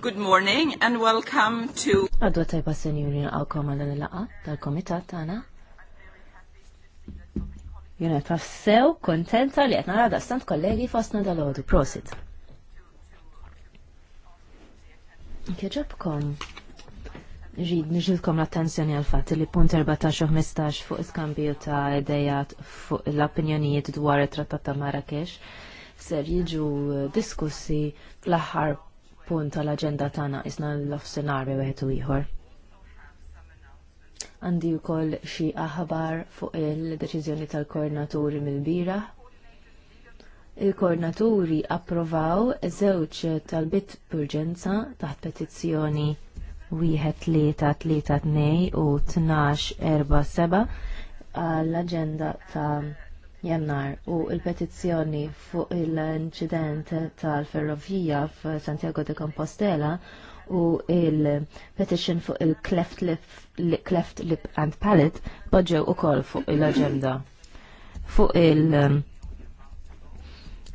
Good morning and welcome to Għadwa tajba senjuri għawkom għal laqa tal-komitat għana. Jena tassew kontenta li għetna għada stant kollegi fosna dal-ħodu. Prosit. Kieġabkom ġid nġilkom l-attenzjoni għal-fat li punt 14-15 fuq iskambju ta' idejat fuq l-opinjonijiet dwar it-trattat ta' Marrakesh ser jiġu eh, diskussi fl-aħħar punt tal-agenda tagħna isna l-offsenarju wieħed u ieħor. Għandi wkoll xi aħbar fuq il-deċiżjoni tal-koordinaturi mill-bira. Il-koordinaturi approvaw żewġ tal-bit taħt petizzjoni wieħed tlieta tlieta tnej u tnax erba' seba' għall-aġenda ta' jannar u il-petizzjoni fuq l-inċident tal-ferrovija f'Santiago de Compostela u il-petition fuq il-cleft lip, cleft lip and palate poġġew ukoll fuq il aġenda Fuq il- um,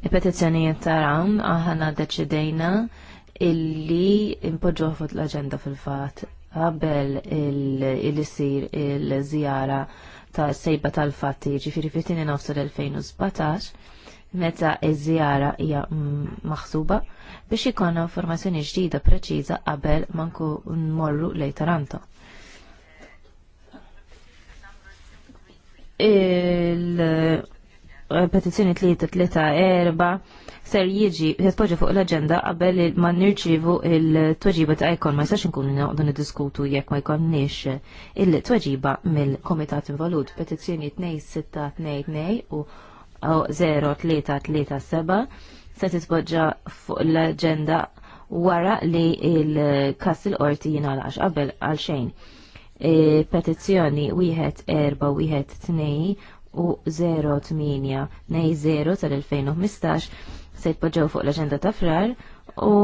il-petizzjonijiet ta' rawn aħna deċidejna illi impoġġu fuq l-aġenda fil-fat qabel il-isir il-żjara il ta' sejba tal-fatti ġifiri fit-tini l-2017 meta iż-żjara hija maħsuba biex ikonna informazzjoni ġdida preċiża qabel ma nmorru lejn Taranto. il petizzjoni 3-3-4 ser jiġi jitpoġġa fuq l-agenda qabel ma nirċivu il-tweġiba ta' ikon ma jistax nkunu noqdu niddiskutu jekk ma jkollniex il-tweġiba mill-Komitat Involut petizzjoni 2 u 0 0337 se titpoġġa fuq l-agenda wara li il kassil Orti qorti jingħalax qabel għal xejn. E, petizzjoni wieħed erba' wieħed tnej u 08 nej 0 tal-2015 se jitpoġġew fuq l-aġenda ta' frar u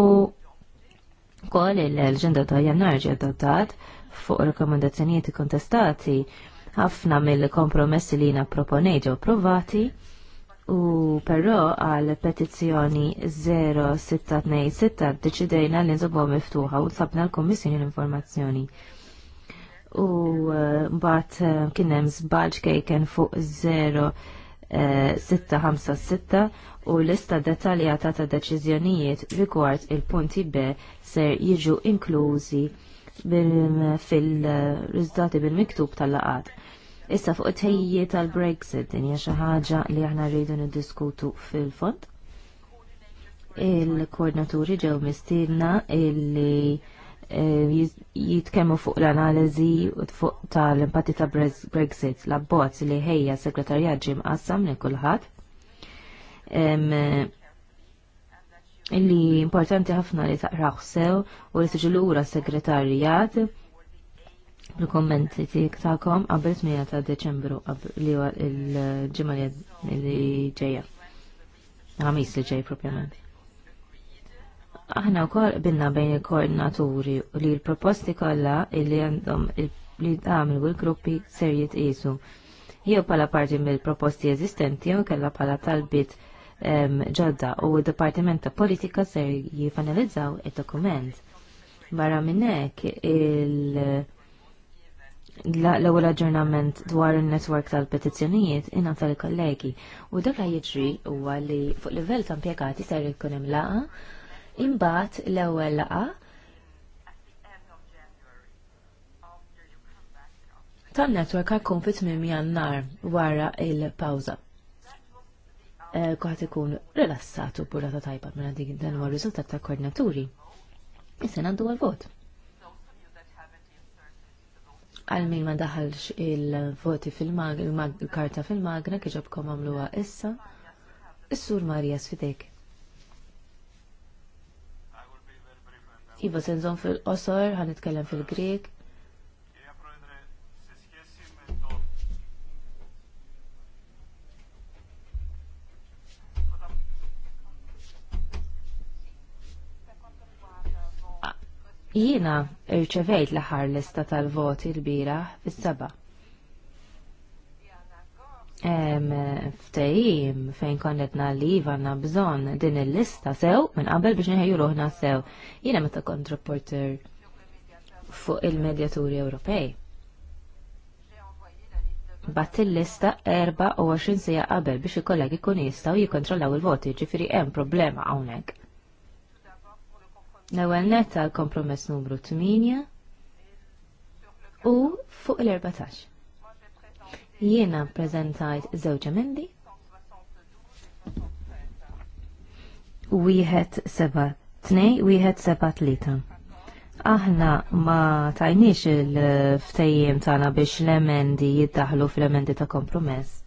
kol l-aġenda ta' jannar ġi adottat fuq rekomendazzjonijiet kontestati ħafna mill-kompromessi li jina proponejt ġew approvati u però għal petizzjoni 0626 deċidejna li nżobbu miftuħa u sabna l komissjoni l-informazzjoni u eh, mbagħad eh, kien hemm żbalġ kejken fuq 0656 eh, u lista dettaljata ta' deċiżjonijiet rigward il-punti B ser jiġu inklużi fil-riżultati bil-miktub tal-laqat. Issa fuq it-tejji tal-Brexit din hija xi ħaġa li aħna rridu niddiskutu fil-fond. Il-koordinaturi ġew mistiedna illi Eh, jitkemmu fuq l-analizi fuq tal-impatti ta' Brexit la bozz li ħejja segretarjat ġim qassam li kulħadd. Eh, illi importanti ħafna li taqraħ sew u li tiġilura segretarjat l kommenti ta'kom qabel 8 ta' Deċembru li huwa l-ġimgħa li ġejja. Għamis li ġej propjament. Aħna wkoll binna bejn il-koordinaturi li l-proposti kollha li għandhom li għamlu l-gruppi ser jitqisu. Jew pala parti mill-proposti eżistenti jew kella pala talbit ġodda u d-Dipartiment ta' Politika ser jifanalizzaw il-dokument. Barra minnek il- l-ewwel aġġornament dwar in-netwerk tal-petizzjonijiet inna tal kollegi u dak jiġri huwa li fuq livell ta' impjegati ser ikun hemm laqa Imbagħad l-ewwel laqgħa tan-netwerk ħajkun fit-tmiem jannar wara il-pawża. Eh, Kuħat ikun rilassatu purata tajba minn mela dik dan huwa riżultat ta' koordinaturi. Issa għandu għal-vot għal min ma daħalx il-voti fil-karta fil-magna kieġobkom għamluwa issa, Is-sur Marija sfidek. Iva senżon fil-qosor, għan itkellem fil-Grek. Jina irċevejt l-ħar lista tal-voti l-bira fis-seba' ftejim fejn na li iva għanna bżon din il-lista sew minn qabel biex nħejju ruħna sew. Jiena meta kont reporter fuq il-medjaturi Ewropej. Bat il-lista 24 sija qabel biex il-kollegi kun jistaw jikontrollaw il-voti ġifiri hemm problema hawnhekk. L-ewwel netta l-kompromess numru 8 u fuq il-14 jiena prezentajt żewġ emendi. Wieħed seba' tnej, wieħed seba' tlieta. Aħna ma tajniex il-ftejjem tagħna biex l-emendi jiddaħlu fl-emendi ta' kompromess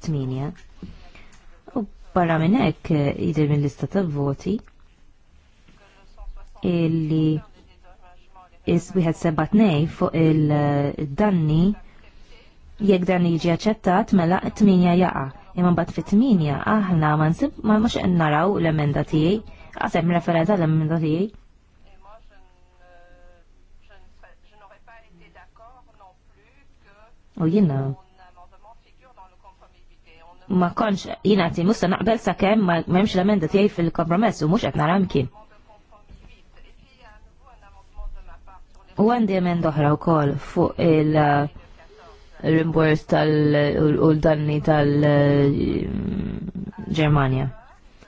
Tminja. U barra minn hekk jidher minn lista ta' voti illi is wieħed seba' tnej fuq il-danni il danni Jekk dan jiġi aċċettat mela t-tminja jaqa. Imma bat fit tminja aħna ma nsib ma mux naraw l-emenda tiegħi, Għasem referenza l-emenda tiegħi. U jina ma konx jina ti musta naqbel sa kem ma memx l emenda tijaj fil-kompromess u mux għetna ramki. U għandi emenda oħra u kol fuq il- rimbors tal ul danni tal-Germania.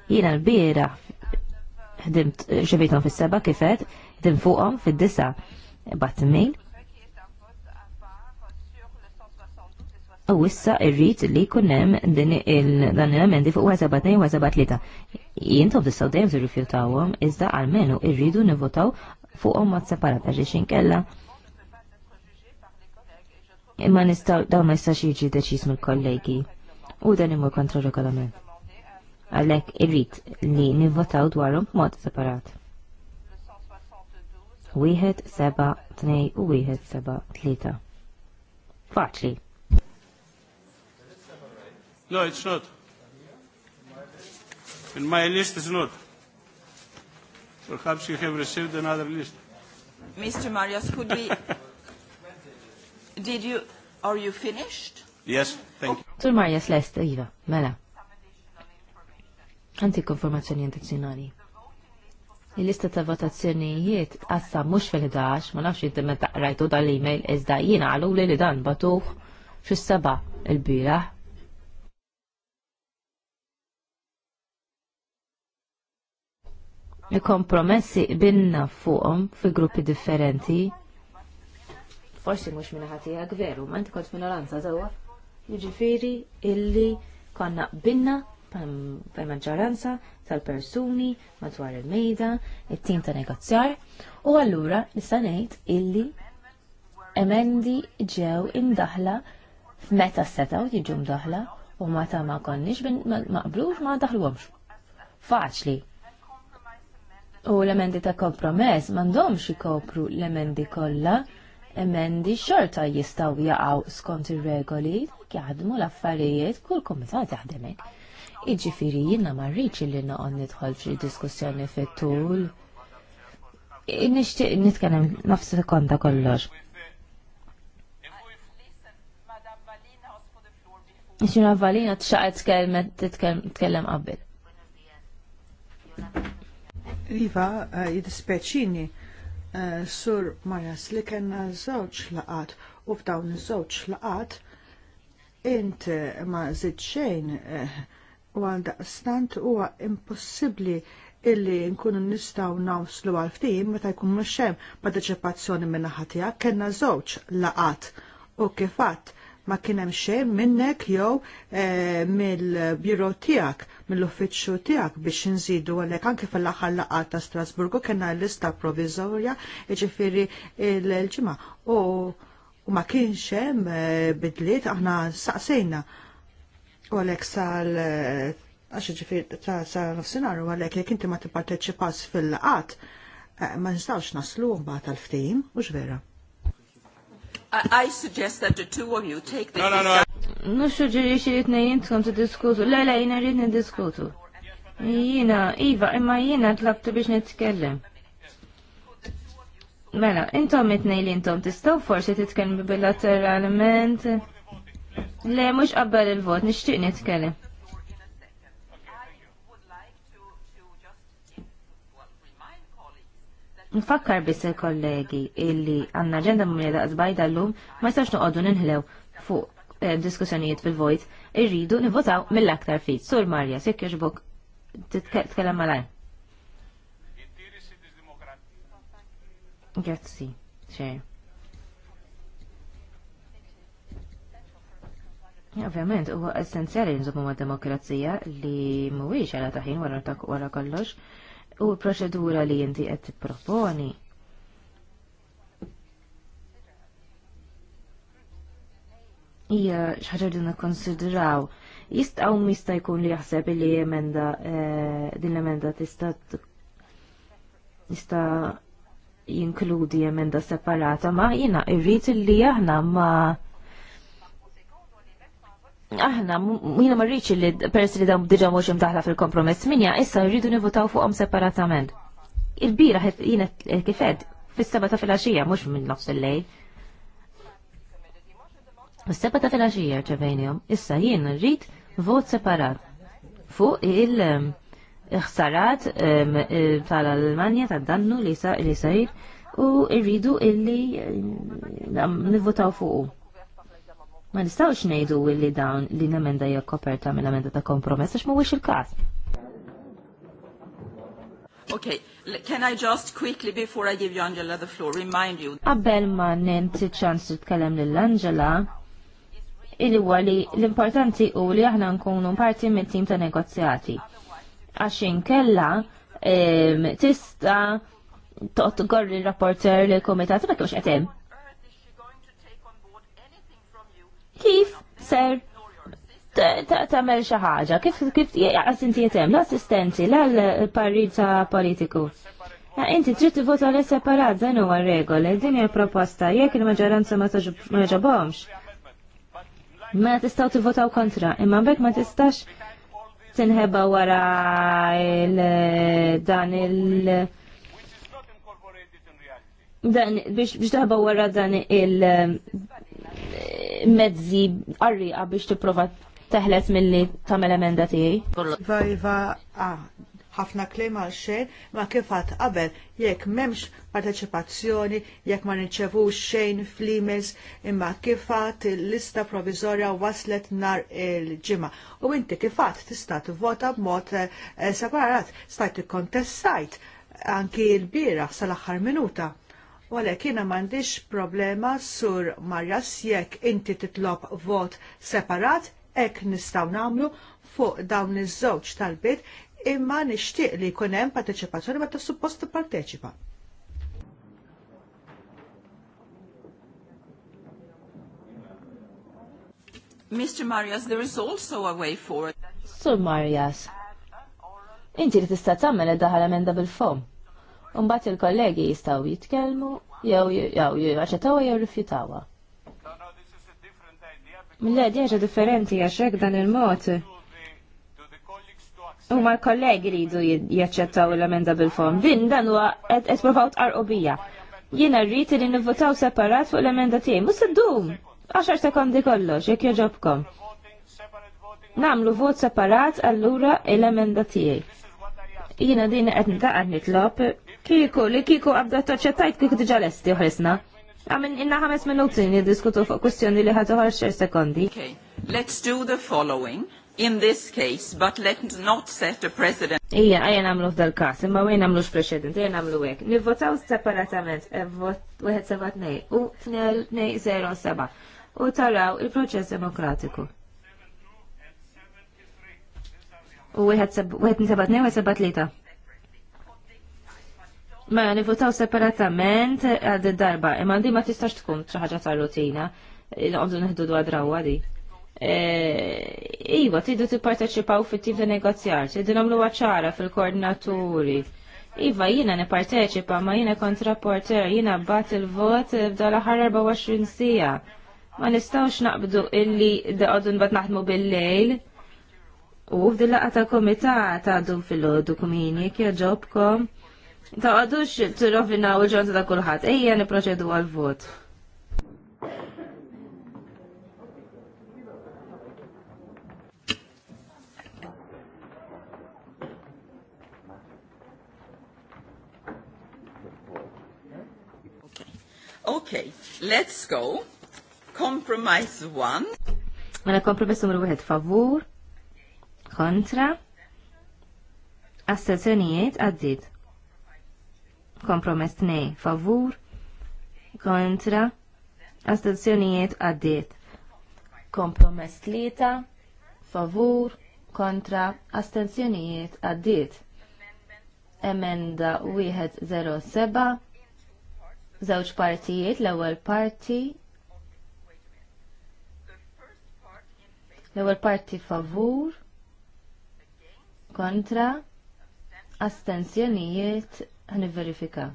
Jina l-bira ħdimt xebitom fis-seba kifet, ħdim fuqhom fid-disa bat mail. U wissa irrit li kunnem din dan il amendi fuq 172 u 173. Jintom tistgħu dejjem tirrifjutawhom iżda għalmenu irridu nivotaw fuqhom mat separat għax kella imma nistaw daw ma jistax jiġi deċiż mill-kollegi u dan imur kontra regolament. Għalek irrit li nivvotaw dwarhom mod separat. Wieħed seba' tnej u wieħed seba' tlieta. Faċli. No, it's not. In my list is not. Perhaps you have received another list. Mr. Marias, could we Did you, are you finished? Yes, thank you. Sur Marja Lest, Iva, mela. Għanti informazzjoni intenzjonali. Il-lista ta' votazzjonijiet għassa mux fil-11, ma nafx jinti meta rajtu dal-email iżda jina għalu li li dan batuħ fis saba il-bira. Il-kompromessi binna fuqom fi gruppi differenti forsi mux minna ħatijak veru, ma inti kont minoranza zawa. Jiġifiri illi konna binna per maġġoranza tal-persuni madwar il-mejda, it-tim ta' negozjar, u allura nista' ngħid illi emendi ġew imdaħla f'meta setaw jiġu mdaħla u meta ma konniex maqblux ma daħluhomx. Faċli. U l-emendi ta' kompromess m'għandhomx ikopru l-emendi kollha emendi xorta jistaw jaqaw skont ir-regoli, jaħdmu l-affarijiet, kull komitat jaħdemek. Iġifiri jina marriċ li naqon nidħol fil diskussjoni fit-tul. Nishtiq nitkenem nafs sekonda kollox. Xina Valina txaqet kelmet tkellem qabel. Iva, jidispeċini Eh, Sur Marjas li kena żewġ laqat u f'dawn zoċ żewġ laqat int ma żid xejn eh, u għal daqstant huwa impossibbli illi nkunu nistaw nawslu għal ftim meta jkun mxem hemm partecipazzjoni minn naħa tiegħek żewġ laqat u kif ma kien hemm xejn minnek jew eh, mill-biro tiegħek, mill-uffiċċju tiegħek biex inżidu għalhekk anke fil-aħħar laqgħa ta' Strasburgu kellna lista provizorja jiġifieri l-ġimgħa u ma kienx hemm eh, bidliet aħna saqsejna u għalhekk sal eh, għax ġifir ta' sa' nofsinar u għalhekk jekk inti ma t-parteċipas fil-laqat ma nistawx naslu mbagħad tal ftim u vera. I suggest that the two of you take this. No, no, no. Mux suġġeri xie jitna jintkom t-diskutu. Le, le, jina rritni diskutu. Jina, Iva, imma jina tlabtu biex nitkellem. Mela, intom itnej li intom tistaw forsi titkellem bilateralment. Le, mux qabbel il-vot, nishtiq nitkellem. Nfakkar biss il-kollegi illi għanna ġenda mumjeda għazbajda l-lum ma jistax noqogħdu ninħlew fuq eh, diskussjonijiet fil-vojt irridu nivotaw mill-aktar fit. Sur Marja, sekk jogħġbok titkellem malaj. Grazzi, xejn. Ovvjament, huwa essenzjali nżommu ma' demokrazija li mhuwiex għala taħin wara kollox u l-proċedura li inti qed tipproponi. hija xaġa li nikkonsidraw. Jistgħu mista jkun li jaħseb li emenda e, din l-emenda tista' jista' jinkludi emenda separata ma jina irrit li aħna ma aħna, jina marriċ li peress li dam diġa mux imdaħla fil-kompromess minja, issa rridu nivutaw fuqom separatament. Il-bira jina kifed, fil-seba ta' fil-axija, mux minn nofs il-lej. Fil-seba ta' fil-axija ċevenjom, issa jina rrit vot separat fuq il- ehm, ħsarat ehm, tal-Almanja tad-dannu li sajr u rridu illi ehm, nivvotaw fuqom. Ma nistawx nejdu li dawn li namenda emenda hija koperta mill amenda ta' kompromess għax mhuwiex il-każ. Okay, can I just quickly before I give you Angela the floor remind you Qabel ma nemti ċans titkellem lill Angela il huwa li l-importanti u li aħna nkunu parti mit tim ta' negozjati. Għax inkella tista' toqgħod tgorri rapporter lill komitat ma kienx qed hemm kif ser tagħmel xi ħaġa, kif kif inti jetem l-assistenti l-parita politiku. Ah, inti trid tivvota għal separat dan huwa regola. din hija proposta jekk il-maġġoranza ma ġobhomx. Ma tistgħu tivvotaw kontra, imma bekk ma tistax tinħeba wara dan il dan biex biex taħba wara dan il mezzi għarriqa biex tipprova teħles mill-li tamel emenda tiegħi. Vajva, iva, ħafna klejm għal xejn ma kif għad qabel jekk m'hemmx parteċipazzjoni, jekk ma nirċevux xejn fl-emails imma kif il-lista provizorja waslet nar il-ġimgħa. U inti kif għad tista' tivvota b'mod eh, separat, stajt ikkontestajt anki l-bira sal-aħħar minuta. Wale, għalhekk mandiċ m'għandix problema sur Marjas jekk inti titlob vot separat hekk nistgħu nagħmlu fuq dawn iż-żewġ talbiet imma nixtieq li jkun hemm parteċipazzjoni meta suppost tipparteċipa. Mr. Marias, there is also a way forward. Sur Marias, inti li tista' tagħmel id-daħal emenda bil-fom. Umbat il-kollegi jistaw jitkelmu, jew jaċetawa jew rifjutawa. Mille ħaġa differenti għaxek dan il-mod. U ma l-kollegi li jidu jaċċettaw l-emenda bil-fom. Din dan huwa qed provaw tqarqu bija. Jiena rrid li nivvotaw separat fuq l-emenda tiegħi. Mhux iddum. 10 sekondi kollox jekk joġobkom. Namlu vot separat allura l-emenda tiegħi. Jiena din qed nitaqgħod nitlob Kiku, li kiku għabda toċċettajt kiku diġa l-esti uħrisna. Għamin inna ħames minuti li diskutu fuq kustjoni li ħatu xer sekondi. Okay, let's do the following in this case, but let's not set a president. Ija, għajan għamlu f'dal kas, imma għajan għamlu x-precedent, għajan għamlu għek. Nivvotaw separatament, eh, vot 172 u 207 u taraw il-proċess demokratiku. U 172 u 173. Ma mela, nivotaw separatament għad darba, imma di ma tistax tkun xi ħaġa ta' rutina, nqogħdu neħdu dwa drawwa di. E, iva, tidu tipparteċipaw fit-tip ta' negozjar, tidu nagħmlu ċara fil-koordinaturi. Iva, jina n-parteċipa, ma jina kontraporter, jina bat il-vot f'dala ħar 24 sija. Ma nistawx naqbdu illi daqodun bat naħdmu bil-lejl. U f'dil għata ta' komitata għadhom fil-ħodu kumini, kja ġobkom Ta' għadux t-rovinaw il-ġonta ta' kullħat, ejja niproċedu għal-vot. Okay, let's go. Compromise one. Mela kompromess numru wieħed favur, kontra, astenzjonijiet għaddit. Kompromess nej, favur kontra astazzjonijiet għaddiet. Kompromess tlieta. favur kontra astazzjonijiet għaddiet. Emenda 107 Zewġ partijiet l-ewwel parti l parti favur kontra astenzjonijiet verifika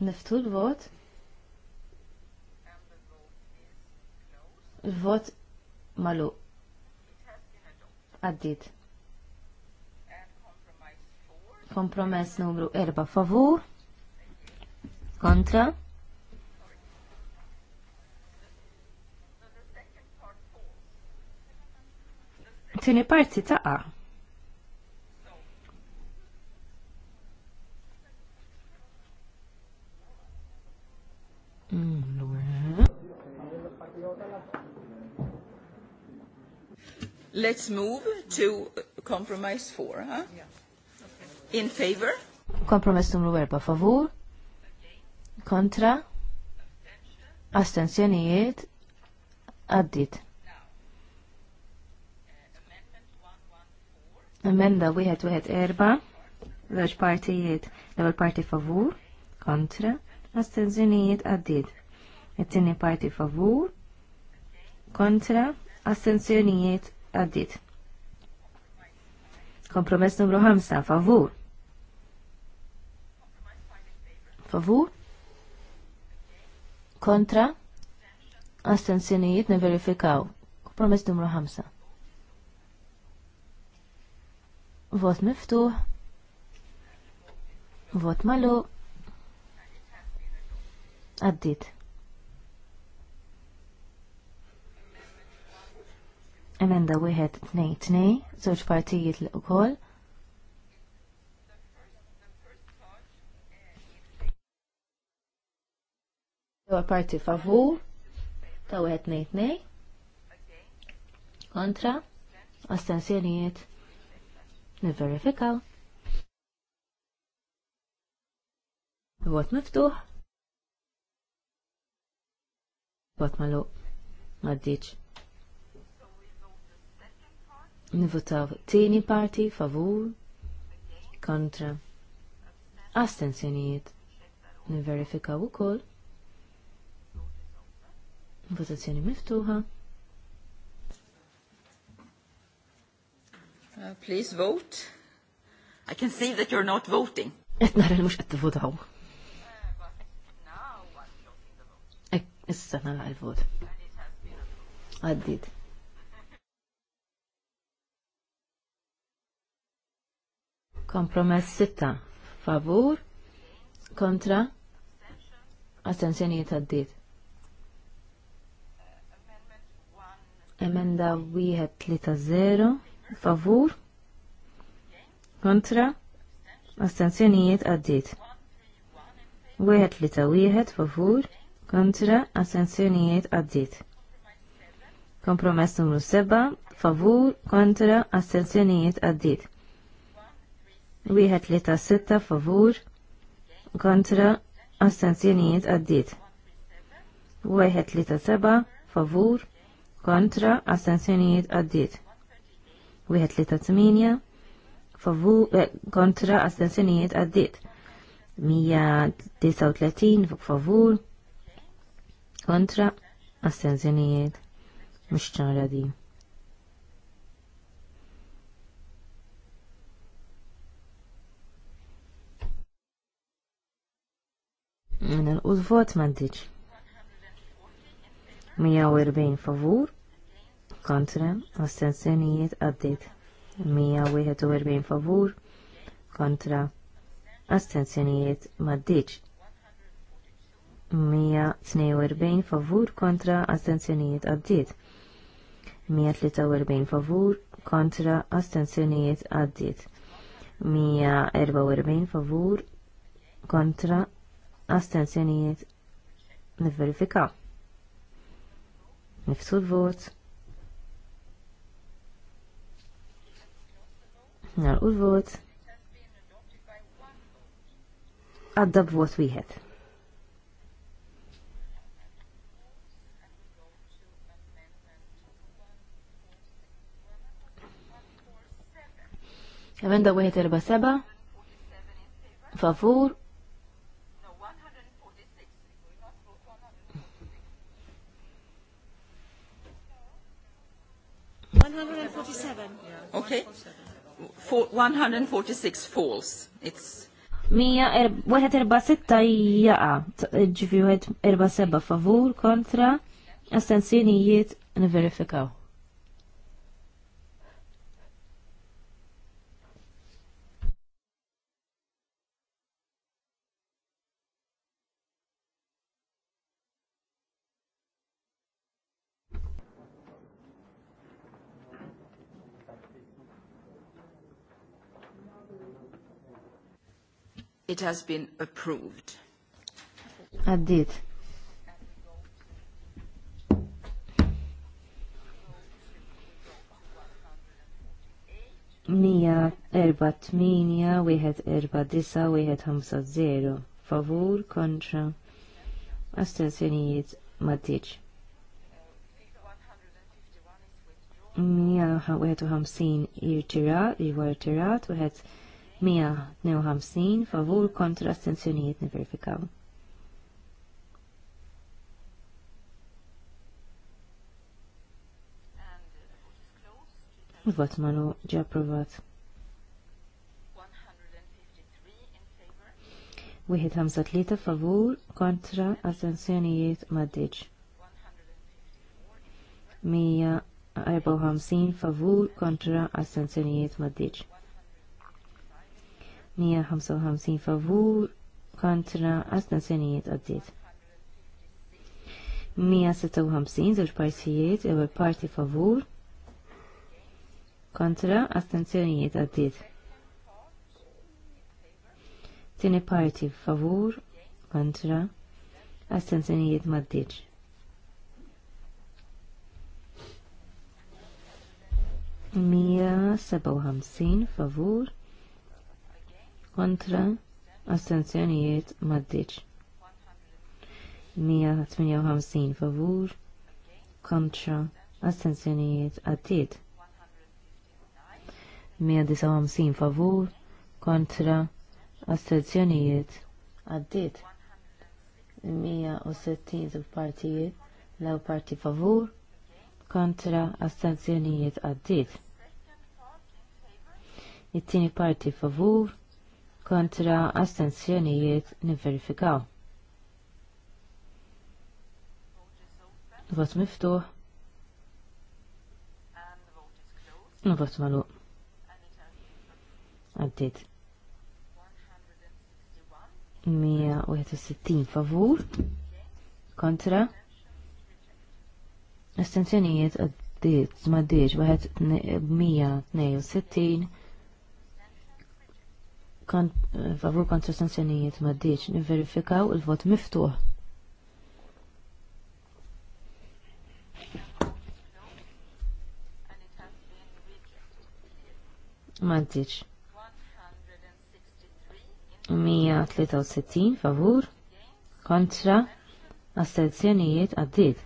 Niftu l-vot. l vot malu. Għaddit. Kompromess numru 4 favur. Kontra. Tini parti taqa' Let's move to compromise four, huh? In favor? Kompromess numru erba' favur. Kontra. Astenzjonijiet. Għaddit. Emenda wieħed wieħed erba' żewġ partijiet l-ewwel parti favur, kontra, astenzjonijiet għaddit. It-tieni parti favur kontra astenzjonijiet għaddit. Kompromess numru 5 favur. Favur kontra astenzjonijiet neverifikaw. Kompromess numru 5. Vot miftuħ. Vot maluq. Għaddit. Emenda wieħed tnej tnej, żewġ partijiet l ukoll. Ewwel parti favur ta' wieħed tnej tnej. Kontra, astensjonijiet, nivverifikaw. Vot miftuħ. Bat malu, maddiċ. Nivutaw tini parti, favur, kontra. Astenzjonijiet. Niverifikaw u kol. Votazzjoni miftuħa. Uh, please vote. I can see that you're not voting. Et nara l mux għattivotaw. Issa nara l-vot. Għaddit. Kompromess sitta. Favur. Kontra. Astenzjonijiet għaddit. Emenda wieħed tlita zero. Favur. Kontra. Astenzjonijiet għaddit. Wieħed tlita wieħed. Favur. Favur kontra assenzjonijiet għaddit. Kompromess numru 7, favur kontra assenzjonijiet għaddit. Wieħed li ta' sitta favur kontra assenzjonijiet għaddit. Wieħed li ta' seba favur kontra assenzjonijiet għaddit. Wieħed li ta' tminja favur eh, kontra assenzjonijiet għaddit. 139 fuq favur kontra astenzjonijiet mux ċara di. Minna l-vot maddiċ. 140 favur kontra astenzjonijiet għaddit. 141 favur kontra astenzjonijiet maddiċ. 142 favur kontra astenzjonijiet għaddiet. 143 favur kontra astenzjonijiet għaddiet. 144 favur kontra astenzjonijiet nifverifika. Nifsu l-vot. Nalqu l-vot. Għadda b-vot wieħed. Emenda 147 favur Okay. For 146 false. It's Mija wieħed erba' sitta jaqa' ġifi wieħed erba' seba' favur kontra astensjonijiet niverifikaw. It has been approved. Għaddit. Mija, erba tminja, wieħed erba disa, wieħed ħamsa zero. Favur, kontra, astensjonijiet maddiċ. Mija, wieħed u ħamsin irtirat, irwar tirat, wieħed 152 favur kontra astenzjonijiet niverifikaw. Il-vot malu ġi approvat. 153 favur kontra astenzjonijiet maddiġ. 154 favur kontra astenzjonijiet maddiġ. 155 favur kontra astensjonijiet għaddit. 156 zewġ partijiet ewwel parti favur kontra astensjonijiet għaddit. Tini parti favur kontra astensjonijiet maddiċ. Mia seba' favur kontra astenzjonijiet maddiċ. 158 favur kontra astenzjonijiet għaddit. 159 favur kontra astenzjonijiet għaddit. 160 partijiet law parti favur kontra astenzjonijiet għaddit. It-tieni parti favur kontra kontra astensjonijiet niverifikaw. Vot miftuħ. Vot malu. Għaddit. 161 favur kontra astensjonijiet għaddit Zmaddiġ, waħed 162 favur kontra sanzjonijiet ma diċ niverifikaw il-vot miftuħ. Ma diċ. 163 favur kontra astenzjonijiet għaddit.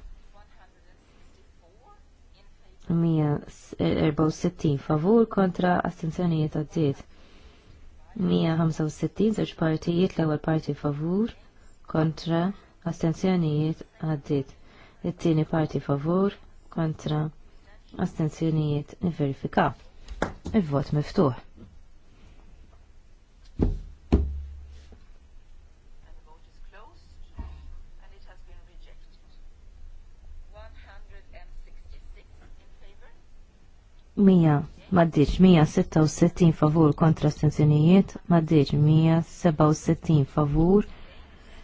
164 favur kontra astenzjonijiet għaddit. 165 żewġ partijiet l-ewwel parti favur kontra astenzjonijiet għaddit. It-tieni parti favur kontra astenzjonijiet niverifika. Il-vot miftuħ. Mija maddiċ 166 favur kontra astenzjonijiet, maddiċ 167 favur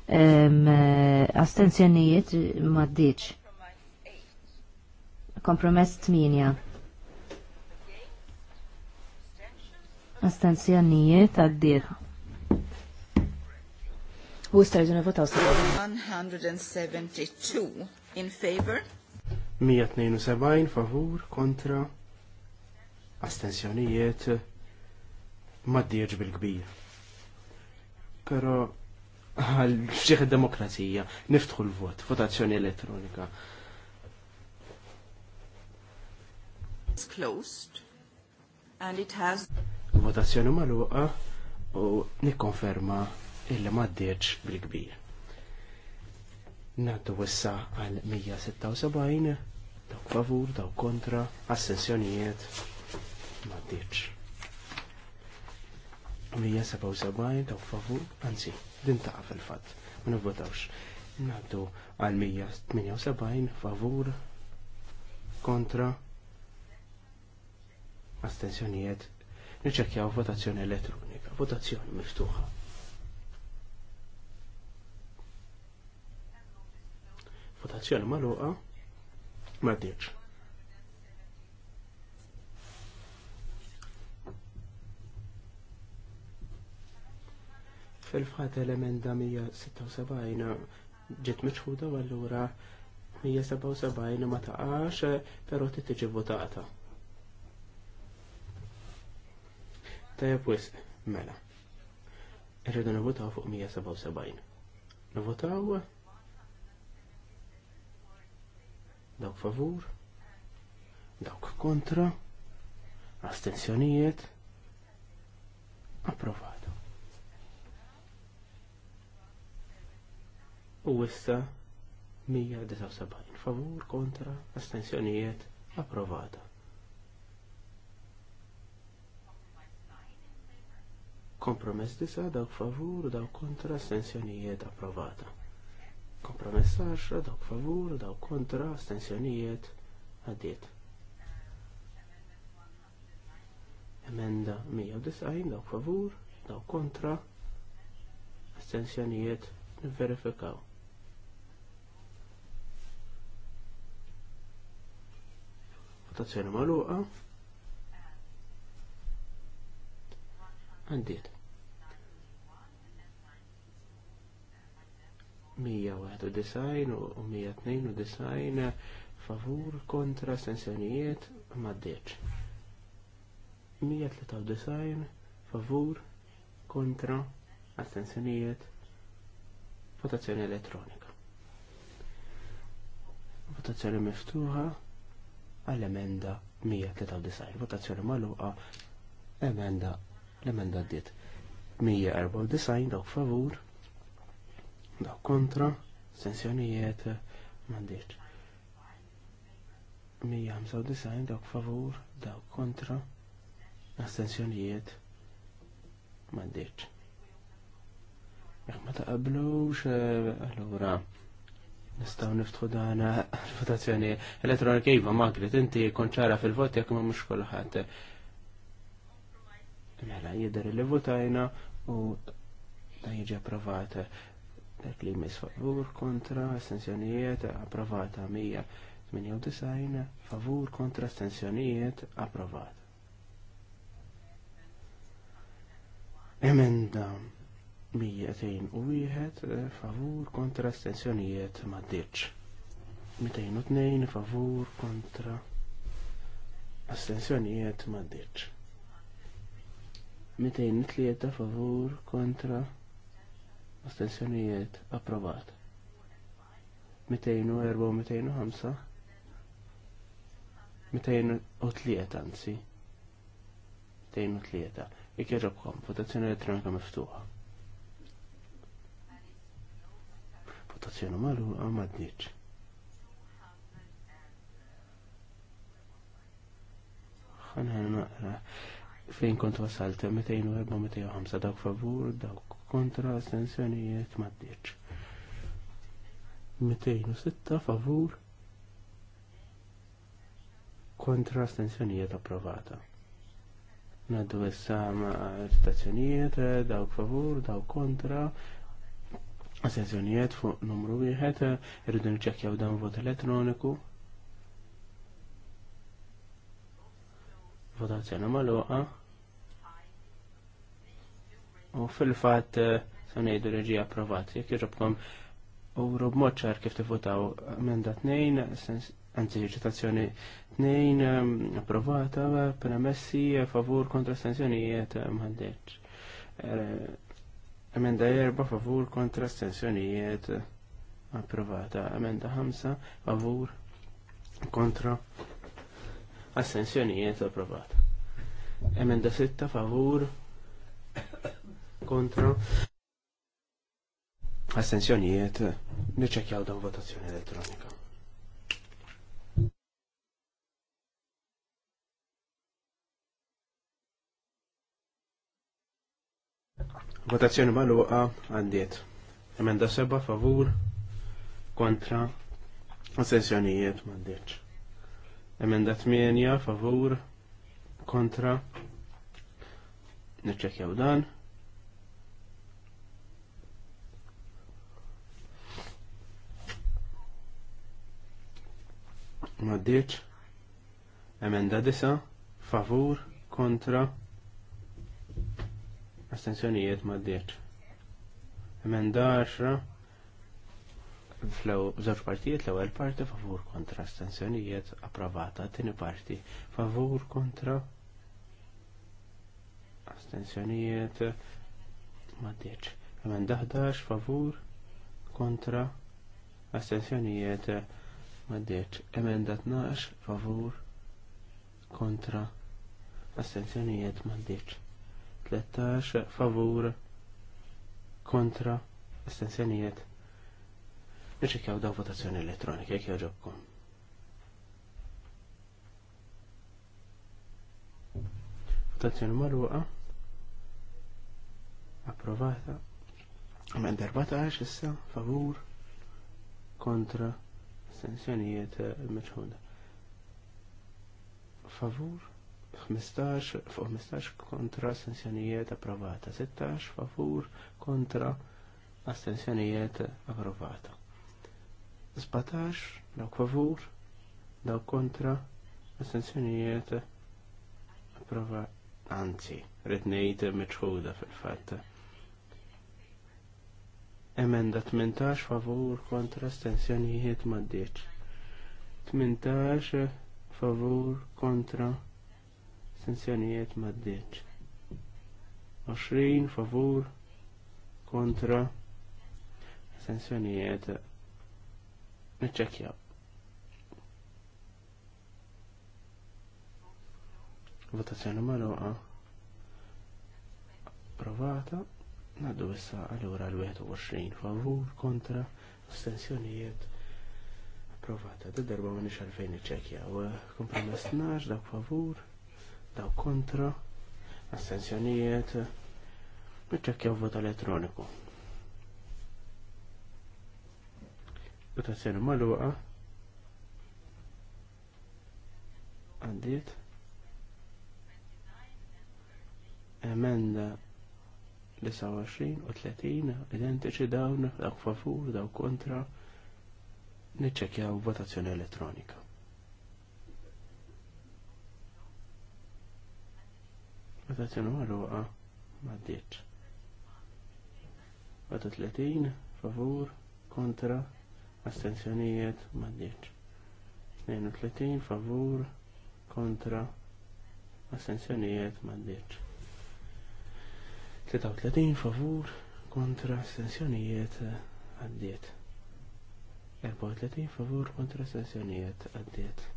eh, astenzjonijiet maddiċ. Kompromess 8. Astenzjonijiet għaddir. U stajżuna votaw 172 in favor. 172 favur kontra astensjonijiet ma d-dirġ bil-kbir. Pero għal xieħ demokrazija niftħu l-vot, votazzjoni elettronika. It's closed and it has votazzjoni maluqa u nikkonferma illi ma d-dirġ bil-kbir. Naddu wissa għal 176 dawk favur, dawk kontra, assenzjonijiet ma ddiċ. 177 taw favu, anzi, din ta' il fat ma nivvotawx. Naddu għal 178 favur kontra astensjonijiet. Niċċekkjaw votazzjoni elettronika, votazzjoni miftuħa. Votazzjoni maluqa ma Fil-fat l-emenda 176 ġiet miċħuda u allura 177 ma taqax, pero tiġi votata. Tajab wis, mela. Irridu nivotaw fuq 177. Nivotaw? Dawk favur? Dawk kontra? Astenzjonijiet? Approvat. u issa 179 favur kontra astensjonijiet approvata. Kompromess disa dawk favur dawk kontra astensjonijiet approvata. Kompromess 10 dawk favur dawk kontra astensjonijiet għaddiet. Emenda 190 dawk favur dawk kontra astensjonijiet verifikaw. votazzjoni maluqa. Għandiet. 191 u 192 favur kontra sensjonijiet maddeċ. 193 favur kontra astensjonijiet votazzjoni elettronika. Votazzjoni miftuħa għall-emenda 193. Votazzjoni magħluqa emenda l-emenda d-diet 194 dawk favur, dawk kontra, sensjonijiet mandiċ. 195 dawk favur, dawk kontra, astensjonijiet mandiċ. Jekk ma taqablux, eh, allura Nistaw niftħu dana votazzjoni elettronika iva Magrit, inti konċara fil-vot jekk ma mux kulħadd. Mela jidher li votajna u da jiġi approvat dak li jmiss favur kontra astensjonijiet approvata 198 favur kontra astensjonijiet approvata. Emenda u wieħed eh, favur kontra astensjonijiet maddiċ. 202 favur kontra astensjonijiet maddiċ. 203 favur kontra astensjonijiet approvat. 204-205 u 203 anzi 203 ikirrobkom votazzjoni elettronika miftuħa. votazzjoni malu għamadniċ. ħanħan naqra fejn kont wasalt 204-205 dawk favur, dawk kontra astensjonijiet maddiċ. 206 favur kontra astensjonijiet approvata. Naddu issa ma' stazzjonijiet, dawk favur, dawk kontra, Attenzjonijiet fuq numru wieħed eh, irridu nċekkjaw dan vot elettroniku. Votazzjoni magħluqa. U fil-fatt eh, se ngħidu li ġie approvat. Jekk irrobkom u rob moċċar kif tivvotaw emenda tnejn, anzi ċitazzjoni tnejn ehm, approvata, eh, premessi favur kontra astensjonijiet mħaddeċ Emenda erba' favur kontra astensjonijiet approvata. Emenda Hamsa, favur kontra astensjonijiet approvata. Emenda sitta favur kontra astensjonijiet Neċekjaw dan votazzjoni elettronika. Votazzjoni maluqa għaddiet. Emenda seba favur kontra assenzjonijiet maddiċ. Emenda 8 favur kontra nirċekjaw dan. Maddiċ. Emenda disa favur kontra astensjonijiet ma d dieċ Emenda 10 f'żewġ partijiet l-ewwel parti favur kontra astensjonijiet approvata, tieni parti favur kontra astensjonijiet ma d dieċ Emenda 11 favur kontra astensjonijiet ma d dieċ Emenda 12 favur kontra astenzjonijiet ma d dieċ 13 favur kontra estensjonijiet. Nċekjaw daw votazzjoni elettronika, jek joġobkom. Votazzjoni marruqa. Approvata. Men 14 issa favur kontra estensjonijiet eh, meċħuda. Favur 15 15 kontra astensjonijiet approvata, 16 favur kontra astensjonijiet approvata. 17 dawk favur, daw kontra astensjonijiet approvata, anzi, ritnejt meċħuda fil fat Emenda 18 favur kontra astensjonijiet maddiċ. 18 favur kontra Astensjonijiet maddiċ. 20 favur kontra sensjonijiet nċekjaw. Votazzjoni maluqa provata naddu issa għallura l-21 favur kontra astensjonijiet provata. Da darba ma nix għalfejn iċċekja u kompromess dak favur daw kontra, astensjonijiet, niċċekkjaw vot elettroniku. Votazzjoni maluqa, għandiet, emenda 29 u 30 identiċi dawn, daw favur, daw kontra, niċċekkjaw votazzjoni elettronika. Meta tinu għaluqa ma ddiċ. Meta 30 favur kontra astensjonijiet ma ddiċ. 32 favur kontra astensjonijiet ma ddiċ. 33 favur kontra astensjonijiet għaddiet. 34 favur kontra astensjonijiet għaddiet.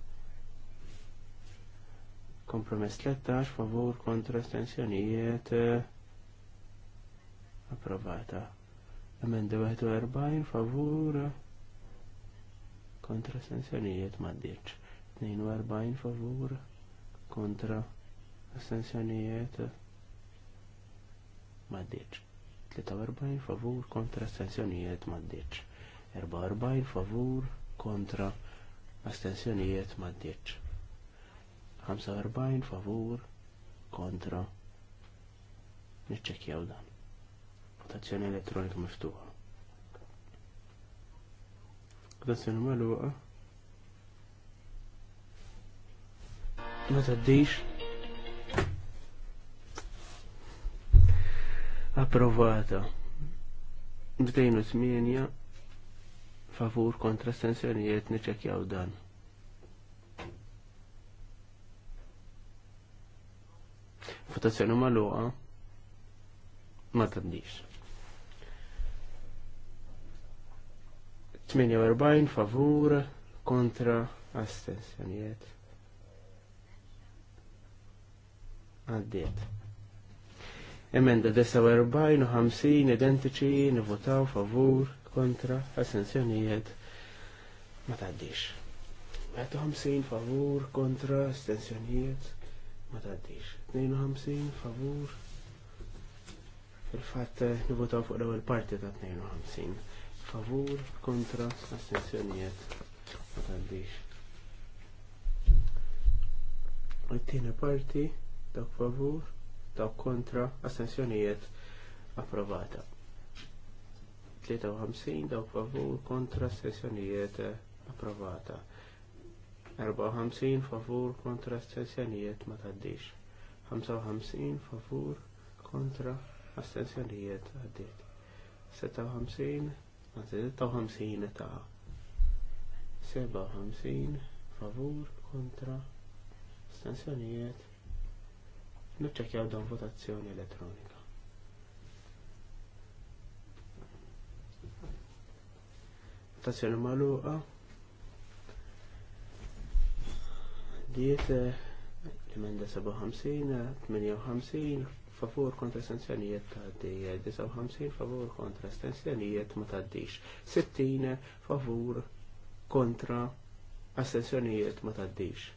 Kompromess 13 favur kontra astensjonijiet eh, approvata. Emenda 41 favur kontra astensjonijiet maddirċ. 42 favur kontra astensjonijiet maddirċ. 43 favur kontra astensjonijiet maddirċ. 44 favur kontra astensjonijiet maddirċ. 45 favur kontra niċċekjaw dan. Votazzjoni elettronika miftuħa. Votazzjoni magħluqa. Ma taddix. Approvata. 28 favur kontra stensjonijiet niċċekkjaw dan. votazzjoni maluqa ma tandix. 48 favur kontra astensjonijiet. Għaddiet. Emenda 49 u 50 identiċi nivotaw favur kontra astensjonijiet ma taddix. 50 favur kontra astensjonijiet ma tgħaddix. 52 favur. Fil-fatt eh, nivotaw fuq l-ewwel parti ta' 52 favur kontra astensjonijiet ma U t tieni parti ta' favur ta' kontra astensjonijiet approvata. 53 dak favur kontra astensjonijiet approvata. 54 favur kontra astensjonijiet ma taddix. 55 favur kontra astensjonijiet għaddit. 56 għanzi 56 ta' 57 favur kontra astensjonijiet Nifċekjaw dan votazzjoni elettronika. Votazzjoni maluqa. Diet eh, l-emenda 57, 58, favur kontra sanzjonijiet taddi, 59 favor kontra estensjonijiet ma taddix, 60 favor kontra astensjonijiet ma taddix.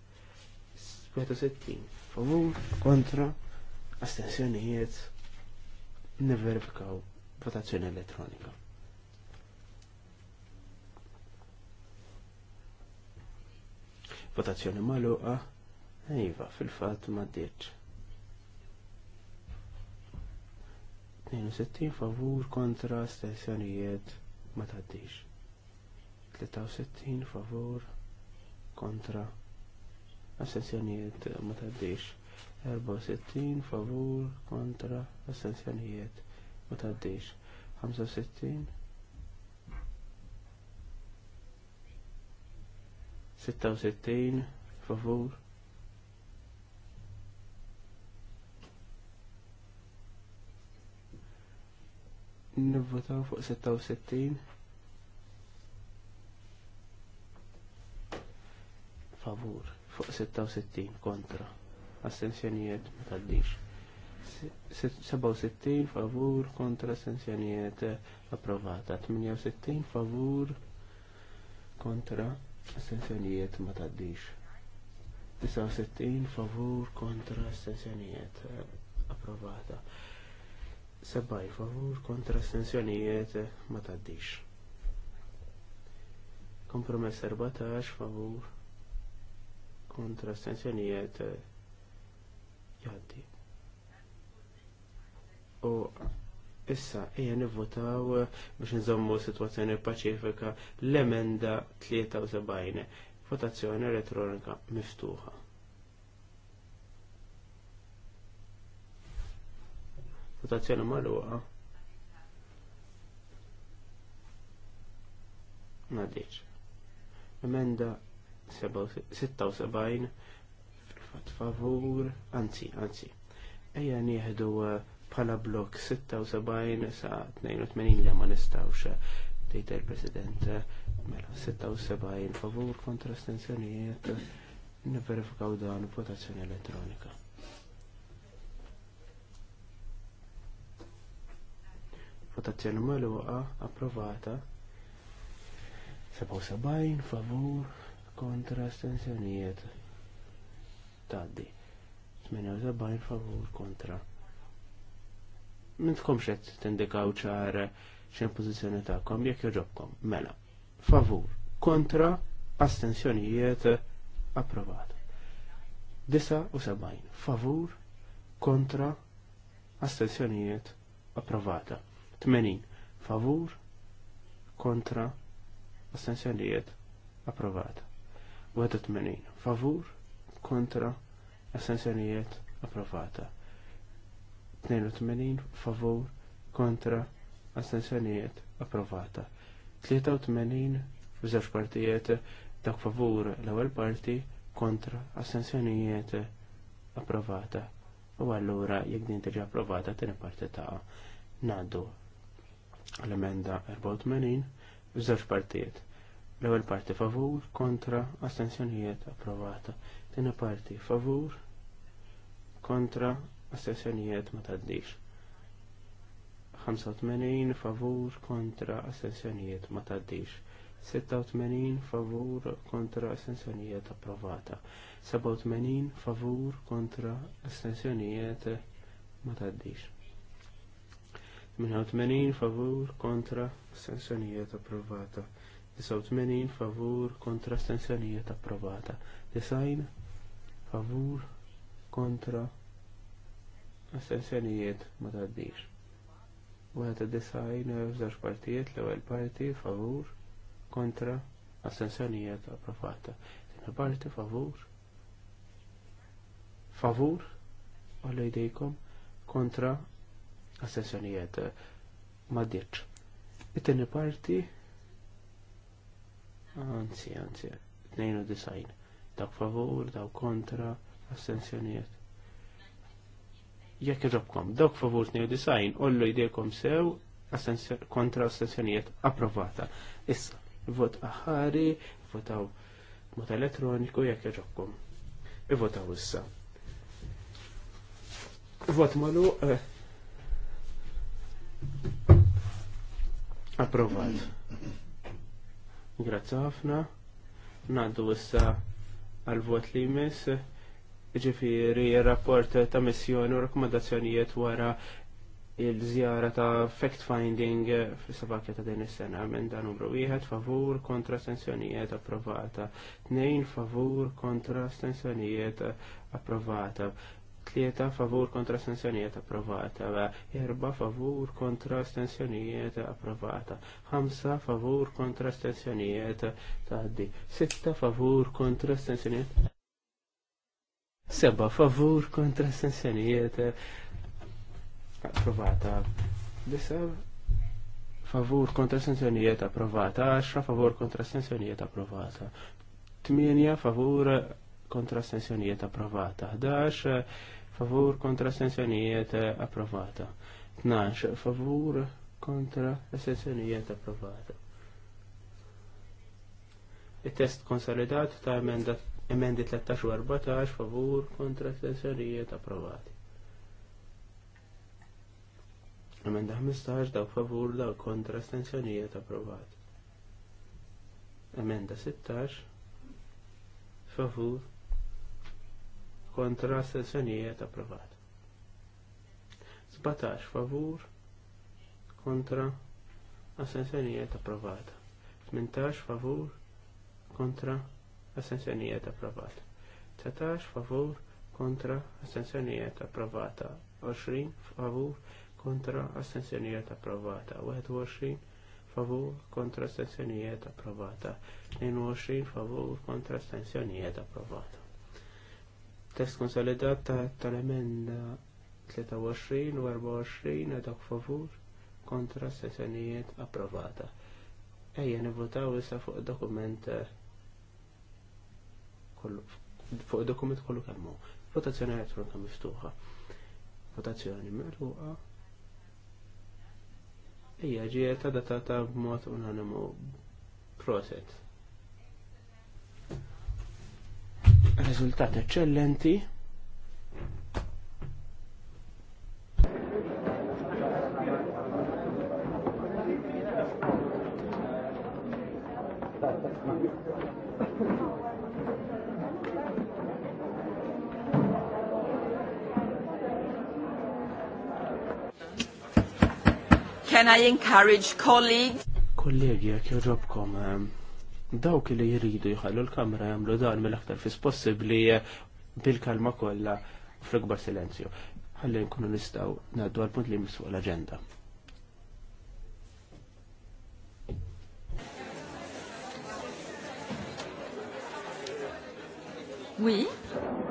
61 favor kontra astensjonijiet niverifikaw votazzjoni elettronika. Votazzjoni maluqa Iva, fil-fat ma ddirċ. 62 favur kontra stessjonijiet ma taddix. 63 favur kontra assenzjonijiet ma taddix. 64 favur kontra assenzjonijiet ma taddix. 65 66 favur nivvotaw fuq 66 favur fuq 66 kontra assenzjonijiet ma taddix 67 favur kontra assenzjonijiet eh, approvata 68 favur kontra assenzjonijiet ma taddix 69 favur kontra assenzjonijiet eh, approvata Sebaj, favur kontra astensjonijiet ma taddix. Kompromess 14, favur kontra astensjonijiet jaddi. U issa ejja nivvotaw biex nżommu situazzjoni paċifika l-emenda 73, votazzjoni elettronika miftuħa. reputazzjoni magħluqa. Nadiċ. Emenda 76 fil-fat favur, anzi, anzi. Ejja nieħdu eh, bħala blok 76 sa 82 li ma nistawx eh, tgħid il-President eh, mela 76 favur kontra stenzjonijiet niverifikaw dan votazzjoni elettronika. votazzjoni magħluqa approvata 77 favur kontra astensjonijiet tgħaddi 78 favur kontra Min tkomx qed tindikaw ċar pozizjoni ta' tagħkom jekk joġobkom mela favur kontra astensjonijiet approvata 79 favur kontra astensjonijiet approvata 80 favur kontra astensjonijiet approvata. 81 favur kontra astensjonijiet approvata. 82 favur kontra astensjonijiet approvata. 83 f'żewġ partijiet dak favur l-ewwel parti kontra assenzjonijiet approvata. U allura jekk din tiġi approvata tieni parti ta' ngħaddu l-emenda 84 b'żewġ partijiet. L-ewwel parti favur kontra astensjonijiet approvata. Tieni parti favur kontra astensjonijiet ma taddix. 85 favur kontra astensjonijiet ma taddix. 86 favur kontra astensjonijiet approvata. 87 favur kontra astensjonijiet ma taddix. 88 favur kontra astensjonijiet approvata. 89 favur kontra astensjonijiet approvata. 90 favur kontra astensjonijiet ma taddix. Wieħed id-design f'żewġ partijiet l-ewwel parti favur kontra astensjonijiet approvata. Tieni parti favur favur għal jdejkom kontra għas-sessjonijiet eh, ma ditx. It-tieni parti anzi, anzi, 92 dak favur, dak kontra, astensjonijiet. Jekk irrobkom, dak favur 92, ollu jdejkom sew, kontra astensjonijiet, approvata. Issa, vot aħari, votaw mod elettroniku, jekk irrobkom. Ivotaw issa. Vot malu, eh, Approvat. Grazzi ħafna. Naddu issa għal-vot li jmiss. Ġifiri, rapport ta' missjoni u rakkomandazzjonijiet wara il-żjara ta' fact-finding fis-sabakja ta' din is-sena minn dan numru wieħed favur kontra stensjonijiet approvata, tnejn favur kontra stensjonijiet approvata, tlieta favur kontra stensjonijiet approvata, erba favur kontra stensjonijiet approvata, ħamsa favur kontra stensjonijiet taddi, sitta favur kontra stensjonijiet. Seba favur kontra stensjonijiet approvata. Disa favur kontra stensjonijiet approvata, 10 favur kontra stensjonijiet approvata. 8 favur kontra astensjonijiet approvata. 11 eh, favur kontra eh, approvata. 12 eh, favur kontra approvata. Il-test konsolidat ta' emenda, emendi 13 u 14 favur kontra astensjonijiet approvati. Emenda 15 daw favur daw kontra astensjonijiet approvati. Emenda 16 favur kontra sessjonijiet approvat. 17 favur kontra astensjonijiet approvat. 18 favur kontra astensjonijiet approvat. 19 favur kontra astensjonijiet approvata. 20 favur kontra astensjonijiet approvata. 21 favur kontra astensjonijiet approvata. 22 favur kontra astensjonijiet approvata test konsolidat tal-emenda 23 u 24 għadak favur kontra sessanijiet approvata. Ejja nivotaw issa fuq dokument eh, kollu fuq dokument kollu kemmu. Votazzjoni elettronika miftuħa. Votazzjoni merruqa. Ejja ġiet adatata b'mod unanimu proset. Riżultat eccellenti. Can I encourage colleagues? Kollegi, jek joġobkom, ehm, dawk li jridu jħallu l-kamra jagħmlu dan mill-aktar fis possibbli bil-kalma kollha fl-ikbar silenzju. Ħalli nkunu nistgħu ngħaddu għall punt li jmissu l-aġenda. Oui.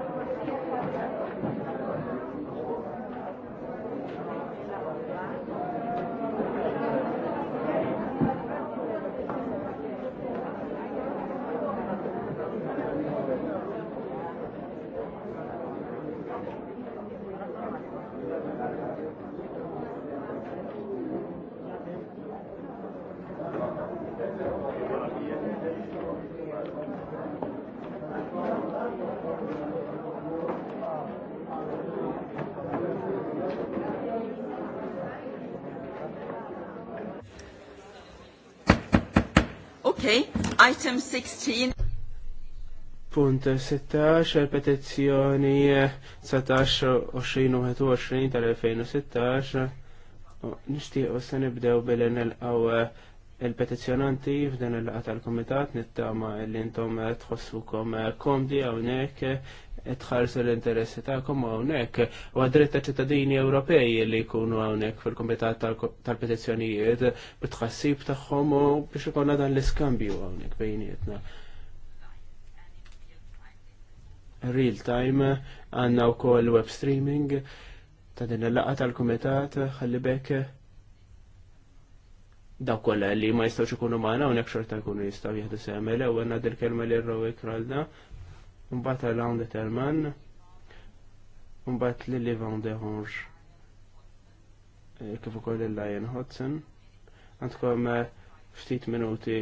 Okay, item 16. Punt 16, petizzjoni 19-20 tal-2016. Nishtiqo se nibdew bil-nilqaw il-petizjonanti f'din il-laqa tal-komitat nittama li intom tħossukom komdi għawnek tħarsu l-interessi ta'kom għawnek u għadritta ċittadini Ewropej li jkunu għawnek fil-komitat tal-petizjonijiet bitħassib tagħhom u biex ikonna dan l-iskambju għawnek bejnietna. Real time għanna u kol web streaming ta' din il-laqa tal-komitat ħalli bekk daw kolla li ma jistawx ikunu maħna u xorta jkunu jistaw jihdu semele u għanna dil-kelma li r ikralna mbagħad un għal-għan determan un li li għan deħonġ kif ukoll il-Lion Hudson għandkom eh, ftit minuti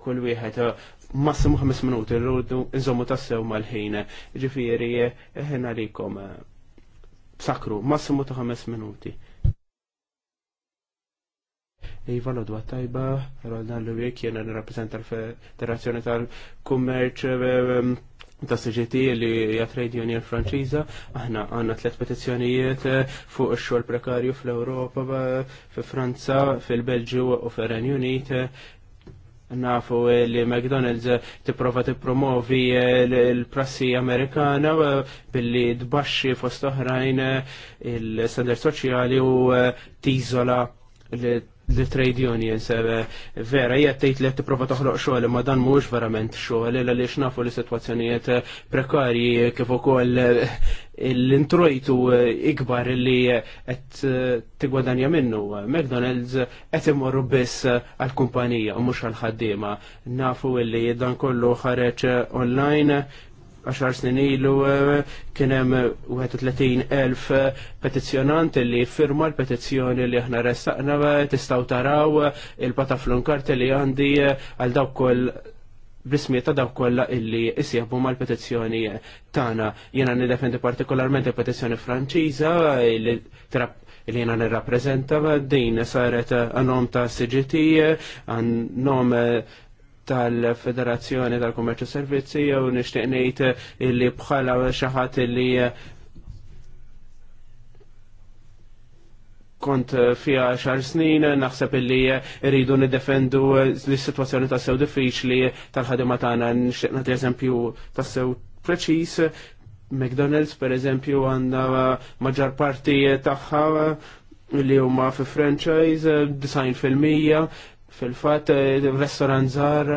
kull wieħed eh, massimu 5 minuti rrudu nżommu tassew mal-ħin. Ġifieri eh, ħin għalikom sakru massimu ta' 5 minuti. Iva Lodwa Tajba, Roldan Lubik, jena nirrappresenta l-Federazzjoni tal-Kummerċ ehm, ta' CGT li hija trade union franċiża, aħna għandna tliet petizzjonijiet eh, fuq ix-xogħol prekarju fl-Ewropa, fi Franza, fil-Belġju u fir-Renju Unit. Nafu li McDonald's tipprova tippromovi eh, l-prassi Amerikana billi tbaxxi fost oħrajn eh, il-standard soċjali u tiżola li trade unions eh, vera jattejt li t-prova toħloq xogħol ma dan mux verament xoħli li li xnafu li situazzjonijiet eh, prekarji eh, kif ukoll l-introjtu ikbar li qed gwadanja minnu. McDonald's qed imorru biss għall-kumpanija u mhux għall-ħaddiema. Nafu li dan kollu ħareġ online 10 snin ilu kien hemm 31,000 petizzjonant li firma l-petizzjoni li aħna ressaqna eh, tistgħu taraw eh, il-pataflun kart li għandi eh, għal dawk kol bismiet ta' dawk kollha illi isjabu mal-petizzjoni tagħna. Jiena nidefendi partikolarment il-petizzjoni Franċiża li trapp li jena nirrapprezenta din saret għanom ta' CGT, għanom tal-Federazzjoni tal kommerċu Servizzi u nixtieq ngħid illi bħala xi ħadd illi eh, kont fija xar snin, naħseb illi eh, rridu nidefendu eh, l-situazzjoni ta' sew diffiċli tal-ħadima tagħna nixtieq nagħti eżempju ta' sew preċiż. McDonald's per eżempju għandha maġġar parti tagħha li huma fi franchise, design fil-mija, Fil-fat, eh, restaurant zar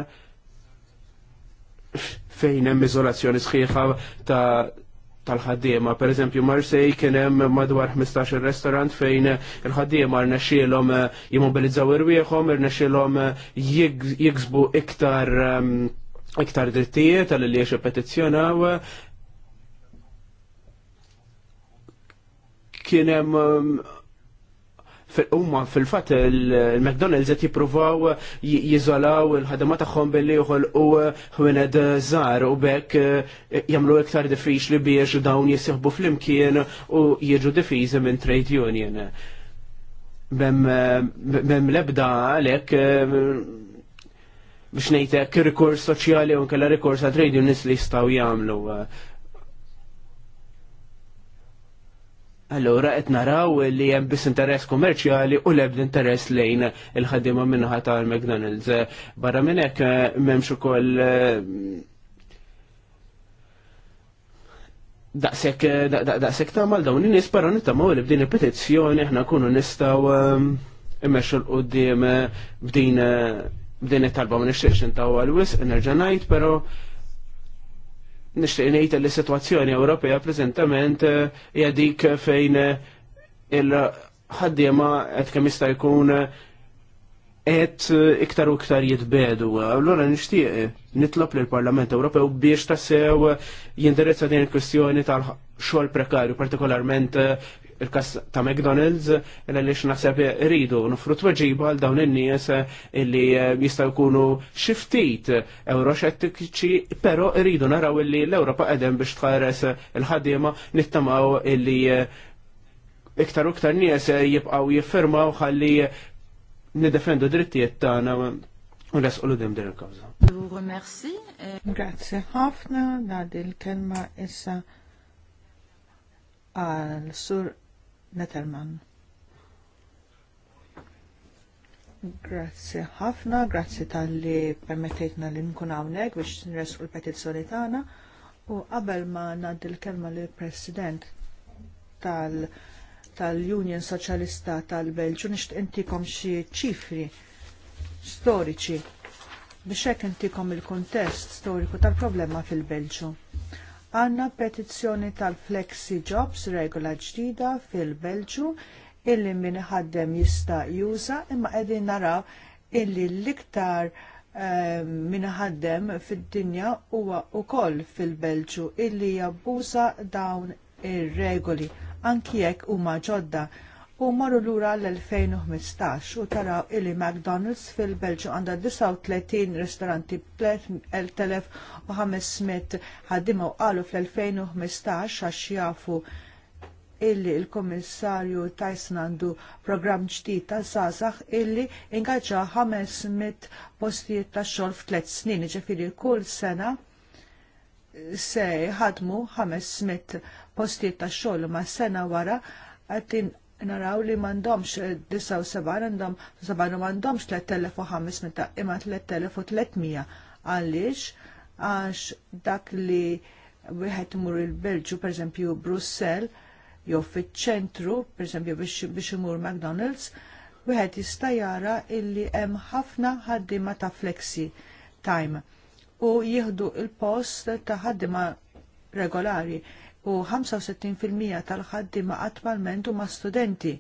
fejn hemm iżolazzjoni sħiħa ta' tal-ħaddiema. Per eżempju, Marsej kien hemm madwar 15 restaurant fejn il-ħaddiema rnexxielhom eh, jimmobilizzaw irwieħhom, irnexxielhom eh, jiksbu iktar ehm, iktar drittijiet għal li petizzjonaw kien hemm ehm, huma fil-fatt il-McDonald's qed jippruvaw jiżolaw il-ħadama tagħhom billi u ħwined żgħar u bekk eh, jagħmlu iktar diffiċli biex dawn jisieħbu flimkien u jiġu difiżi minn trade union. Bem eh, lebda għalhekk eh, biex ngħidlek rikors soċjali u nkella rikors għal trade unions li jistgħu jagħmlu Allura qed naraw li hemm biss interess kummerċjali u lebd interess lejn il-ħaddiema minnaħa tal-McDonald's. Barra minn hekk eh, m'hemmx ukoll eh, daqshekk eh, daqshekk tagħmal dawn in-nies barra nittamaw li b'din il-petizzjoni aħna nkunu nistgħu immexxu l qudiem b'din b'din it-talba ma nixtieqx nintaw l-wisq nerġa' ngħid, però nixtieq ngħid li situazzjoni sitwazzjoni Ewropea preżentament eh, hija dik fejn eh, il-ħaddiema qed kemm jista' jkun eh, qed iktar u iktar jitbedu. Allura nixtieq nitlob lill parlament Ewropew biex tassew jindirizza din il-kwestjoni tal-xogħol prekarju, partikolarment il-kas ta' McDonald's l-għalix naħseb rridu nufru t-wagġiba għal dawn in-nies illi eh, jistaw jkunu xiftit euroxettiċi, pero rridu naraw illi l europa għedem biex tħares il-ħaddiema nittamaw illi eh, iktar u iktar nies jibqaw jiffirmaw ħalli nidefendu drittijiet tagħna u resqulu dem din il-kawża. Eh. Grazie Grazzi ħafna, nadil l-kelma issa għal sur Nettelman. Grazzi ħafna, grazzi tal-li permettejtna li nkun hawnhekk biex nresqu l-petizzjoni tagħna. U qabel ma ngħaddi l-kelma lill president tal-Union Soċjalista tal-Belġu nixtieq intikom xi ċifri storiċi biex hekk intikom il-kuntest storiku tal-problema fil-Belġu għanna petizzjoni tal-Flexi Jobs regola ġdida fil-Belġu illi min ħaddem jista juża imma qegħdin naraw illi l-iktar uh, min ħaddem fid-dinja huwa wkoll fil-Belġu illi jabbuża dawn ir-regoli anki jekk huma ġodda u marru lura l-2015 u taraw illi McDonald's fil-Belġu għandha 39 ristoranti b-3500 ħaddima u qalu fl-2015 għax jafu illi il-Komissarju Tyson għandu programm ġdid ta' sasax illi ingaġġa 500 postijiet ta' xogħol f'tliet snin, ġifiri kull sena se ħadmu 500 postijiet ta' xogħol ma' sena wara qed naraw li mandomx 79 għandhom 7 mandomx 3500 imma 3300 għaliex għax dak li wieħed imur il-Belġu pereżempju Brussell jew fiċ-ċentru pereżempju biex imur McDonald's wieħed jista' jara illi hemm ħafna ħaddiema ta' flexi time u jieħdu il-post ta' ħaddiema regolari u 65% tal-ħaddima attwalment huma studenti.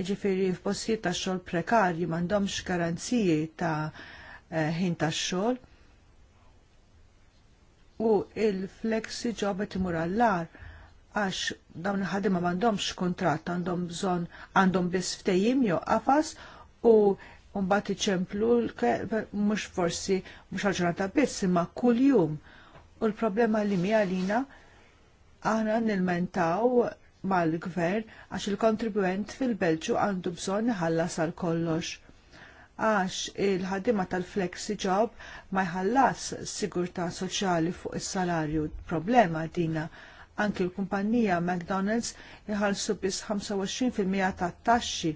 Jiġifieri f'postijiet ta' xogħol prekarji m'għandhomx garanziji ta' eh, ħin ta' tax xogħol. U il-flexi ġob qed imur għax dawn il ħaddima m'għandhomx kuntratt għandhom bżonn għandhom biss ftehim jew qafas u mbagħad iċemplu mhux forsi mhux għal ġurnata biss imma kuljum. U l-problema li mi għalina aħna nilmentaw mal-gvern għax il-kontribuent fil-Belġu għandu bżonn ħallas għal kollox. Għax il-ħadima tal-flexi job ma jħallas sigurta soċjali fuq is-salarju. Problema dina. Anki l-kumpanija McDonald's jħallsu bis 25% tat-taxxi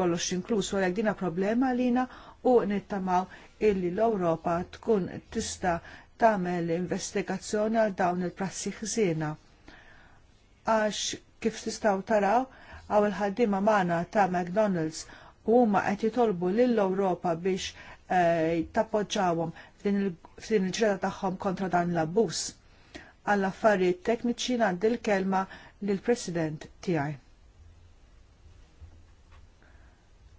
kollox inkluż għalhekk dina problema lina u nittamaw illi l-Ewropa tkun tista' tagħmel investigazzjoni għal dawn il-prassi ħsiena. Għax kif tistgħu taraw għaw il-ħaddiema magħna ta' McDonald's huma qed jitolbu lill-Ewropa biex eh, tappoġġawhom f'din il ġrieda tagħhom kontra dan l-abbuż. Għall affarijiet tekniċi ngħaddi l-kelma lill-President tiegħi.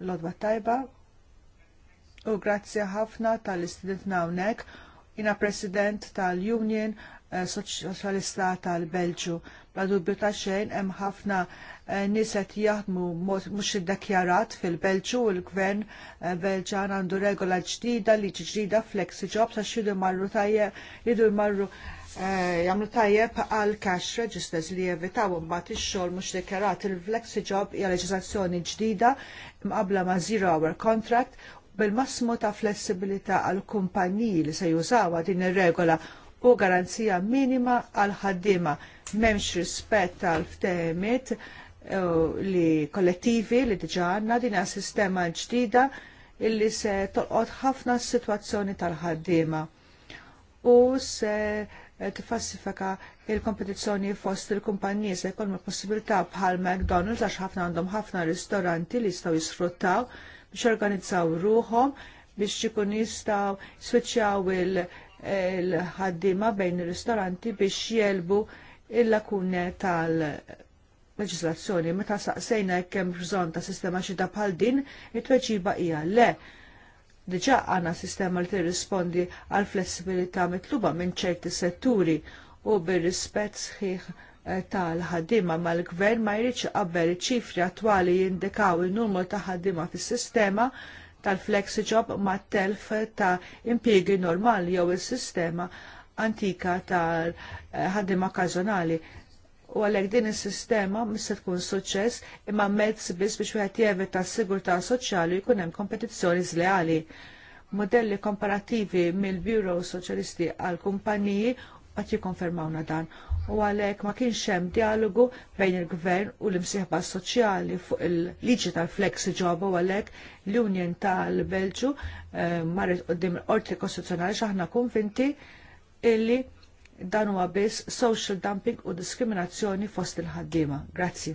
Lodba tajba, u grazzi ħafna tal-istudentna hawnhekk jina president tal-Union eh, Soċjalista tal-Belġu. Bla dubju ta' xejn hemm ħafna eh, niset qed jaħdmu mhux iddekjarat fil-Belġu u l-Gvern eh, Belġan għandu regola ġdida li ġdida flexi job sa jidu marru tajjeb jidu marru jagħmlu tajjeb għal cash registers li jevitaw mbagħad ix-xogħol mhux dekjarat il-flexi job hija leġiżlazzjoni ġdida mqabla ma' zero hour contract bil massimo ta' flessibilità għal kumpaniji li se jużawa din ir-regola u garanzija minima għal ħaddiema m'hemmx rispett għal ftehimiet eh, li kollettivi li diġà għandna din sistema ġdida illi se tolqot ħafna s-sitwazzjoni tal-ħaddiema u se eh, tifassifika il-kompetizzjoni fost il-kumpanji se jkun il possibilità bħal McDonald's għax ħafna għandhom ħafna ristoranti li jistgħu jisfruttaw biex organizzaw ruhom biex ikun jistgħu switchaw il-ħaddima bejn ir-ristoranti biex jelbu il-lakune tal-leġislazzjoni. Meta saqsejna kemm bżonn ta' sistema xita bħal din, it-tweġiba hija le. Diġà għandna sistema li tirrispondi għal flessibilità mitluba minn ċerti setturi u bir-rispett sħiħ tal-ħaddima mal-gvern ma jridx qabel ċifri attwali jindikaw il-numru ta' ħaddima fis-sistema tal-flexi job ma' telf ta' impjiegi normali jew is-sistema antika tal-ħaddima okkażjonali. U għalhekk din is-sistema mista tkun suċċess imma mezz biss biex wieħed jevita s-sigurtà soċjali jkun hemm kompetizzjoni żleali. Modelli komparattivi mill-Bureau Soċjalisti għal kumpaniji qed jikkonfermawna dan u għalhekk ma kienx hemm dialogu bejn il-gvern u l-imsieħba soċjali fuq il-liġi tal-flexi ġoba u għalhekk l-Union tal-Belġu eh, marret qudiem il-Qorti Kostituzzjonali x'aħna konvinti illi dan huwa biss social dumping u diskriminazzjoni fost il-ħaddiema. Grazzi.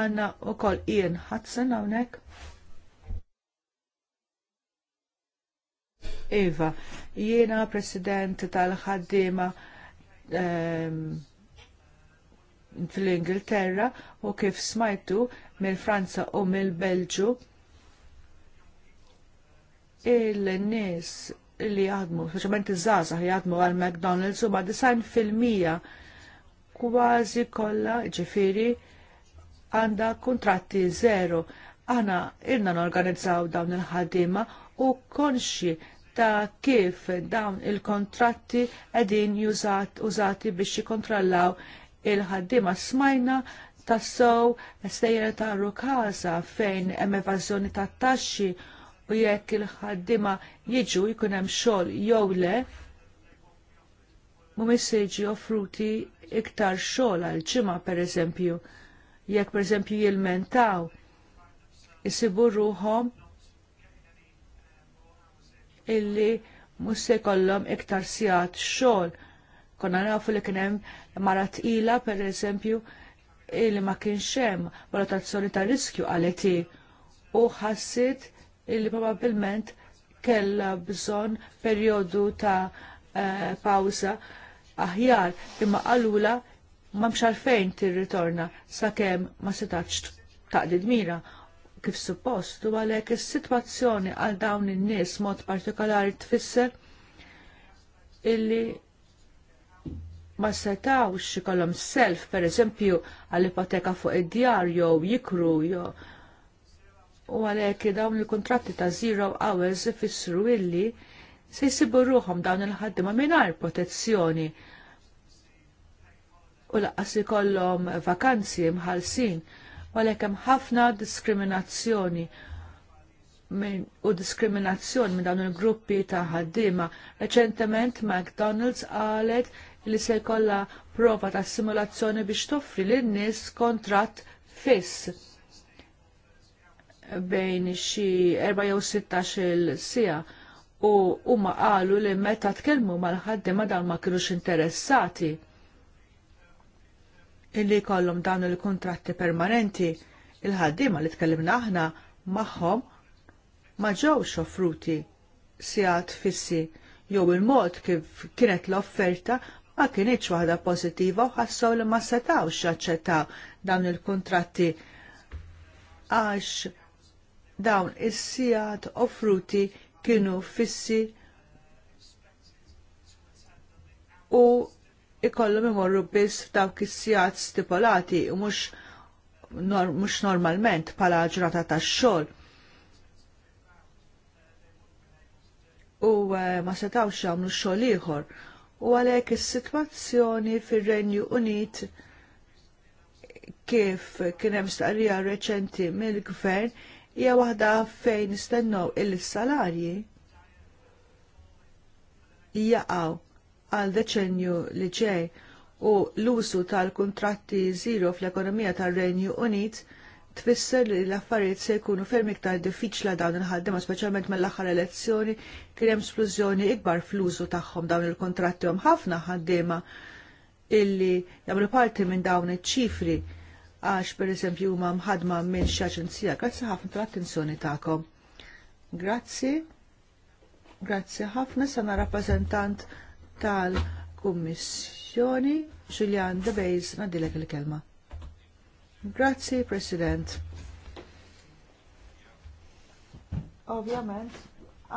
Għanna u koll Ian Hudson hawnhekk. Iva, jiena president tal-ħaddima ehm, fl-Ingilterra u kif smajtu mill-Franza u mill-Belġu il-nis li jadmu, specialment iż-żgħażagħ jadmu għal McDonald's huma design fil-mija kważi kollha ġifiri għandha kuntratti zero. Aħna irna norganizzaw dawn il-ħaddiema u konxi ta' kif dawn il-kontratti edin użati biex jikkontrollaw il-ħaddima smajna tassow sejra ta' rukasa fejn hemm evażjoni ta' taxxi u jekk il-ħaddima jiġu jkun hemm xogħol jew le mhumiex se jiġi offruti iktar xogħol għal ġimgħa pereżempju. Jekk pereżempju jilmentaw isibu ruhom illi mhux se jkollhom iktar sijat xogħol. Konna nafu li kien hemm marat ila pereżempju illi ma kienx hemm valutazzjoni ta' riskju għaleti u ħassit illi probabbilment kellha bżonn perjodu ta' uh, eh, pawza aħjar imma qalula ma mxarfejn tirritorna sakemm ma setax taqdi mira kif suppost u għalhekk is-sitwazzjoni għal dawn in-nies mod partikolari tfisser illi ma setawx ikollhom self pereżempju għall ipoteka fuq id-djar jew jikru jew u għalhekk dawn il-kuntratti ta' zero hours ifissru illi se jsibu ruhom dawn il-ħaddima mingħajr protezzjoni u laqqas ikollhom vakanzi mħallsin għalhekk hemm ħafna diskriminazzjoni u diskriminazzjoni minn dawn il-gruppi ta' ħaddiema. Reċentement McDonald's qalet li se jkollha prova ta' simulazzjoni biex toffri lin nies kontratt fiss bejn xi 4 jew 16 sija u huma qalu li meta tkellmu mal ħaddima dawn ma kinux interessati illi kollum dawn il-kontratti permanenti il-ħaddiema li tkellimna aħna magħhom ma ġewx offruti sigħat fissi jew il-mod kif kienet l-offerta ma kienieċ waħda pożittiva u ħassew li ma setawx jaċċettaw dawn il-kontratti għax dawn is-sigħat offruti kienu fissi u ikollhom imorru biss f'dawk is-sijat stipulati u mhux nor, normalment bħala ġrata tax-xogħol. U eh, ma setawx jagħmlu xogħol ieħor. U għalhekk is-sitwazzjoni fir-Renju Unit kif kien hemm stqarrija reċenti mill-gvern hija waħda fejn istennew il-salarji jaqgħu għal deċenju li ġej u l-usu tal-kontratti zero fl-ekonomija tal-Renju Unit tfisser li l-affarijiet se jkunu ferm iktar diffiċla dawn il-ħaddima, speċjalment mill-aħħar elezzjoni kien hemm splużjoni ikbar fl-użu tagħhom dawn il-kontratti hemm ħafna ħaddiema illi jagħmlu parti minn dawn iċ-ċifri għax pereżempju huma mħadma minn xi aġenzija. Grazzi ħafna tal-attenzjoni tagħkom. Grazzi. Grazzi ħafna sana rappresentant tal-Kummissjoni Julian Beis, nadilek il-kelma. Grazzi, President. Ovvjament,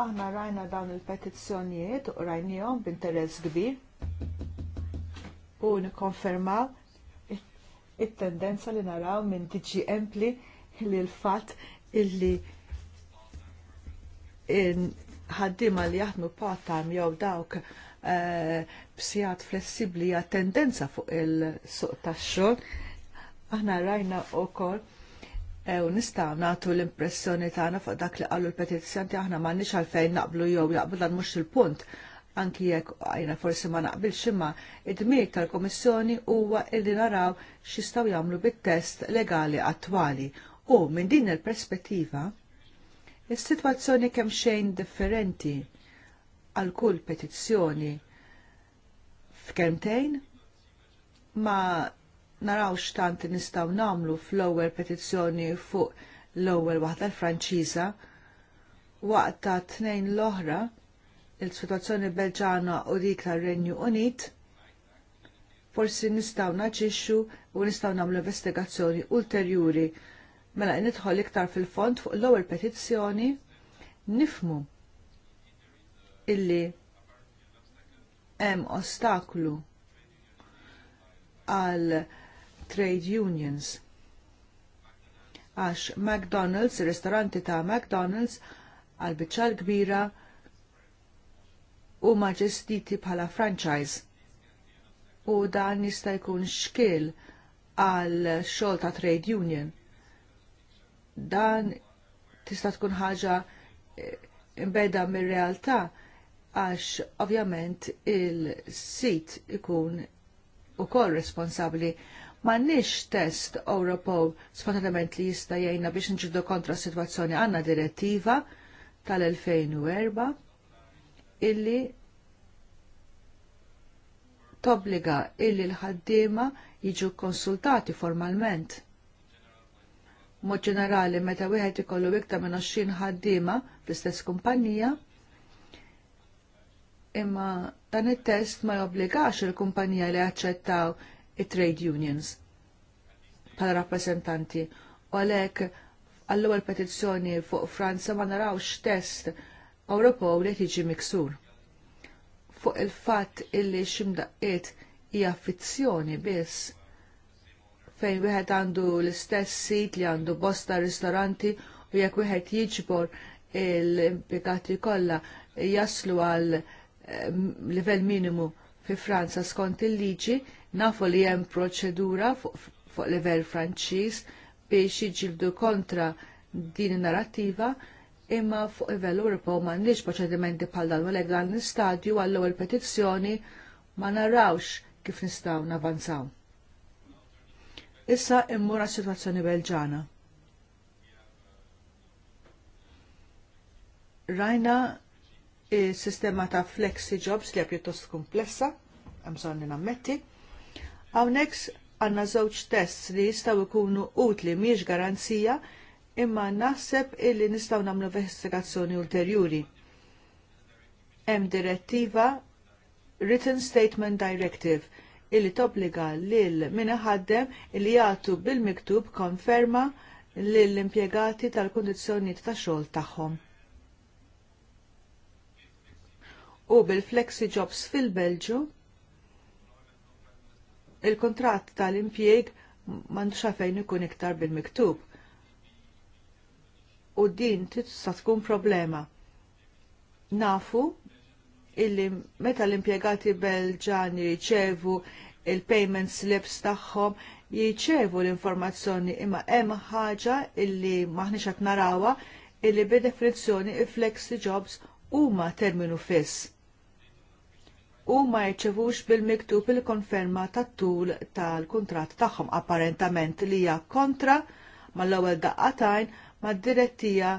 aħna rajna dawn il-petizzjonijiet u rajnijom b'interess kbir u nikkonfermaw it-tendenza li naraw minn tiġi empli li l-fat illi ħaddima li jaħdmu part-time jew dawk b'sijat flessibbli għat tendenza fuq il-suq tax-xogħol. Aħna rajna wkoll u nistgħu nagħtu l-impressjoni tagħna fuq dak li qalu l-petizzjanti aħna m'għandniex għalfejn naqblu jew jaqblu dan mhux il-punt anki jekk għajna forsi ma naqbilx imma id-dmir tal-Komissjoni huwa li naraw x'istgħu jagħmlu bit-test legali attwali u minn din il-perspettiva is-sitwazzjoni kemm xejn differenti għal kull petizzjoni f'kemtejn ma narawx tant nistgħu nagħmlu fl-ewwel petizzjoni fuq l-ewwel waħda l-Franċiża waqt ta' tnejn l-oħra il-situazzjoni Belġana u dik tar-Renju Unit forsi nistgħu naġixxu u nistgħu nagħmlu investigazzjoni ulterjuri mela nidħol iktar fil-fond fuq l-ewwel petizzjoni nifmu illi hemm ostaklu għal trade unions. Għax McDonald's, ristoranti ta' McDonald's, għal biċċar kbira u maġestiti bħala franchise. U dan jista' jkun xkil għal xogħol ta' trade union. Dan tista' tkun ħaġa eh, imbeda mir-realtà għax ovvjament il-sit ikun u kol responsabli ma nix test Europol spontanament li jista jajna biex nġiddu kontra situazzjoni għanna direttiva tal-2004 illi tobliga illi l-ħaddima jiġu konsultati formalment. Mod ġenerali meta wieħed ikollu iktar minn 20 ħaddiema fl-istess kumpanija, imma dan it-test ma jobbligax il-kumpanija li jaċċettaw it-trade unions bħala rappresentanti u għalhekk għall-ewwel petizzjoni fuq Franza ma narawx test Ewropew li tiġi miksur. Fuq il-fatt illi x'imdaqqiet hija fizzjoni biss fejn wieħed għandu l-istess sit li għandu bosta ristoranti u jekk wieħed jiġbor l-impjegati kollha jaslu għal livell minimu fi Franza skont il-liġi, nafu li hemm proċedura fuq livell Franċiż biex jiġildu kontra din narrattiva imma fuq livell Ewropew m'għandniex proċedimenti bħal dan għalhekk dan l-istadju għall-ewwel petizzjoni ma narawx kif nistgħu navanzaw. Issa immur għas-sitwazzjoni Belġana. Rajna il-sistema ta' flexi jobs li pjuttost komplessa, għamżon li nammetti. Għawnex għanna żewġ tests li jistaw ikunu utli miex garanzija imma naħseb illi nistaw namlu investigazzjoni ulterjuri. Hemm direttiva Written Statement Directive illi tobbliga lil min ħaddem illi jagħtu bil-miktub konferma lill impjegati tal-kundizzjonijiet ta' xogħol tagħhom. u bil-Flexi Jobs fil-Belġu il kontrat tal impieg man għafejn ikun iktar bil-miktub. U din tista' tkun problema. Nafu illi meta l-impjegati belġani riċevu il-payment slips tagħhom jiċevu l-informazzjoni imma hemm ħaġa illi maħniex qed narawha illi bi definizzjoni flexi jobs huma terminu fiss u ma jirċevux bil-miktub il-konferma tat-tul tal-kontrat tagħhom apparentament li hija kontra mal-ewwel daqqatajn mad-direttija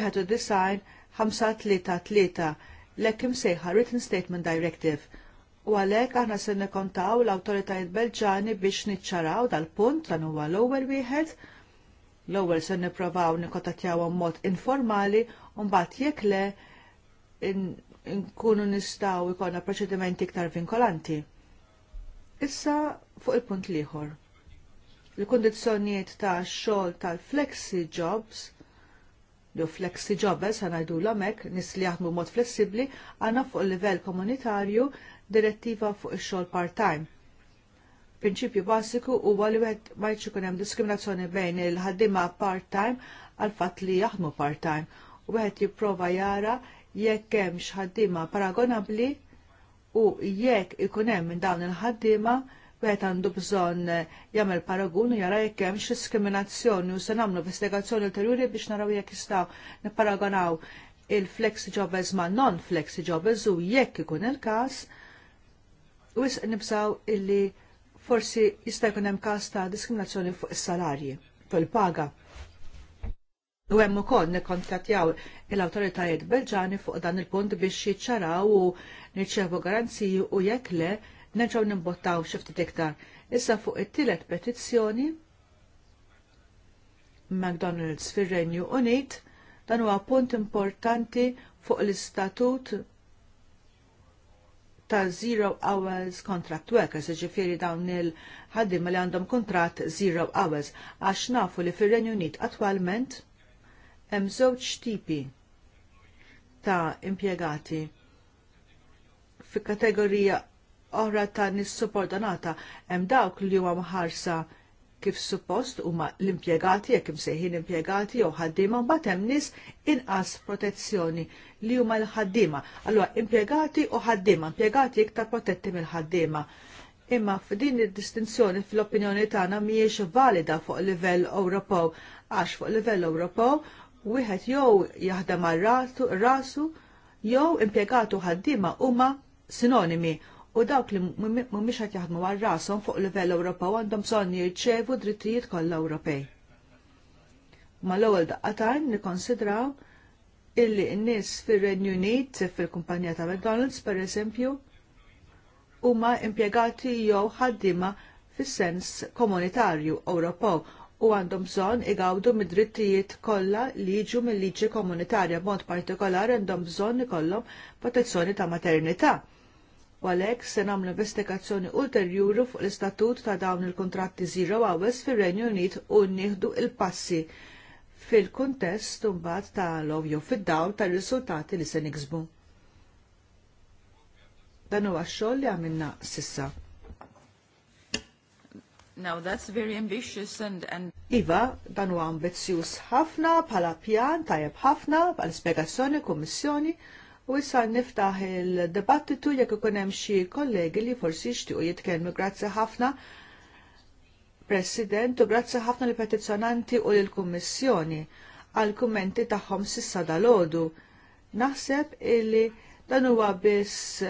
91-533 l-ekkim sejħa Written Statement Directive u għalhekk aħna se nekontaw l-awtoritajiet Belġani biex niċċaraw dal-punt dan huwa l-ewwel wieħed l-ewwel se nipprovaw nikkontattjawhom mod informali u mbagħad jekk le nkunu nistaw ikonna proċedimenti iktar vinkolanti. Issa fuq il-punt liħor. il kondizjoniet ta' xogħol tal-flexi jobs jew flexi jobbers ħanajdu l omek nis li jaħdmu mod flessibli għanna fuq il-livell komunitarju direttiva fuq ix-xogħol part-time. Prinċipju basiku huwa li wieħed ma jkun hemm diskriminazzjoni bejn il ħaddima part-time għal fatt li jaħdmu part-time u wieħed jipprova jara jekk hemmx ħaddiema paragonabbli u jekk ikun hemm minn dawn il-ħaddiema wieħed għandu bżonn jagħmel paragun u jara jekk hemmx diskriminazzjoni u se nagħmlu investigazzjoni ulterjuri biex naraw jekk jistgħu nipparagonaw il-flex jobbers ma' non-flex jobbers u jekk ikun il-każ jis nibżaw illi forsi jista' jkun hemm każ ta' diskriminazzjoni fuq is-salarji, fuq il-paga. U hemm ukoll nikkontattjaw l-awtoritajiet Belġani fuq dan il-punt biex jiċċaraw u nirċevu garanziji u jekk le nerġgħu nimbottaw xi ftit iktar. Issa fuq it-tielet petizzjoni McDonald's fir-Renju Unit dan huwa punt importanti fuq l-istatut ta' zero hours contract workers, ġifiri dawn il-ħaddim li għandhom kontrat zero hours, għax nafu li fir-Renju Unit attwalment Hemm żewġ tipi ta' impjegati fi kategorija oħra ta' nis subordinata hemm dawk li huwa mħarsa kif suppost huma l-impjegati jekk imsejħin impjegati jew ħaddiema mbagħad hemm nies inqas protezzjoni li huma l-ħaddiema. Allura impjegati u ħaddiema, impjegati iktar protetti mill-ħaddiema imma f'din id-distinzjoni fl-opinjoni tagħna mhijiex valida fuq livell Ewropew għax fuq livell Ewropew wieħed jew jaħdem għal rasu jew impjegatu ħaddiema huma sinonimi u dawk li mhumiex qed jaħdmu għal rashom fuq livell Ewropew għandhom bżonn jirċevu drittijiet kollha Ewropej. Ma l-ewwel daqqatajn nikkonsidraw illi n-nies fir-Renju Unit fil-kumpanija ta' McDonald's pereżempju huma impjegati jew ħaddiema fis-sens komunitarju Ewropew u għandhom bżonn igawdu mid-drittijiet kollha li jiġu mill-liġi komunitarja b'mod partikolari għandhom bżonn ikollhom protezzjoni ta' maternità. U għalhekk se nagħmlu investigazzjoni ulterjuri fuq l-istatut ta' dawn il-kontratti zero hours fir-Renju Unit u nieħdu il-passi fil-kuntest mbagħad ta' l-ovju fid-dawl tar-riżultati li se niksbu. Dan huwa x-xogħol li għamilna sissa. Now that's very ambitious and... and... Iva, dan huwa ambizzjuż ħafna bħala pjan tajjeb ħafna bħala spiegazzjoni, kummissjoni u issa niftaħ il debattitu jekk ikun hemm xi kollegi li forsi jixtiequ jitkellmu grazzi ħafna President u grazzi ħafna li petizzjonanti u l-Kummissjoni għal kummenti tagħhom sissa dalodu. Naħseb illi dan huwa biss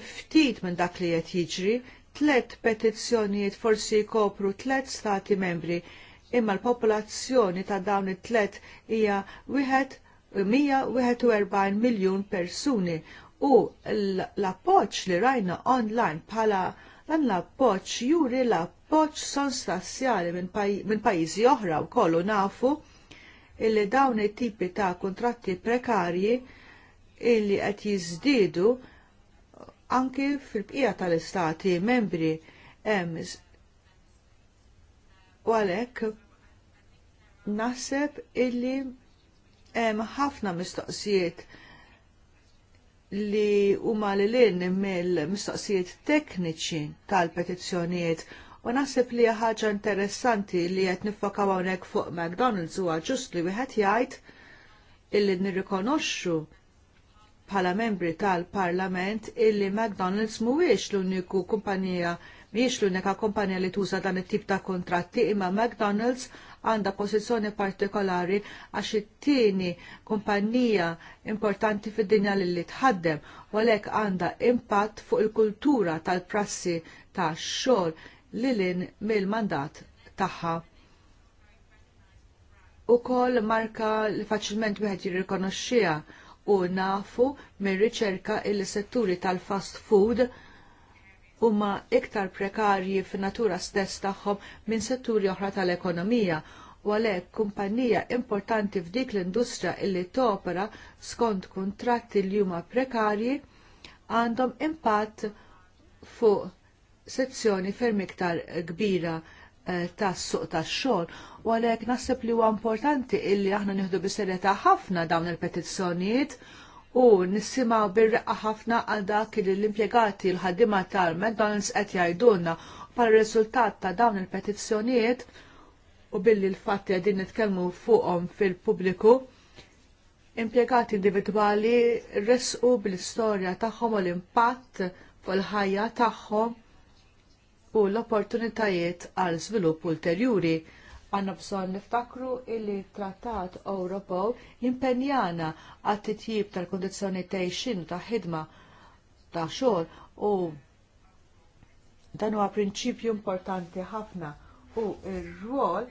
ftit minn dak li qed jiġri, tlet petizzjonijiet forsi jkopru tlet stati membri, imma l-popolazzjoni ta' dawn it-tlet hija wieħed 141 miljun persuni u l-appoċ li rajna online bħala dan l-appoċ juri l-appoċ sostanzjali minn pajjiżi oħra u kollu nafu illi dawn it-tipi ta' kontratti prekarji illi qed jiżdiedu anki fil-bqija tal-istati membri hemm u għalhekk naħseb illi hemm ħafna mistoqsijiet li huma li lin mill-mistoqsijiet tekniċi tal-petizzjonijiet u naħseb li ħaġa interessanti li qed niffokaw hawnhekk fuq McDonald's huwa ġust li wieħed jgħid illi nirrikonoxxu bħala membri tal-Parlament illi McDonald's mhuwiex l-uniku kumpanija miex l-unika kumpanija li tuża dan it-tip ta' kontratti imma McDonald's għandha pożizzjoni partikolari għax it-tieni kumpanija importanti fid-dinja li li tħaddem u għalhekk għandha impatt fuq il-kultura tal-prassi tax xogħol li lin mill-mandat tagħha. kol marka li faċilment wieħed jirrikonoxxiha u nafu minn riċerka il setturi tal-fast food huma iktar prekarji fin-natura stess tagħhom minn setturi oħra tal-ekonomija u għalhekk kumpanija importanti f'dik l-industrija illi topera skont kuntratti li huma prekarji għandhom impatt fuq sezzjoni ferm iktar kbira Eh, tas-suq tax-xogħol u għalhekk naħseb li huwa importanti illi aħna nieħdu bis-serjetà ħafna dawn il-petizzjonijiet u nisimgħu bir-reqqa ħafna għal dak li l-impjegati l ħaddiema tal-McDonald's qed jgħidulna bħal riżultat ta' dawn il-petizzjonijiet u billi l-fatt qegħdin nitkellmu fuqhom fil-pubbliku impjegati individwali resqu bl-istorja tagħhom u l-impatt fuq il-ħajja tagħhom u l-opportunitajiet għal svilupp ulterjuri. Għanna bżon niftakru illi trattat Ewropew jimpenjana għat titjib tal-kondizjoni tejxin ta' ħidma ta' xogħol u dan huwa prinċipju importanti ħafna u r-rwol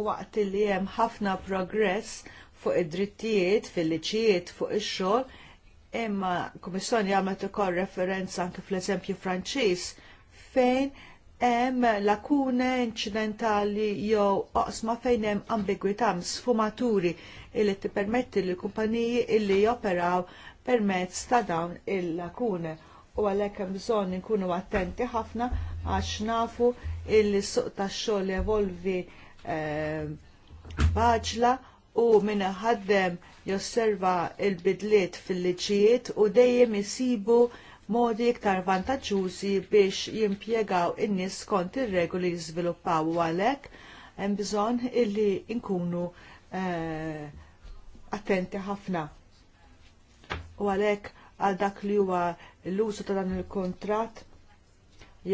u waqt li hemm ħafna progress fuq id-drittijiet fil-liċijiet fuq ix-xogħol imma kummissjoni għamlet ukoll referenza anke fl-eżempju Franċiż fejn hemm lakune inċidentali jew oqsma fejn hemm ambigwità sfumaturi illi tippermetti lill kumpaniji illi joperaw permezz ta' dawn il-lakune u għalhekk hemm bżonn inkunu attenti ħafna għax nafu il-suq tax-xogħol evolvi eh, baġla u minn ħaddem josserva l bidliet fil-liġijiet u dejjem isibu modi iktar vantaġġużi biex jimpjegaw in-nies skont ir-regoli jiżviluppaw għalhekk hemm bżonn illi nkunu eh, attenti ħafna. U għalhekk għal dak li huwa l-użu ta' dan il-kontratt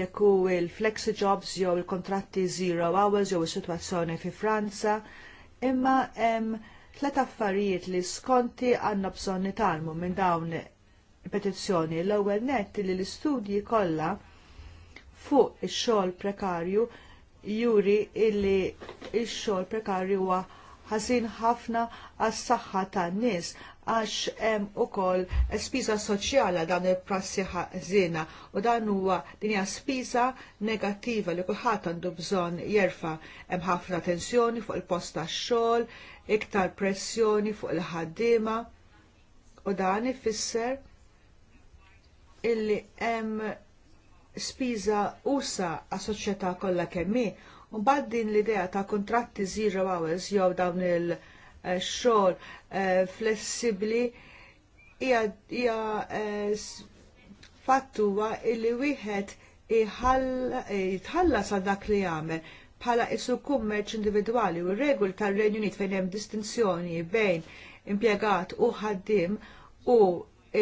jekk hu il-flexi jobs jew il-kontratti zero hours jew is-sitwazzjoni fi Franza, imma hemm tlet affarijiet li skonti għandna bżonn nitalmu minn dawn petizzjoni l-ewwel nett li l-istudji kollha fuq ix-xogħol prekarju juri illi ix-xogħol prekarju huwa ħażin ħafna għas-saħħa tan-nies għax hemm ukoll spiża soċjala dan il-prassi ħażina u dan huwa din hija spiża negattiva li kulħadd għandu bżonn jerfa' hemm ħafna tensjoni fuq il-post tax-xogħol, iktar pressjoni fuq il-ħaddiema u dan ifisser illi hemm spiża usa għas-soċjetà kollha kemm hi, u mbagħad din l-idea ta' kontratti zero hours jew dawn il-xogħol eh, flessibbli hija eh, fattuwa illi wieħed jitħallas għal dak li jagħmel bħala isu kummerċ individwali u r regul tal-Renju Unit fejn hemm distinzjoni bejn impjegat u ħaddim u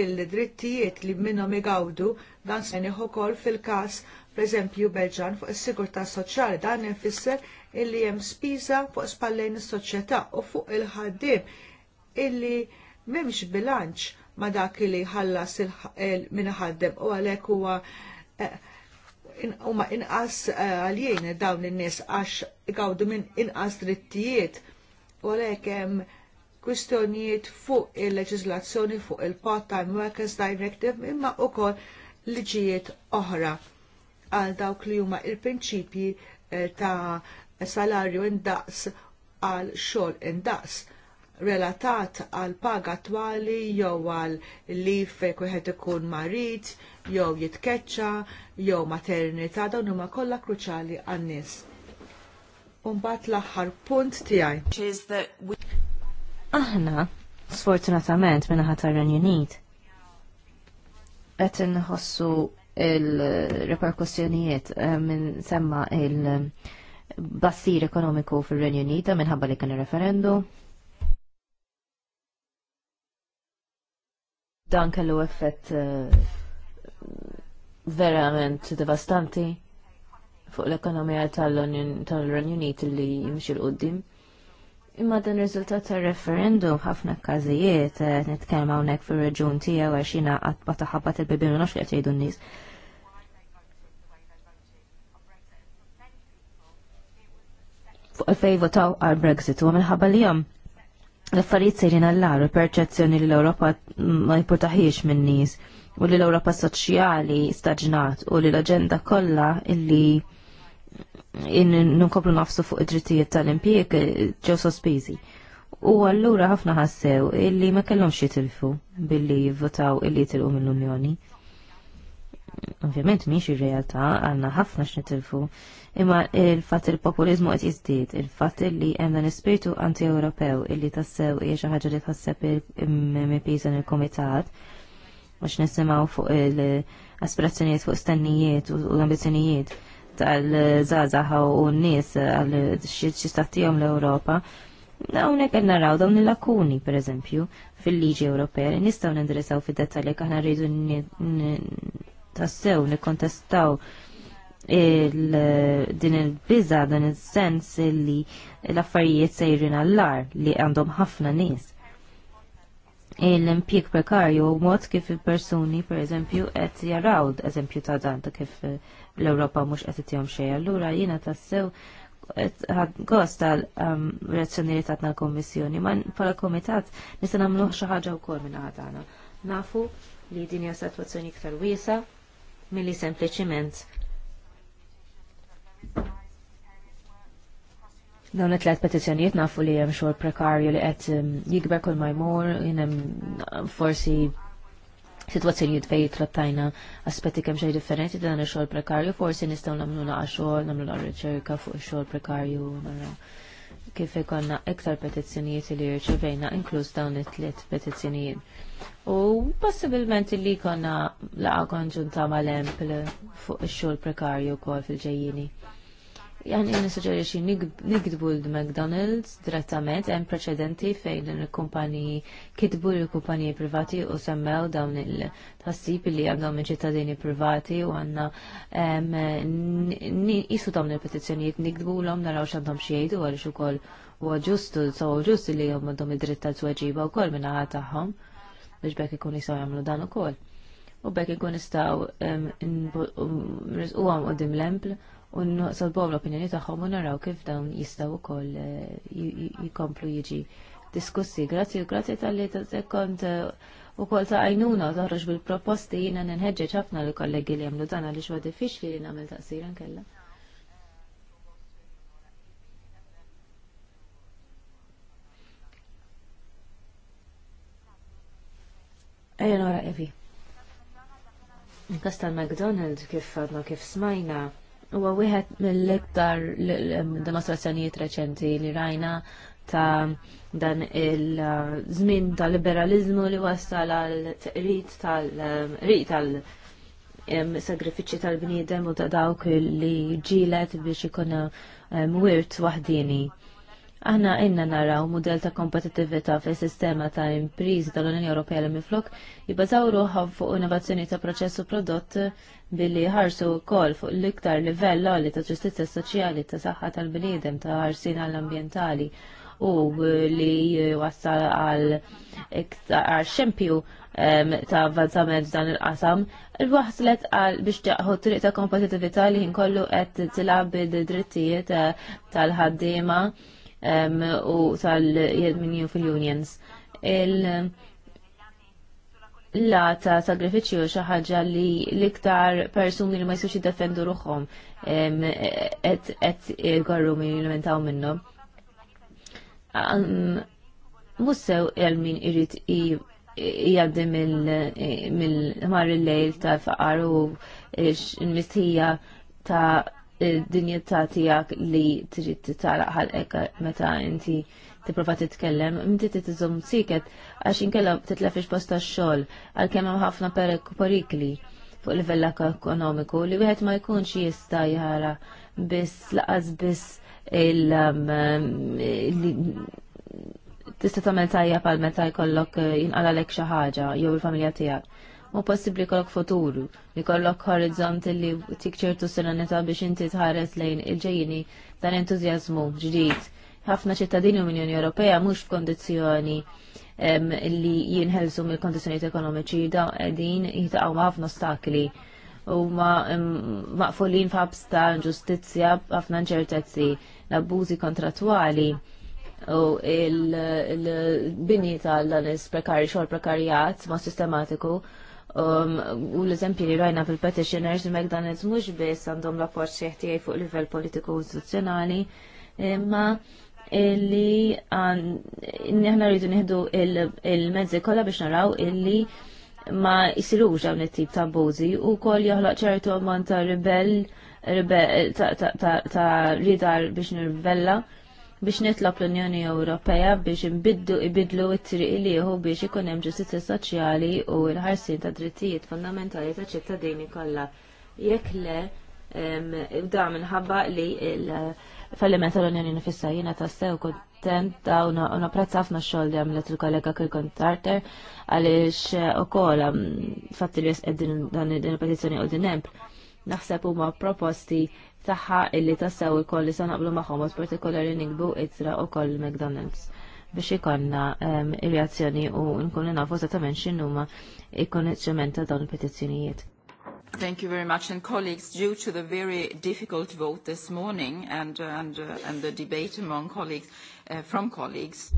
il-drittijiet li minnhom igawdu dan se ukoll fil-każ pereżempju Belġan fuq is-sigurtà soċjali dan ifisser illi hemm spiża fuq spallejn is-soċjetà u fuq il-ħaddiem illi m'hemmx bilanċ ma dak li ħallas minn ħaddem u għalhekk huwa eh, huma inqas eh, għaljien dawn in-nies għax igawdu minn inqas drittijiet u għalhekk hemm kwistjonijiet fuq il-leġiżlazzjoni fuq il-Part-Time Workers Directive imma wkoll liġijiet oħra għal dawk li huma il-prinċipji eh, ta' salarju indaqs għal xogħol indaqs relatat għal paga twali jew għal lif fejk wieħed ikun marit jew jitkeċċa jew maternità dawn huma kollha kruċjali għan-nies. Umbat l-aħħar punt tiegħi. Aħna, sfortunatament, minna ħatar Unit, qed nħossu il-reperkussjonijiet eh, minn semma il-bassir ekonomiku fil-Renju Unita minħabba li kien referendu. Dan kellu effett eh, verament devastanti fuq l-ekonomija tal-Renju Unit li jimxi l-qoddim. Imma dan riżultat tar referendum ħafna każijiet eh, nitkellem hawnhekk fir-reġun tiegħu għax jiena qatt ma taħabat il-bibien u nafx qed jgħidu n-nies. Fuq fej votaw għal Brexit u minħabba li jom l-affarijiet sejrin għallar, perċezzjoni li l-Ewropa ma jipportaħiex minn nies u li l-Ewropa soċjali staġnat u li l-aġenda kollha illi In ninkoplu nafsu fuq id-drittijiet tal-impjieg eh, ġew sospiżi. U allura ħafna ħassew illi ma kellhomx jitilfu billi jivvotaw illi jitilqu mill-Unjoni. Ovvjament miex ir-realtà għandna ħafna x'nitilfu, imma il-fatt il-populizmu qed jiżdied, il-fatt li hemm dan ispirtu anti-Ewropew illi tassew hija xi ħaġa li tħasseb il-MPs il-Kumitat għax nisimgħu fuq il-aspirazzjonijiet fuq stennijiet u l-ambizzjonijiet tal-żazaħ u n-nies għal xistatijom l-Ewropa. Hawnhekk qed naraw dawn il-lakuni pereżempju fil-liġi Ewropea nistgħu indresaw fid-dettalji aħna rridu tassew nikkontestaw din il-biża din is-sens li l-affarijiet sejrin għallar li għandhom ħafna nies l-impjeg prekarju u mod kif il personi per eżempju, qed jaraw eżempju ta' dan ta' kif l-Ewropa mhux qed tihom xejn. Allura jiena tassew gost tal-reazzjonijiet um, għatna l-Kommissjoni, ma pala komitat nista' nagħmlu xi ħaġa wkoll minn għadana. Nafu li din hija sitwazzjoni iktar wiesa milli sempliċiment Dawn it-tlet petizzjonijiet nafu li hemm xogħol prekarju li qed um, jikber kull ma jmur, forsi situazzjonijiet fej trattajna aspetti kemm xejn differenti dan ix-xogħol prekarju, forsi nistgħu nagħmlu naqa' xogħol, nagħmlu naqa' riċerka fuq ix-xogħol prekarju, naraw mela. kif ikonna iktar petizzjonijiet li rċevejna inkluż dawn it-tliet petizzjonijiet. U possibilment li konna laqa konġunta mal-empl fuq ix-xogħol prekarju wkoll fil-ġejjini. Jani nisuġerixi nikdbu l-McDonald's direttament hemm preċedenti fejn il kumpanji kitbu l kumpanji privati u semmew dawn il-tassib li minn ċittadini privati u għanna jisu dawn il-petizzjonijiet nikdbu l-om naraw xandhom xiejdu għalix u kol u għagġustu, so ġustu li għom għandhom id-dritta t-tweġiba u kol minna għataħom biex bekk ikun jisaw jamlu dan u kol. U bekk ikun jistaw u għam u dim l-empl u nsalbom l-opinjoni tagħhom u naraw kif dawn jistgħu wkoll eh, jikomplu jiġi diskussi. Grazzi u tal-li kont eh, u koll ta' għajnuna toħroġ bil-proposti jina nħedġeġ ħafna li kollegi li jamlu dana li xwa diffiċli li nagħmel taqsira nkella. Ejja nora Evi. Kastan McDonald kif għadna kif smajna huwa wieħed mill-iktar dimostrazzjonijiet reċenti li rajna ta' dan il-żmien tal-liberalizmu li wassal l tqrid tal-riq tal sagrifiċi tal-bniedem u ta' dawk li ġilet biex ikun eh, mwirt waħdini. Aħna inna naraw mudell ta' kompetitivita fis sistema ta' imprizi tal-Unjoni Ewropea li miflok jibbażaw ruħhom fuq innovazzjoni ta' proċessu prodott billi ħarsu wkoll fuq l-iktar livell l-għalli ta' ġustizja soċjali ta' saħħa tal-bniedem ta' ħarsin għall-ambjentali u li wassal għal xempju ta' avvanzament dan il-qasam, il-waħslet għal biex taħu triq ta' kompetitività li jinkollu qed tilab id-drittijiet eh, tal-ħaddiema u tal-jedminju fil-unions. Il- la ta' sagrifiċju xi ħaġa li l-iktar persuni li ma defendu jiddefendu et, qed jgorru min jilmentaw minnhom. Mussew għal min irrid jgħaddi mill-mar il-lejl ta' faqar u mistija ta' id-dinjità tiegħek li trid għal eka meta inti tipprova titkellem, inti titiżom siket għax inkella titlef ix posta tax-xogħol għalkemm hemm ħafna perikli fuq livell ekonomiku li wieħed ma jkunx jista' jara biss laqas biss il um, tista' tagħmel tajja pal meta jkollok eh, jinqala lek xi ħaġa jew il-familja tiegħek u possibbli kollok futuru li kollok horizont li tikċertu sena neta biex inti tħares lejn il-ġejjini dan entużjażmu ġdid. Ħafna ċittadini u Unjoni Ewropea mhux f'kondizzjoni li jinħelsu mill-kondizzjonijiet ekonomiċi da qegħdin jitqgħu ħafna ostakli u maqfulin f'abs ta' ġustizzja ħafna inċertezzi, l-abbużi kontrattwali u il-bini tal danis prekari xogħol prekarjat ma' sistematiku Um, u l-eżempji li rajna fil-petitioners il-McDonald's mhux biss għandhom rapport xieħtijaj fuq livell politiku istituzzjonali imma illi neħna rridu nieħdu il-mezzi kollha biex naraw illi ma jisirux dawn it-tip ta' bużi u kol joħloq ċertu ammont ta' ribell ta' ridar biex nirvella biex nitlob l-Unjoni Ewropea biex imbiddu ibidlu it-triq li jieħu biex ikun hemm ġustizzja soċjali u l-ħarsien ta' drittijiet fondamentali ta' ċittadini kollha. Jekk le da minħabba li l-falliment tal-Unjoni nifissa jiena tassew kontenta u napprezz ħafna xogħol li għamlet il-kollega Kirkon Tarter għaliex ukoll fatti li jesqed din il-petizzjoni u din naħseb huma proposti taħħa illi tassew ikolli se naqblu magħhom mod partikolari nikbu itra koll McDonald's biex ikonna ehm, reazzjoni u nkunu nafu esattament x'inhuma il-konneċċjament ta' dawn il-petizzjonijiet. Thank you very much. And colleagues, due to the very difficult vote this morning and, uh, and, uh, and the debate among colleagues, uh, from colleagues.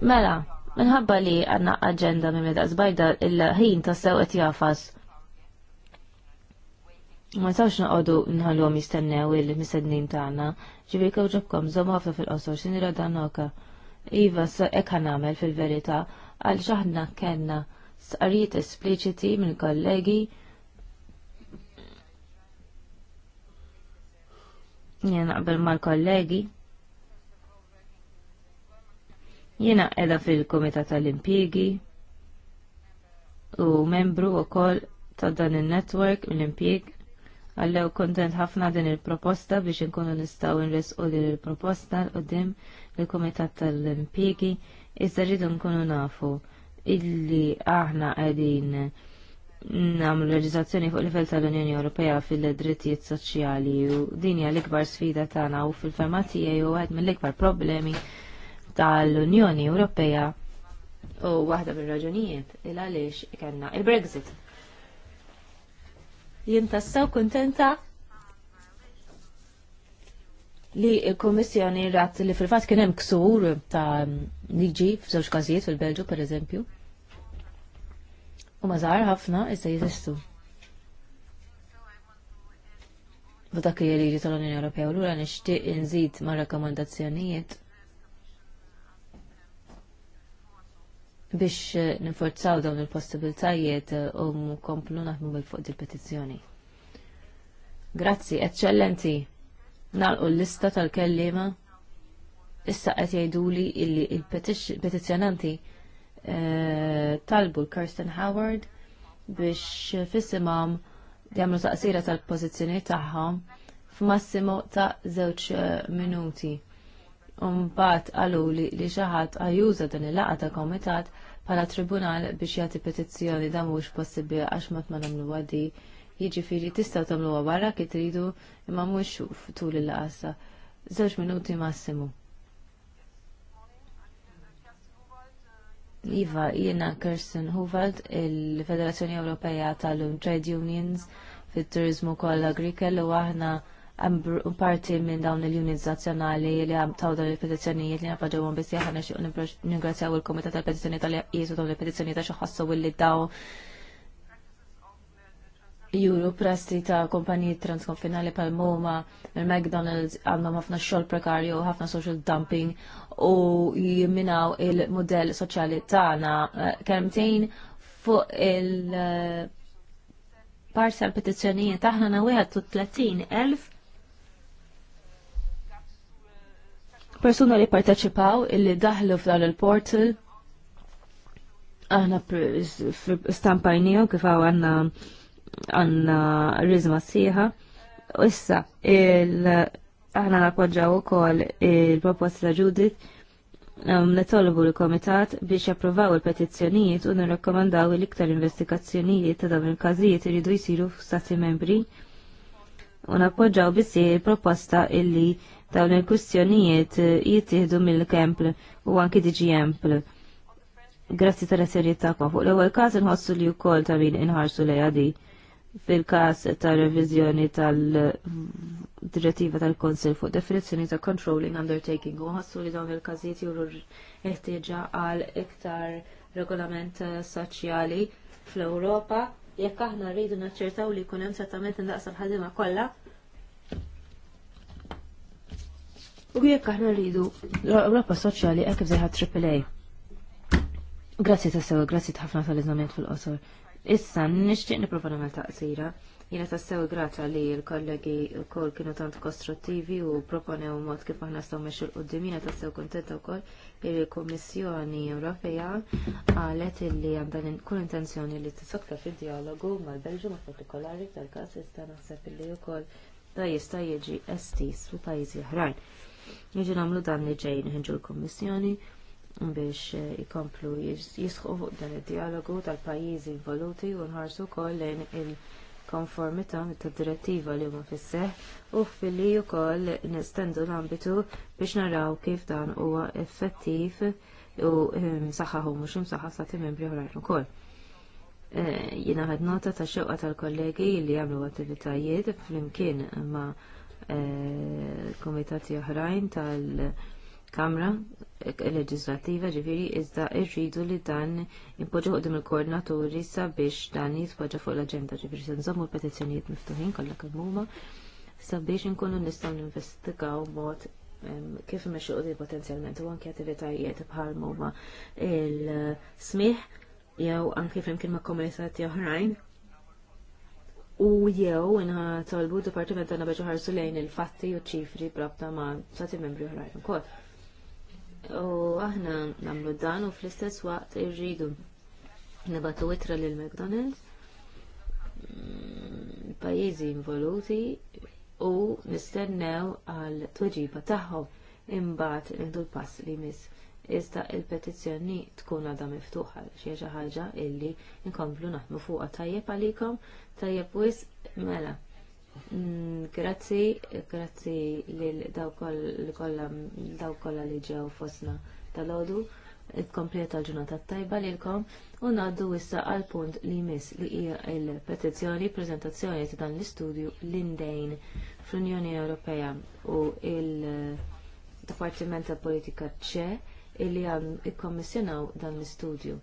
Mela, minħabba li għanna agenda minn meda zbajda il-ħin ta' sew qed jafas Ma tawx naqodu nħallom jistennew il-misednin tagħna, ġifieri kew ġobkom ħafna fil-qosor x'inira dan oka. Iva hekk nagħmel fil-verità għal x'aħna kellna sqarijiet espliċiti minn kollegi jien naqbel mal-kollegi. Jiena qiegħda fil-Kumitat tal-Impjiegi u membru wkoll ta' dan il-network l impjeg Għallew kontent ħafna din il-proposta biex inkunu nistaw nresqu din il-proposta l-qoddim il-Komitat tal-Impjegi iżda rridu nkunu nafu illi aħna għedin namlu reġizazzjoni fuq livell tal-Unjoni Ewropea fil-drittijiet soċjali u din hija l-ikbar sfida tagħna u fil-ferma tiegħi u għed mill-ikbar problemi tal-Unjoni Ewropea u waħda mir-raġunijiet il għaliex kellna il-Brexit jien tassew kuntenta li l-Kummissjoni rat li fil-fatt kien hemm ksur ta' liġi f'żewġ każijiet fil-Belġu pereżempju. U mażar ħafna issa jeżistu. U dak li liġi tal-Unjoni Ewropea u lura nixtieq inżid ma' rakkomandazzjonijiet biex eh, ninforzaw dawn il possibiltajiet eh, u komplu naħdmu bil fuq il-petizzjoni. Grazzi, eccellenti. Nalqu l-lista tal-kellima. Issa qed jgħiduli illi il-petizzjonanti eh, talbu l-Kirsten Howard biex fissimam jagħmlu taqsira tal-pożizzjoni tagħhom f'massimo ta' żewġ minuti mbagħad għalu li xaħat għajuża din il-laqa ta' komitat pala tribunal biex jagħti petizzjoni da mhux possibbli għax ma ma nagħmlu għadi. Jiġifieri tista' tagħmluha barra kif tridu imma mhux tul il-laqasa. Żewġ minuti massimu. Iva, jiena Kirsten Huvald, il-Federazzjoni Ewropea tal-Trade Unions fit-Turizmu kollha Grikel u aħna parti minn dawn il nazjonali li għam taw dawn il-petizjonijiet li għam għom bis jaħna xie ningrazzjaw il-komitat tal petizjonijiet tal jisu dawn il petizjonijiet għax ħassu li daw juru presti ta' kompanijiet transkonfinali pal moma il-McDonald's għandhom ħafna xol prekarju, ħafna social dumping u jimminaw il-modell soċjali tagħna eh, kemtejn fuq il- eh, parsa tal petizzjonijiet aħna na 30,000 persuna li parteċipaw illi daħlu f'dan il-portal aħna stampajnijom kif għaw għanna għanna rizma siħa u issa aħna nappoġġaw ukoll il-proposta Judith um, netolbu l-Komitat biex jappruvaw il-petizzjonijiet u nirrakkomandaw l-iktar investigazzjonijiet ta' dawn il-każijiet iridu jsiru f'stati membri u nappoġġaw bissi il-proposta illi dawn il-kwistjonijiet eh, jittieħdu mill-kempl u anki diġi empl. Grazzi tal ta' fuq l-ewwel każ inħossu li wkoll ta' min inħarsu lejha di fil każ ta' revizjoni tal-direttiva tal-Konsil fuq definizzjoni ta' controlling undertaking u ħassu li dawn il-każijiet juru ħtieġa għal iktar regolament eh, soċjali fl-Ewropa jekk aħna rridu naċċertaw li jkun hemm settament indaqsam ħadima kollha U jekk aħna rridu Ewropa Soċjali hekk bżejħa AAA. Grazzi ta' sewa, grazzi ta' ħafna tal-eżament fil-qosor. Issa, nixtieq nipprova nagħmel taqsira. Jiena ta' sewa grazzi li l-kollegi wkoll kienu tant kostruttivi u proponew mod kif aħna staw mex l qoddim Jiena ta' sew kontenta wkoll li l-Kummissjoni Ewropea qalet li għandha kull intenzjoni li tisokta fid-dialogu mal-Belġu ma' partikolari tal-każ issa naħseb li wkoll da jista' jiġi estis fil pajjiżi oħrajn Jiġu nagħmlu dan li ġejn ħinġu l-Kommissjoni biex eh, ikomplu jisħu fuq dan id-dialogu tal-pajjiżi involuti u nħarsu wkoll lejn il-konformità mit direttiva li huma fisseħ u fil-li wkoll nestendu l-ambitu biex naraw kif dan huwa effettiv u ehm, saħħaħu mhux imsaħħa stati membri oħrajn ukoll eh, jina ħad nota ta' xewqa tal-kollegi li jamlu attivitajiet fl-imkien ma' Eh, komitati oħrajn tal-Kamra Leġislattiva ġifiri iżda irridu li dan impoġġu qudiem il-koordinaturi sabiex dan jitpoġġa fuq l-aġenda ġifiri se nżommu l-petizzjonijiet miftuħin kollha kemm huma sabiex inkunu nistgħu ninvestigaw mod kif imexxu qudiem potenzjalment u anke attivitajiet bħal huma il-smih jew anke flimkien ma' komitati oħrajn u jew inħa tolbu Dipartiment għanna biex ħarsu lejn il-fatti u ċifri brabta ma' sati membri oħrajn ukoll. U aħna nagħmlu dan u fl-istess waqt irridu nibatu witra lil McDonald's mm, pajjiżi involuti u nistennew għal tweġiba tagħhom imbagħad nieħdu l-pass li miss iżda il-petizzjoni tkun għadha miftuħa xi ħaġa illi nkomplu naħdmu fuqha tajjeb għalikom Tajjeb wis, mela. Mm, grazzi, grazzi li daw kolla li ġew fosna tal-ħodu, kompleta l ġunata tajba lilkom u ngħaddu wissa għal punt li jmiss li hija l-petizzjoni preżentazzjoni ta' dan l-istudju l-indejn fl-Unjoni Ewropea u il-Dipartiment ta' Politika ċe illi għam ikkommissjonaw dan l-istudju.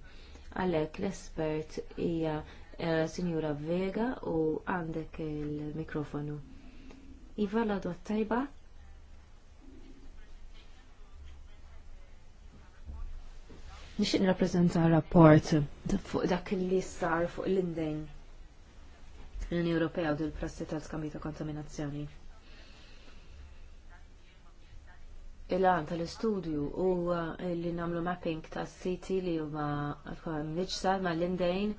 Għalhekk l-espert hija Eh, Sinjura Vega u għandek il-mikrofonu. Iva la tajba. Nixtieq nirrappreżenta rapport fuq dak li sar fuq l-indejn l-Unjoni Ewropea u dil-prassi tal-skambi ta' kontaminazzjoni. Il-għan tal-istudju u li nagħmlu mapping ta' siti li huma ma' l-indejn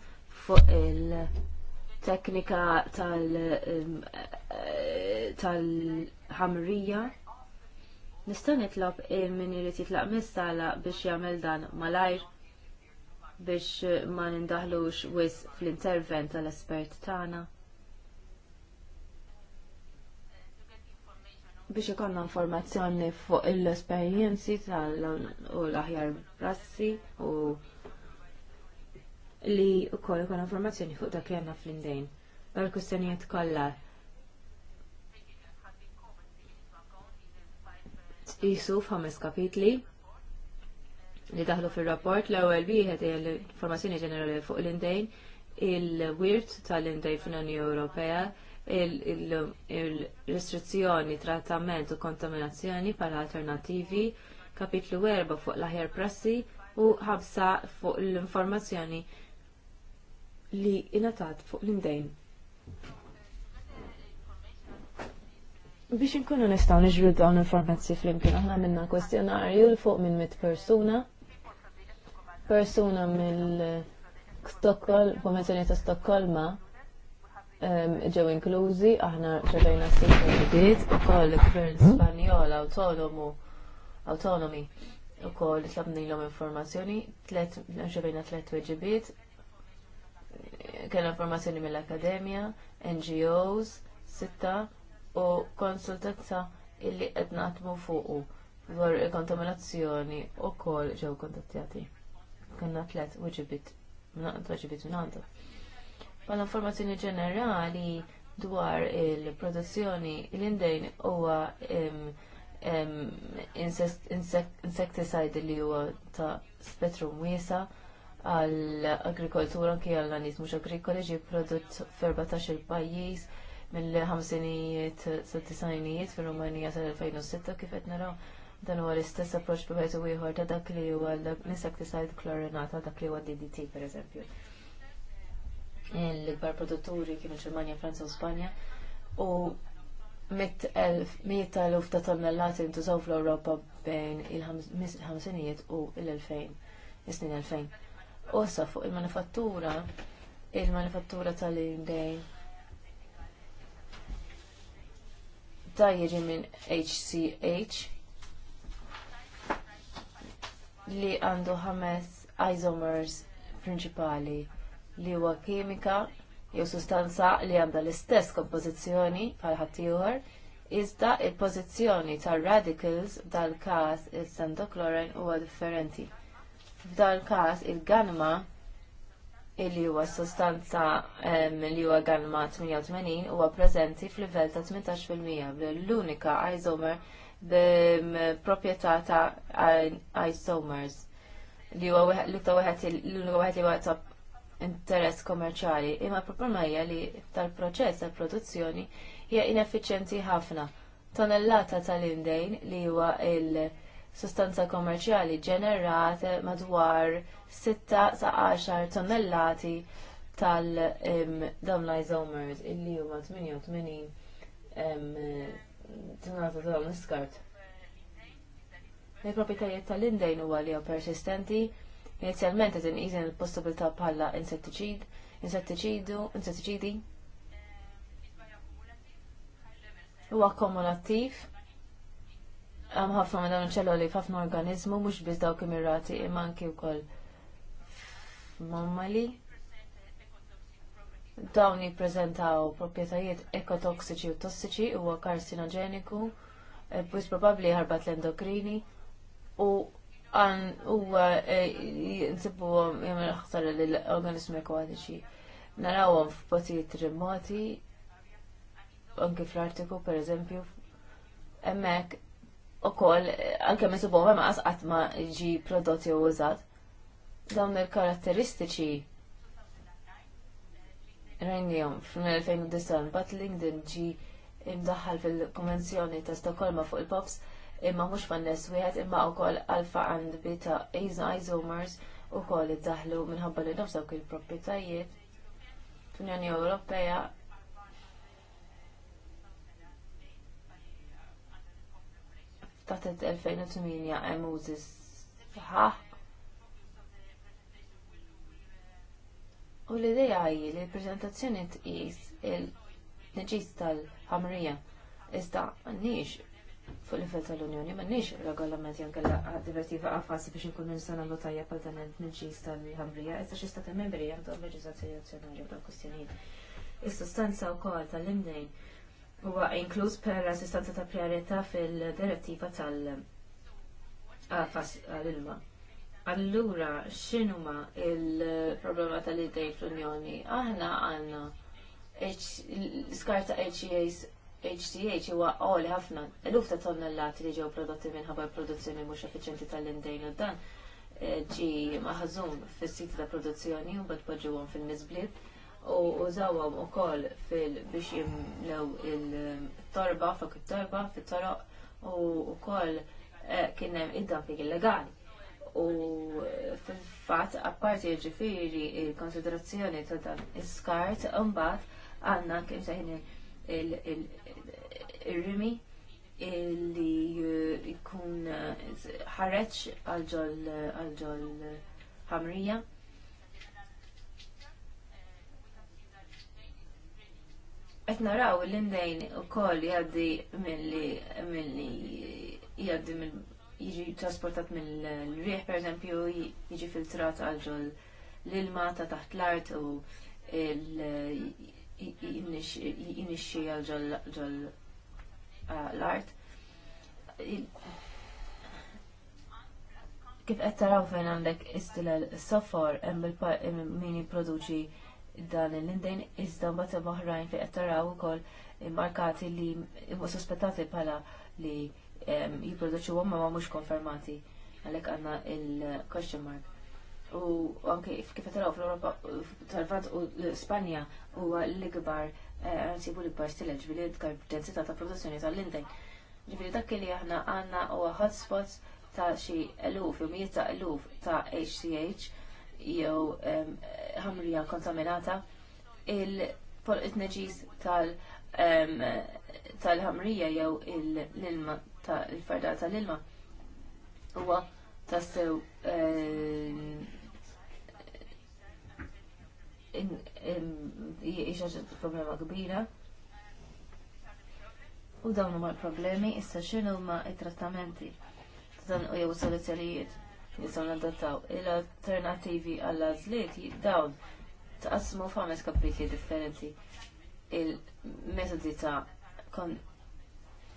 fuq il-teknika um, eh, tal-ħamrija. Nista' nitlob il-min irid jitlaq mistala biex jagħmel dan malajr biex eh, ma nindaħlux wis fl-intervent tal-espert tagħna. biex ikonna informazzjoni fuq l-esperienzi tal u l-aħjar prassi u li wkoll ikun informazzjoni fuq dak li għandna fl-indejn. għal kwistjonijiet kollha jisu f'ħames kapitli li daħlu fil-rapport l-ewwel wieħed hija l-informazzjoni ġenerali fuq l-indejn, il-wirt tal-indejn fl-Unjoni Ewropea, il-restrizzjoni, trattament u kontaminazzjoni bħala alternattivi, kapitlu 4 fuq l-aħjar prassi u ħabsa fuq l-informazzjoni li inatat fuq l-indejn. Biex nkunu nistaw nġbru dawn informazzi fl-imkien, aħna minna kwestjonarju l fuq minn mit persuna, persuna mill Stockholm, konvenzjoni ta' Stokkolma, ġew inklużi, aħna ġodajna s l-bid, u koll l-gvern Spanjol autonomu, autonomi, u koll tlabnilom informazzjoni, ġodajna tlet weġibiet, kellna informazzjoni mill-Akademja, NGOs, sitta u konsultazza illi qed naħdmu fuqu dwar kontaminazzjoni u kol ġew kontattjati. Kanna tlet uġibit, mnaqt uġibit Bħala informazzjoni ġenerali dwar il-produzzjoni l-indejn huwa insecticide li huwa ta' spettrum wiesa' għall-agrikoltura anki għall-anis mhux agrikoli ġi prodott f-14 il-pajjiż mill-ħamsinijiet sa' disajnijiet fil-Rumanija sal 2006 kif qed naraw dan huwa l-istess approċċ bi wieħed ieħor ta' dak li huwa l-insecticide klorinata dak li huwa DDT pereżempju. L-ikbar produtturi kienu Ġermanja, Franza u Spanja u 100.000 ta' tonnellati ntużaw fl-Ewropa bejn il-ħamsinijiet u l-2000, is-snin 2000 osa fuq il-manifattura, il-manifattura tal-indej. Da jiġi minn HCH li għandu ħames isomers prinċipali li huwa kimika jew sustanza li għandha l-istess kompożizzjoni bħal ħaddieħor iżda il-pożizzjoni tar radicals dal każ il-sandoklorin huwa differenti. F'dan każ il-ganma illi huwa sostanza li huwa ganma 88 huwa preżenti f'livell ta' 18% l-unika isomer b'proprjetà ta' isomers li huwa l-iktar wieħed l-unika wieħed li huwa ta' interess kommerċali, imma problema hija li tal-proċess tal-produzzjoni hija ineffiċjenti ħafna. Tonellata tal-indejn li huwa il- sostanza kommerċjali ġenerat madwar 6 sa 10 tonnellati tal dawn l-isomers illi huma 88 tonnellati ta' dawn l-iskart. Il-proprietajiet tal-indejn huwa li persistenti, inizjalment qed inqisen il-possibilità bħala insettiċid, insettiċidu, insettiċidi. Huwa kumulattiv, Għam ħafna minn dawn ċelloli f'ħafna organizmu mhux biss dawk imirati imma anki kol mammali. Dawn jippreżentaw proprjetajiet ekotoksiċi u tossiċi huwa karsinogeniku, eh, bwis probabbli ħarbat l-endokrini u għan huwa eh, nsibu jagħmel ħsara lill-organizmi akwatiċi. Narawhom f'potijiet remoti, anki fl-artiku per eżempju, emmek u koll anke misubu ma maqas għatma ġi prodotti u użat. Dawn il-karatteristiċi rajnijom fl-2009 bat LinkedIn ġi imdaħħal fil-konvenzjoni ta' Stokholma fuq il-Pops imma mhux fan-nies wieħed imma wkoll alfa għand bita Izomers ukoll daħlu minħabba li nofsaw il proprjetajiet fl-Unjoni Ewropea ta' 2008 hemm użis U l-idea hi li l-preżentazzjoni tqis il-neġis tal-ħamrija iżda għandniex fuq l-ifel tal-Unjoni m'għandniex regolamenti anke divertiva qafasi biex inkunu nistgħu nagħmlu tajjeb għal dan il-neġis tal-ħamrija iżda xi stati membri jaħdu leġiżlazzjoni nazzjonali f'dan kwistjonijiet. Is-sustanza wkoll tal-imdejn huwa inkluż per assistanza ta' priorità fil-direttiva tal-ilma. Ah, Allura, x'inhuma il-problema tal-idej fl-Unjoni? Aħna għandna l-skarta HCAs HCH huwa għoli ħafna eluf ta' tonnellati li ġew prodotti minħabba produzzjoni mhux effiċenti tal-indejn u dan eh, ġi maħżum fis-siti ta' produzzjoni u bad poġġuhom fil-miżbliet u użawhom ukoll fil biex jimlew il-torba fuq it-torba fit-toroq u wkoll eh, kien hemm id-dumping illegali. U eh, fil-fatt apparti ġifiri il-konsiderazzjoni ta' dan iskart imbagħad għandna kien seħin il-rimi li eh, jkun ħareċ għal ġol ħamrija qed naraw l-indejn ukoll jgħaddi milli milli jgħaddi mill jiġi trasportat mill per pereżempju jiġi filtrat għal ġol l-ilma ta' taħt l-art u jinixxi għal ġol l-art. Kif qed taraw fejn għandek istilel s-sofor hemm min jipproduċi dan l-indejn iżda mbagħad hemm oħrajn fi qed taraw ukoll markati li huma sospettati bħala li jipproduċu ma mhux konfermati għalhekk għandna il-question mark. U anke kif taraw fl-Ewropa tal-Vant u Spanja huwa l-ikbar eh, għansibu l-ikbar stileġ bil densità ta' produzzjoni tal-indejn. Ġifieri dak li aħna għandna huwa hotspots ta' xi eluf, mijiet ta' eluf ta' HCH jew ħamrija kontaminata il neġis tal- tal-ħamrija jew l-ilma tal ferda tal-ilma huwa tassew jiexax problema kbira. U dawn huma l-problemi issa x'inhuma t trattamenti ta' dan u jew soluzzjonijiet nistgħu nadattaw. Il-alternattivi għall-għażliet dawn taqsmu f'ħames kapitli differenti il-metodi ta'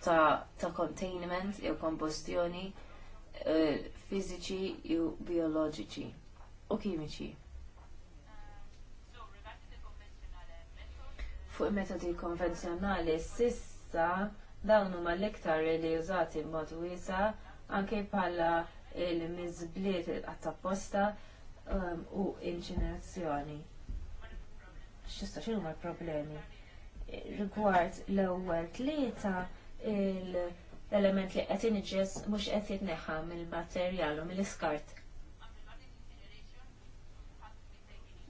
ta' containment jew kompostjoni eh, fiżiċi jew bioloġiċi u kimiċi. Fuq metodi konvenzjonali sissa dawn huma l-iktar li użati mod wiesa anke bħala il-mizbliet għat-tapposta um, u inċinerazzjoni. Xista xinu ma' problemi? Rigward l-ewel tlieta l-element li qed inġess mhux qed jitneħħa mill-materjal u mill-iskart.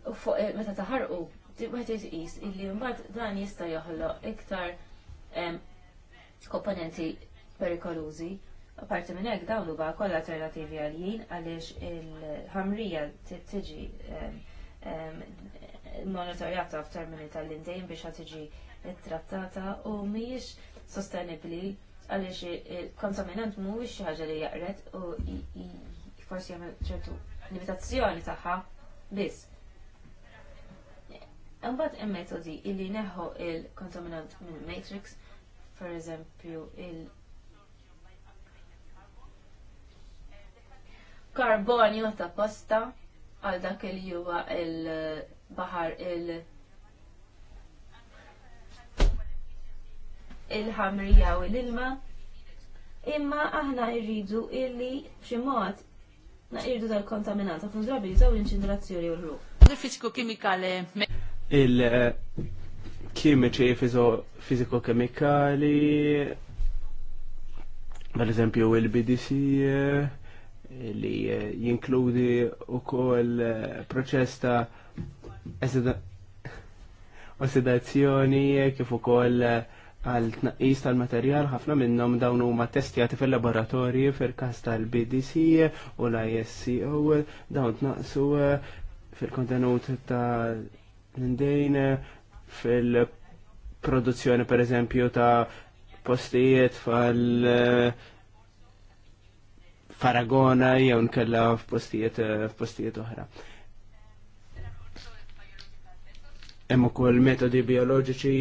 U fuq eh, meta taħarqu, wieħed jitqis illi mbagħad dan jista' joħloq iktar komponenti perikolużi Apparti minn hekk dawn huwa kollha alternattivi għaljin għaliex il-ħamrija tiġi ehm, ehm, monitorjata f'termini tal lindejn biex ħatiġi tiġi trattata u mhijiex sostenibbli għaliex il-kontaminant mhuwiex xi ħaġa li jaqret u forsi jagħmel ċertu limitazzjoni tagħha biss. Imbagħad hemm metodi illi neħħu il-kontaminant minn matrix, per eżempju il- karbonju ta' posta għal dak li huwa il-baħar il- il-ħamrija u l-ilma, imma aħna irridu illi na naqirdu tal-kontaminata kun drabi jużaw l-inċinerazzjoni u l-ruħ. Il-fisku kimikali. Il-kimiċi fiziko kemikali, per esempio il-BDC, eh, li eh, jinkludi wkoll eh, proċess ta' ossidazzjoni eh, kif ukoll għal tnaqqis tal-materjal ħafna minnhom dawn huma testjati fil-laboratorji fil-każ tal-BDC u l-ISCO dawn tnaqsu fil-kontenut ta' indejn fil-produzzjoni pereżempju ta' postijiet fal faragona jew nkella f'postijiet f'postijiet oħra. Hemm ukoll metodi bioloġiċi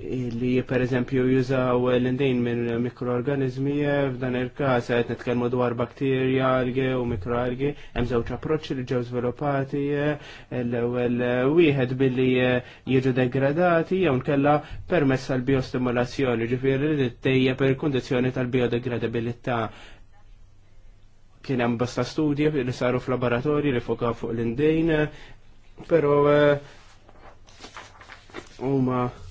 li per eżempju jużaw l-indejn minn mikroorganizmi f'dan il-każ qed nitkellmu dwar bakterja, alge u mikroalgi, hemm żewġ approċċi li ġew żviluppati l-ewwel wieħed billi jiġu degradati jew nkella permezz tal-biostimulazzjoni, ġifieri li tejjeb il-kundizzjoni tal-biodegradabilità kien hemm bosta studji li saru f'laboratorji li fokaw fuq l-indejn, però eh, huma uh,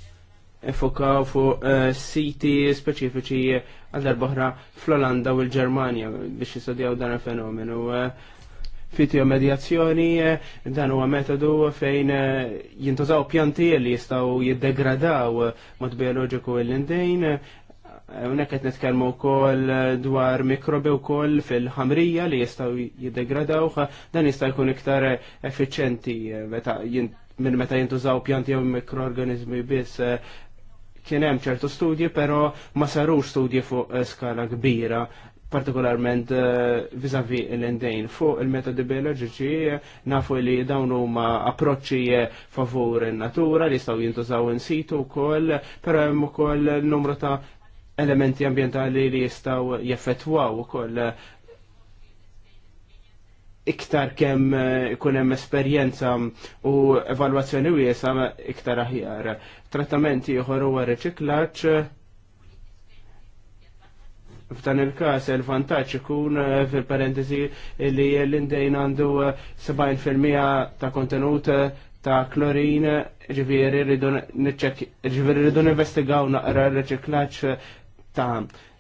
ifokaw fuq eh, siti speċifiċi għal-darbohra fl-Olanda u l-Germania biex jistudjaw dan il-fenomenu. Eh. Fitio medjazzjoni eh, dan huwa metodu fejn jintużaw pjanti li jistaw jiddegradaw mod bioloġiku l-indejn. Unek għet netkelmu wkoll dwar mikrobi wkoll fil-ħamrija li jistaw jiddegradaw, dan jista' jkun iktar effiċenti minn meta jintużaw pjanti jew mikroorganizmi biss Kien hemm ċertu studji, però ma sarux studji fuq eh, skala kbira, partikolarment eh, vizavi l-endejn. Fuq il-metodi bioloġiċi nafu li dawn huma approċċi eh, favur in-natura li jistgħu jintużaw in situ wkoll, però hemm ukoll numru ta' elementi ambientali li jistgħu jeffettwaw ukoll iktar kemm eh, ikun hemm esperjenza u evalwazzjoni wiesa iktar aħjar. Trattamenti ieħor huwa riċiklaġġ f'dan il-każ il-vantaġġ ikun eh, fil-parentesi li l-indejn għandu 70% eh, ta' kontenut ta' klorin ġifieri rridu investigaw naqra r-riċiklaġġ ta'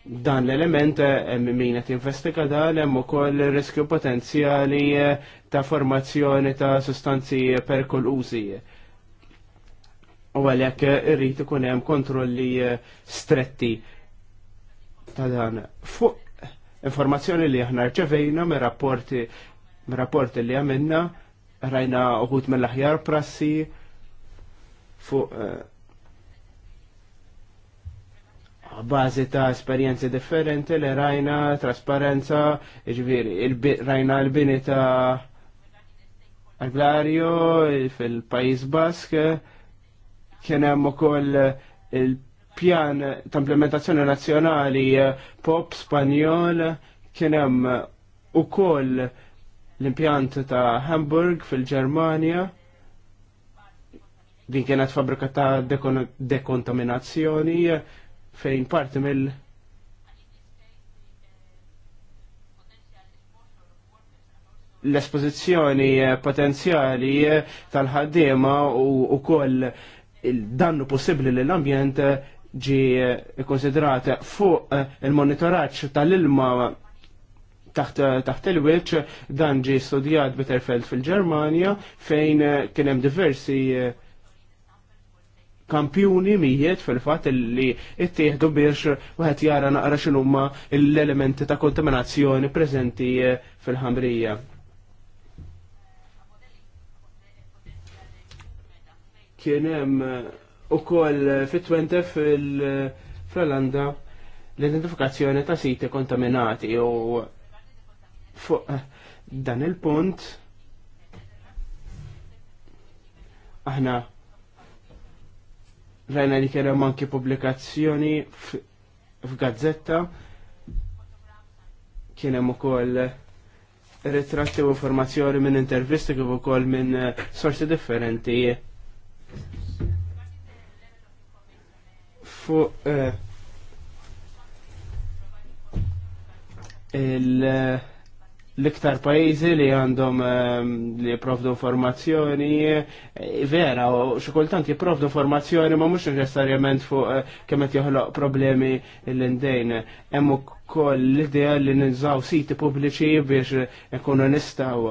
dan l-element eh, min qed investiga dan hemm ukoll riskju potenzjali eh, ta' formazzjoni ta' sostanzi perkolużi. U għalhekk eh, irrid ikun hemm kontrolli stretti ta' dan. Fuq informazzjoni li aħna rċevejna mir rapporti rapporti li għamilna rajna uħut mill-aħjar prassi fuq bazi ta' esperienzi differenti li rajna trasparenza, ġviri, rajna l-bini ta' Aglario fil-Pajis Bask, kien hemm ukoll il-pjan ta' implementazzjoni nazzjonali eh, pop Spanjol, kien hemm ukoll l-impjant ta' Hamburg fil-Ġermanja. Din kienet fabrika ta' dekontaminazzjoni, dekon fejn parti mill l-espożizzjoni potenzjali tal-ħaddiema u koll il-dannu possibli l-ambjent ġi konsiderat fuq il-monitoraċ tal-ilma taħt il wilċ dan ġi studijat Bitterfeld fil-Germania fejn kienem diversi kampjuni mijiet fil-fat li ittieħdu biex wieħed jara naqra x'inhuma l-elementi ta' kontaminazzjoni preżenti eh, fil-ħamrija. Kien hemm eh, ukoll fit-20 eh, fil-Olanda l-identifikazzjoni ta' siti kontaminati u dan il-punt aħna Rajna li kera manki publikazzjoni f'gazzetta kienem ukoll ritratti u informazzjoni minn intervisti kif ukoll minn eh, sorsi differenti fuq eh, il- l-iktar pajizi li għandhom ehm, li jiprofdu formazzjoni eh, vera u xikultant jiprofdu formazzjoni ma mux neċessarjament fuq eh, kemet joħloq problemi l-indejn. Emmu koll l-idea li ninżaw siti pubbliċi biex ikunu nistaw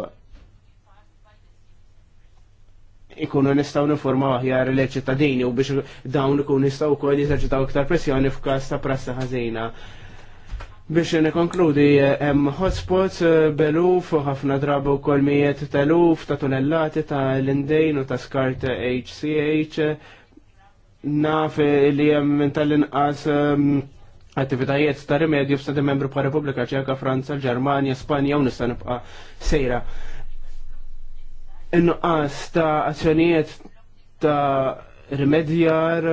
ikunu nistaw niformaw aħjar l ċittadini u biex dawn ikunu nistaw koll jizaċitaw iktar pressjoni f'kas ta' prassa ħazina. Biex nikonkludi, hemm hotspots eh, beluf u ħafna drabu kol mijiet taluf ta' tunellati ta' l-indejn u ta' skart HCH. Naf eh, li hemm minn tal-inqas attivitajiet ta' rimedju f'stati membru pa' Repubblika Ċeka, Franza, Ġermanja, Spanja u nista' nibqa' sejra. Inqas ta' azzjonijiet ta' rimedjar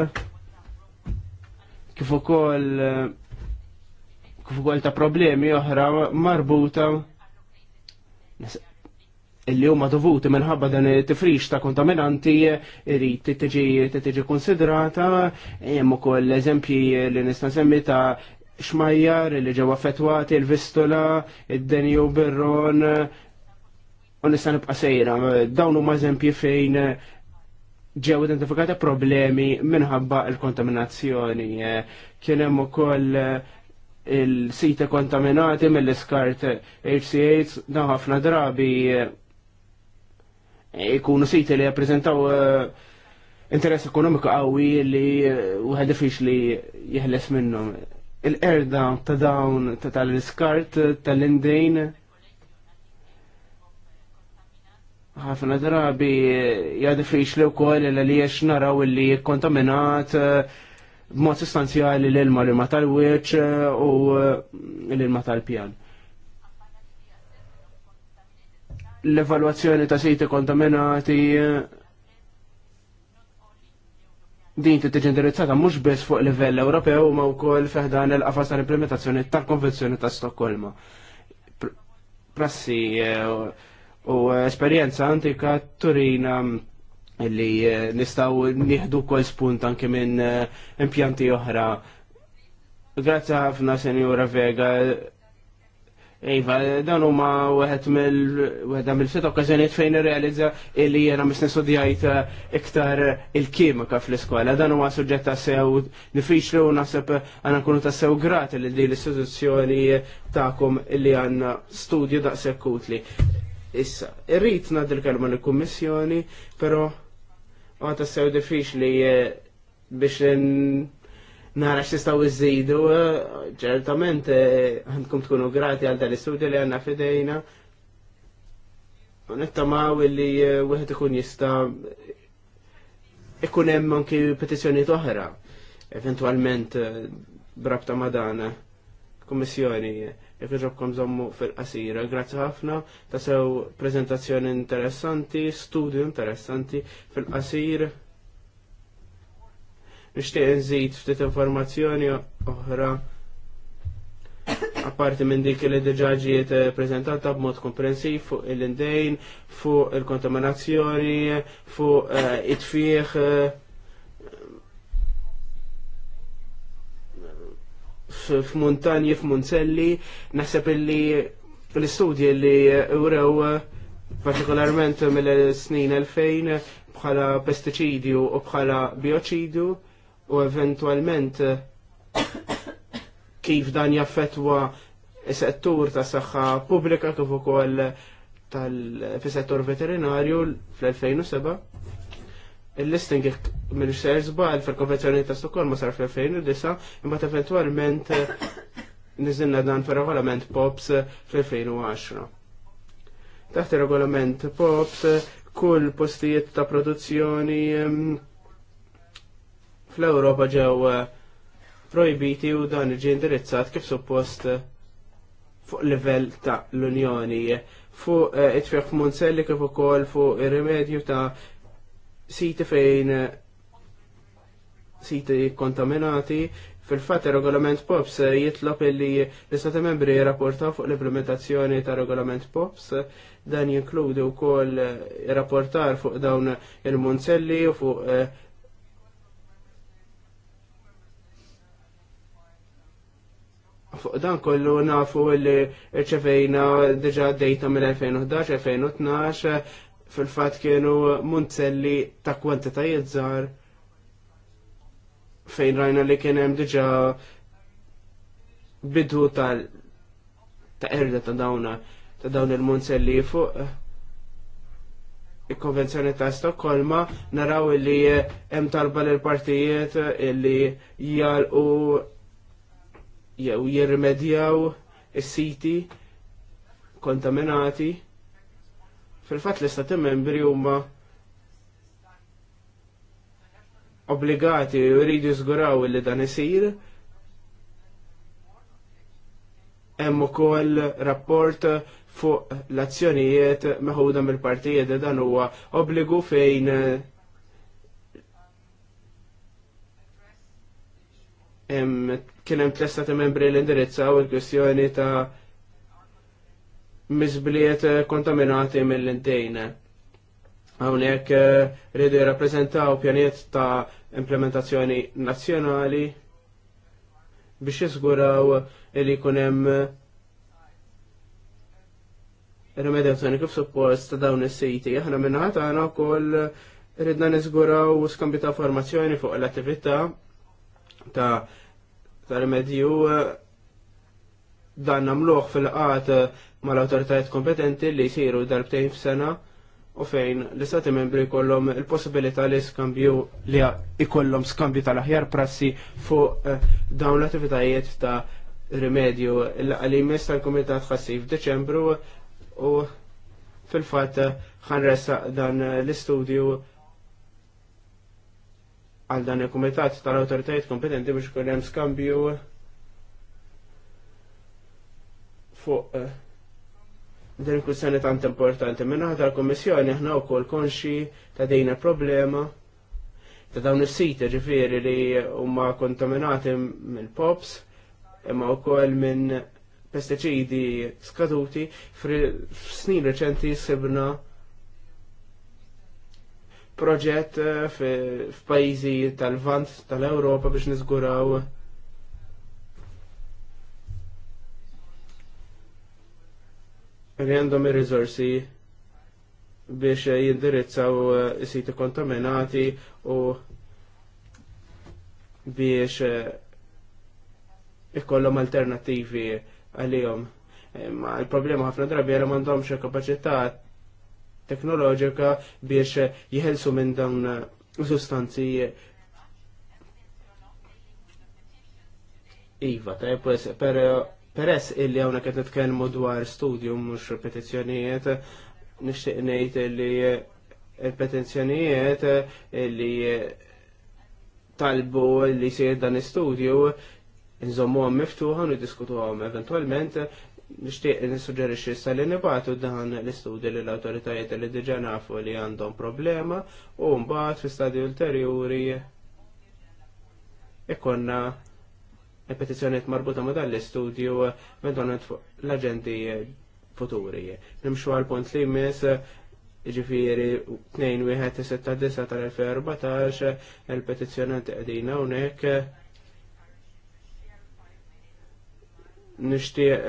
kif ukoll kif ukoll ta' problemi oħra marbuta illi huma dovuti minħabba dan it-tifrix ta' kontaminanti irid tiġi konsidrata hemm ukoll eżempji li nista' semmi ta' xmajjar li ġew affettwati il-vistola, id-denju birron u nista' nibqa' sejra. Dawn huma eżempji fejn ġew identifikati problemi minħabba l-kontaminazzjoni. Kien hemm ukoll il-sita kontaminati mill-iskart HCH naħafna ħafna drabi eh, ikunu siti li jappreżentaw eh, interess ekonomiku qawwi li eh, wieħed ifix li jeħles minnhom. Il-erda ta' dawn ta' tal-iskart tal-indejn ħafna drabi jgħad ifix li wkoll li jiex naraw li kontaminat uh, b'mod sostanzjali l-ilma l-ilma tal-wieċ eh, u eh, l-ilma tal-pjan. L-evaluazzjoni ta' siti kontaminati eh, din ti tiġi indirizzata mhux biss fuq livell Ewropew ma wkoll feħdan il-qafas tal-implementazzjoni tal-Konvenzjoni ta' Stokkolma. Prassi u esperjenza antika turina mm, Illi eh, nistaw nieħdu kol spunt anke minn eh, impjanti oħra. Grazzi ħafna Senjora Vega. Iva, dan huma wieħed mill-wieħed mill fit okkażjonijiet fejn irrealizza li jiena mis nistudjajt eh, iktar il-kimika fl-iskola. Dan huwa suġġett ta' sew diffiċli u naħseb għandna nkunu ta' sew grati li din l-istituzzjoni tagħkom li għandna studju daqshekk utli. Issa, irrid ngħaddi l-kelma lill-Kummissjoni, però għata sew diffiċ li eh, biex nara x-tistaw iż-zidu, eh, ċertament eh, għandkom tkunu grati għal dal-istudju li għanna fidejna. Unetta Nittamaw li wieħed ikun jista ikun hemm anki petizzjoni oħra, eventualment brabta madana, kummissjoni jek iġobkom zommu fil-qasira. Grazzi ħafna ta' sew prezentazzjoni interessanti, studju interessanti fil-qasir. Nishtiq nżid ftit informazzjoni oħra apparti minn dik li ġiet prezentata b'mod komprensiv fuq il-indejn, fuq il-kontaminazzjoni, fuq eh, it-fieħ, f'Muntanji, f'Munzelli, naħseb illi l-istudji li urew eh, partikolarment mill-snin 2000 bħala pestiċidju u bħala bioċidju u eventualment eh, kif dan jaffetwa settur ta' saħħa pubblika kif ukoll tal-settur veterinarju fl-2007 il-listing mill ser zbal fil-konvenzjoni ta' Stokholm ma sar fl-2009 imma eventualment eh, nizinna dan fil regolament POPS eh, fl-2010. Taħt il-regolament POPS eh, kull postijiet ta' produzzjoni ehm, fl-Europa ġew projbiti u dan iġi indirizzat kif suppost fuq livell ta' l-Unjoni fuq it-tfiq f'Monselli kif ukoll fuq ir-rimedju ta' siti fejn eh, siti kontaminati Fil-fat, regolament POPS eh, jitlob illi l-Istati membri jirrapportaw fuq l-implementazzjoni ta' regolament POPS, dan jinkludi u kol eh, rapportar fuq dawn il-munzelli u fuq Fuq dan kollu nafu li ċefejna dġa d mill mill-2011-2012 fil-fat kienu munzelli ta' kwantitajiet żgħar fejn rajna li kien hemm diġà bidu tal ta' erda ta' dawna ta' dawn il-munzelli fuq il-konvenzjoni ta' Stokkolma naraw li hemm talba l partijiet li jgħalqu jew jirrimedjaw is-siti kontaminati Fil-fat l-istati membri huma obbligati u jridu jżguraw li dan isir. Hemm ukoll rapport fuq l-azzjonijiet meħuda mill-partijiet dan huwa obbligu fejn kien hemm tlesta membri l-indirizzaw il-kwestjoni ta' mizbliet eh, kontaminati mill-intejn. Hawnhekk eh, rridu jirrappreżentaw pjaniet ta' implementazzjoni nazzjonali biex jiżguraw li jkun hemm eh, remedjazzjoni kif suppost ta' dawn is-siti. Aħna minnaħat għana wkoll ridna niżguraw skambju ta' formazzjoni fuq l-attività ta' ta' remedju dan namluħ fil-qat mal-autoritajiet kompetenti li jisiru darbtejn f'sena u fejn l-istati membri kollom il-possibilità li skambju li ikollom skambju tal-aħjar prassi fuq eh, dawn l-attivitajiet ta' rimedju l-għalimis tal-Komitat ħassif f'Deċembru u fil-fat ħanressa dan l-istudju għal dan il-Komitat tal-Autoritajiet kompetenti biex kull skambju fuq eh, din il-kwistjoni tant importanti. Minn naħda l kummissjoni aħna wkoll konxi ta' dejna problema ta' dawn is-siti ġifieri li huma kontaminati minn pops imma wkoll minn pestiċidi skaduti f'snin reċenti sibna proġett eh, f'pajjiżi tal-vant tal-Ewropa biex niżguraw li għandhom ir-riżorsi biex jindirizzaw eh, is-siti kontaminati u biex eh, ikollhom alternativi għalihom. Eh, ma il-problema ħafna drabi għal xe kapacità teknoloġika biex jihelsu minn dawn sustanzi Iva, ta' jepwes, per Peress illi għawna qed nitkellmu dwar studju mhux repetizzjonijiet, nixtieq ngħid li repetizjonijiet illi li talbu li jsir dan istudju nżommu għam miftuħan u diskutu għam eventualment nishtiq nissuġġerixxi issa li nibatu dan l-istudju l awtoritajiet li diġà nafu li għandhom problema u mbagħad fi stadju ulteriori ikonna repetizjoniet marbuta ma dan l-istudju eh, mentonet l-agenti eh, futuri. Nimxu għal-punt li mis eh, ġifiri 2.1.6.9 tal 2014 l petizjonant għedina unek nishtiq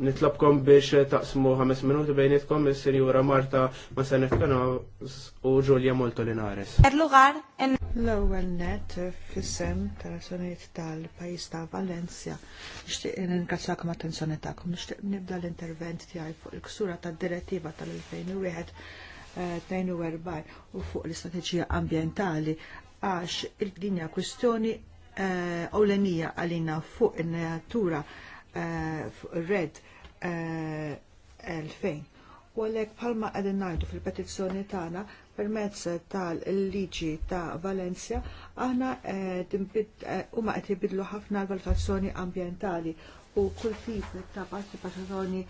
nitlobkom biex taqsmu 5 minuti bejnietkom is-Sinjura Marta Masanet u Ġulja Moltolinares. L-ewwel net f'isem tal-azzjonijiet tal-pajjiż ta' Valencia nixtieq ningrazzjak ma' attenzjoni tagħkom. Nixtieq nibda l-intervent tiegħi fuq il-ksura tad-direttiva tal-2001 42 eh, u fuq l-istrateġija ambjentali għax il-dinja kwistjoni eh, ewlenija għalina fuq in-natura eh, red 2000. Eh, u għalhekk bħalma qegħdin ngħidu fil-petizzjoni tagħna permezz tal-liġi ta' Valencia, aħna eh, eh, huma qed jibidlu ħafna l-valutazzjoni ambjentali u kull tip ta' partecipazzjoni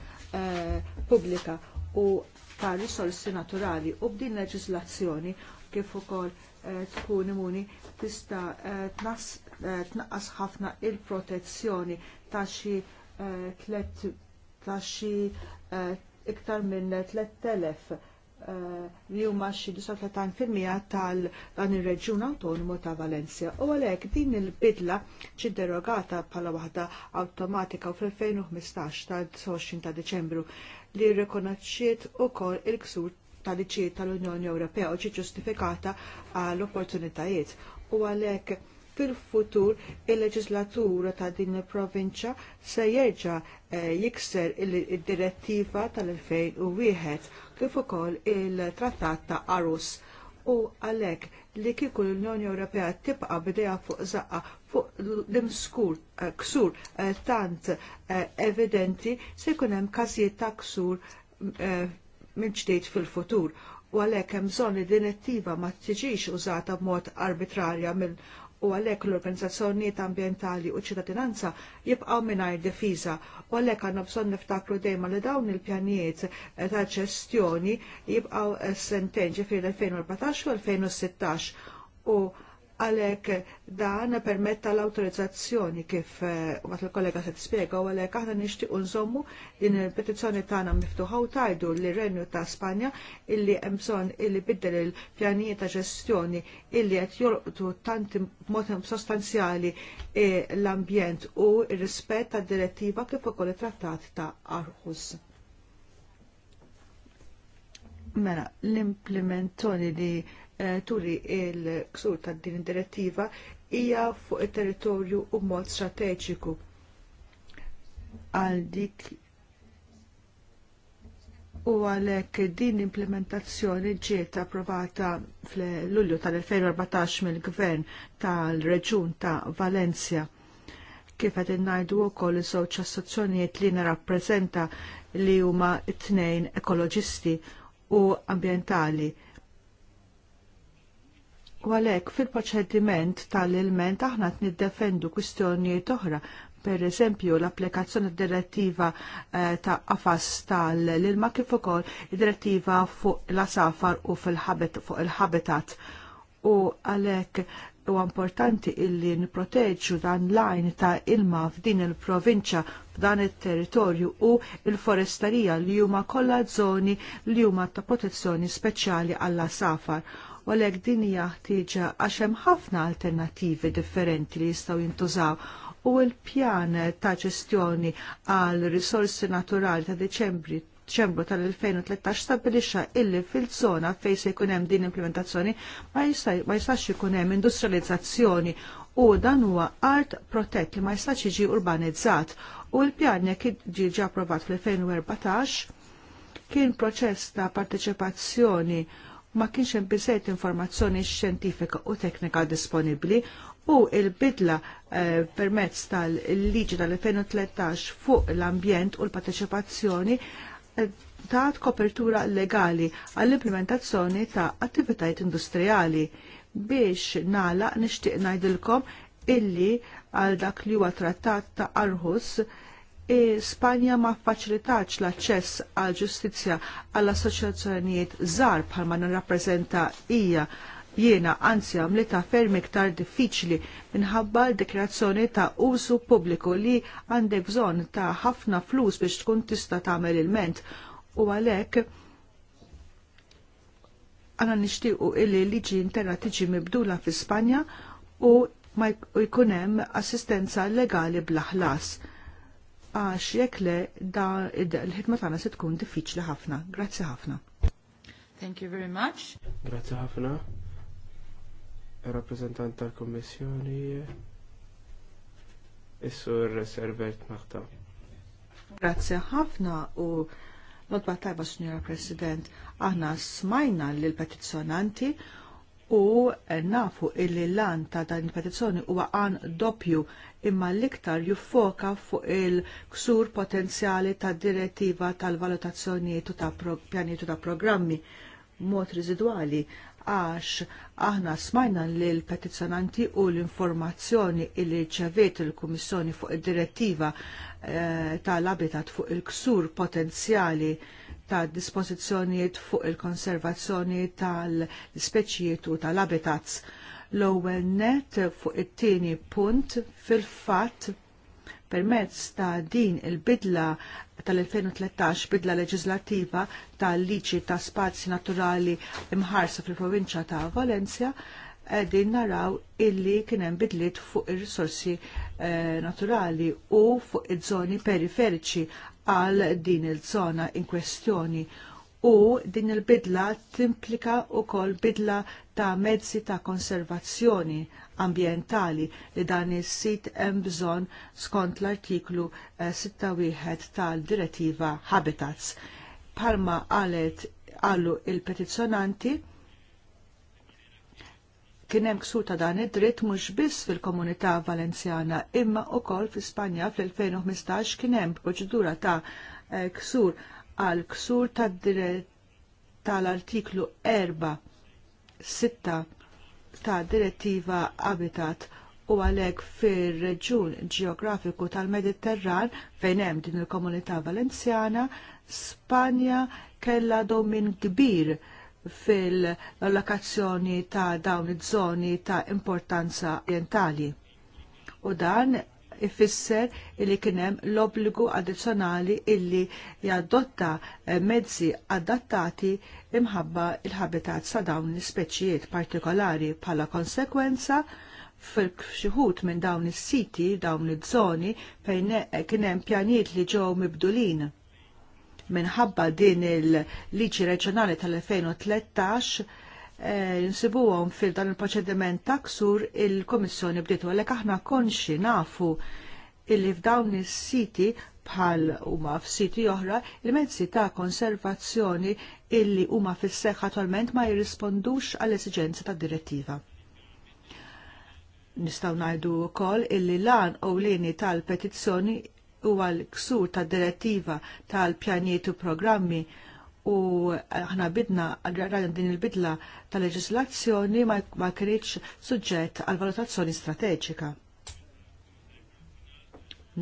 pubblika u ta' risorsi naturali u b'din leġislazzjoni kif ukoll tkun imuni tista' tnaqqas ħafna il-protezzjoni ta' xi tlet ta' xi eh, iktar minn 3000 eh, li huma xi fil-mija tal dan ir-Reġjun Awtonomu ta' Valencia. U għalhekk din il-bidla ġi derogata bħala waħda awtomatika u fl-2015 tal-20 ta' Deċembru li rrikonoxxiet ukoll il-ksur tal-liċijiet tal-Unjoni Ewropea u ġiet ġustifikata għall opportunitajiet U għalhekk fil-futur il-leġislatura ta' din il-provinċja se jerġa' eh, jikser il-direttiva tal-2001 kif ukoll il-trattat ta' Arus u għalhekk li kieku l-Unjoni Ewropea tibqa' bidejha fuq zaqqa fuq l-imskur eh, ksur eh, tant evidenti se jkun hemm każijiet ta' ksur minn ġdejt fil-futur u għalhekk hemm bżonn li direttiva ma tiġix użata b'mod arbitrarja minn u għalhekk l-organizzazzjonijiet ambjentali u ċittadinanza jibqgħu mingħajr defiża u għalhekk għandna bżonn niftakru dejma li dawn il-pjanijiet ta' ġestjoni jibqgħu senten ġifier 2014 u 2016 u għalhekk dan permetta l-awtorizzazzjoni kif eh, għat l kollega se t-spiega u għalhekk aħna nixtiequ nżommu din il-petizzjoni tagħna miftuħa u tajdu li renju ta' Spanja illi hemm bżonn illi biddel il-pjanijiet ta' ġestjoni illi qed jolqtu tant mod sostanzjali eh, l-ambjent u r-rispett tad-direttiva kif ukoll it-trattat ta' Arħus. Mela, l-implementoni li Eh, turi il-ksur ta' din direttiva hija fuq it-territorju u mod strateġiku għal dik u għalhekk din implementazzjoni ġiet approvata fl-Lulju tal-2014 mill-Gvern tal-Reġun ta' Valencia kif qed innajdu wkoll iż-żewġ assozzjonijiet li nirrappreżenta li huma t tnejn ekoloġisti u ambjentali U għalhekk fil-proċediment tal-ilment aħna t niddefendu kwistjonijiet oħra per eżempju l-applikazzjoni direttiva eh, ta' qafas tal-ilma kif ukoll id-direttiva fuq l-asafar u fuq il-habitat. U għalhekk u importanti illi nproteġu dan lajn ta' ilma f'din il-provinċja f'dan it-territorju u il-foresterija li huma kollha żoni li huma ta' protezzjoni speċjali għall-asafar u għalhekk din hija ħtieġa għax hemm ħafna alternattivi differenti li jistgħu jintużaw u l-pjan ta' ġestjoni għal risorsi naturali ta' Deċembri ċembru tal-2013 stabilixa illi fil-zona fej se jkun hemm din implementazzjoni ma jistax ikun hemm industrializzazzjoni u dan huwa art protett li ma jistax jiġi urbanizzat u l-pjan jekk ġi approvat fl-2014 kien proċess ta' parteċipazzjoni ma kienx hemm biżejjed informazzjoni xjentifika u teknika disponibbli u il-bidla eh, permezz tal-liġi tal-2013 fuq l-ambjent u l-parteċipazzjoni eh, tat kopertura legali għall-implementazzjoni ta' attivitajiet industrijali biex nala nixtieq ngħidilkom illi għal dak li huwa trattat ta' Arhus e Spanja ma faċilitax l-aċċess għal ġustizzja għall assoċjazzjonijiet żgħar bħalma nirrappreżenta hija jiena anzi għamlita ferm iktar diffiċli minħabba l-dekrazzjoni ta' użu pubbliku li għandek bżonn ta' ħafna flus biex tkun tista' tagħmel il-ment u għalhekk għana nixtiequ illi liġi interna tiġi mibdula fi Spanja u ma jkun hemm assistenza legali bl-aħlas għax jekk le da l-ħidma tagħna se tkun diffiċli ħafna. Grazzi ħafna. Thank you very much. Grazzi ħafna. Rappresentant tal-Kommissjoni Is-Sur Servert Maħta. Grazzi ħafna u Lodba tajba, Signora President, aħna smajna l-petizzjonanti u nafu illi l-an ta' dan il-petizzjoni huwa għan doppju imma l-iktar juffoka fuq il-ksur potenzjali ta' direttiva tal-valutazzjonijiet u ta' pjanijiet u ta' programmi mod residwali għax aħna smajna li l-petizzjonanti u l-informazzjoni illi ċevet il-Kummissjoni fuq id-direttiva eh, tal-abitat fuq il-ksur potenzjali ta' dispożizzjonijiet fuq il-konservazzjoni tal-speċijiet u tal-habitats. L-ewwel net fuq it-tieni punt fil-fatt permezz ta' din il-bidla tal-2013 bidla leġislativa tal-liċi ta' spazi naturali imħarsa fil-provinċja ta' Valencia għedin naraw illi kienem bidliet fuq il-risorsi eh, naturali u fuq il-żoni periferiċi għal din il-zona in kwestjoni u din il-bidla timplika u kol bidla ta' mezzi ta' konservazzjoni ambientali li dan is-sit hemm bżonn skont l-artiklu 61 eh, tal-Direttiva Habitats. Palma qalet għallu il-petizzjonanti kien hemm ksur ta' dan id-dritt mhux biss fil-Komunità Valenzjana imma wkoll fi Spanja fl-2015 kien hemm proċedura ta' eh, ksur għal ksur tal-artiklu 4 6 ta' direttiva Habitat u għalhekk fir-reġjun ġeografiku tal-Mediterran fejn hemm din il-Komunità Valenzjana, Spanja kellha domin kbir fil-allokazzjoni ta' dawn iż-żoni ta' importanza orientali. U dan ifisser li kien hemm l-obbligu addizzjonali illi jadotta eh, mezzi adattati imħabba il-habitat sa' dawn l-ispeċijiet partikolari bħala konsekwenza fil-xħut minn dawn is-siti, dawn iż-żoni fejn eh, kien hemm pjanijiet li ġew mibdulin minħabba din il liċi reġjonali tal-2013 eh, nsibuhom fil dan il-proċediment taksur il-Komissjoni bdiet għalhekk aħna konxi nafu illi f'dawn is-siti bħal huma f'siti oħra il-mezzi ta' konservazzjoni illi huma fis-seħħ attualment ma jirrispondux għall esiġenzi tad-direttiva. Nistgħu ngħidu wkoll illi lan ewlieni tal-petizzjoni huwa l-ksur tad direttiva tal-pjanijiet u programmi u aħna bidna għal din il-bidla tal-leġislazzjoni ma kienx suġġett għal valutazzjoni strateġika.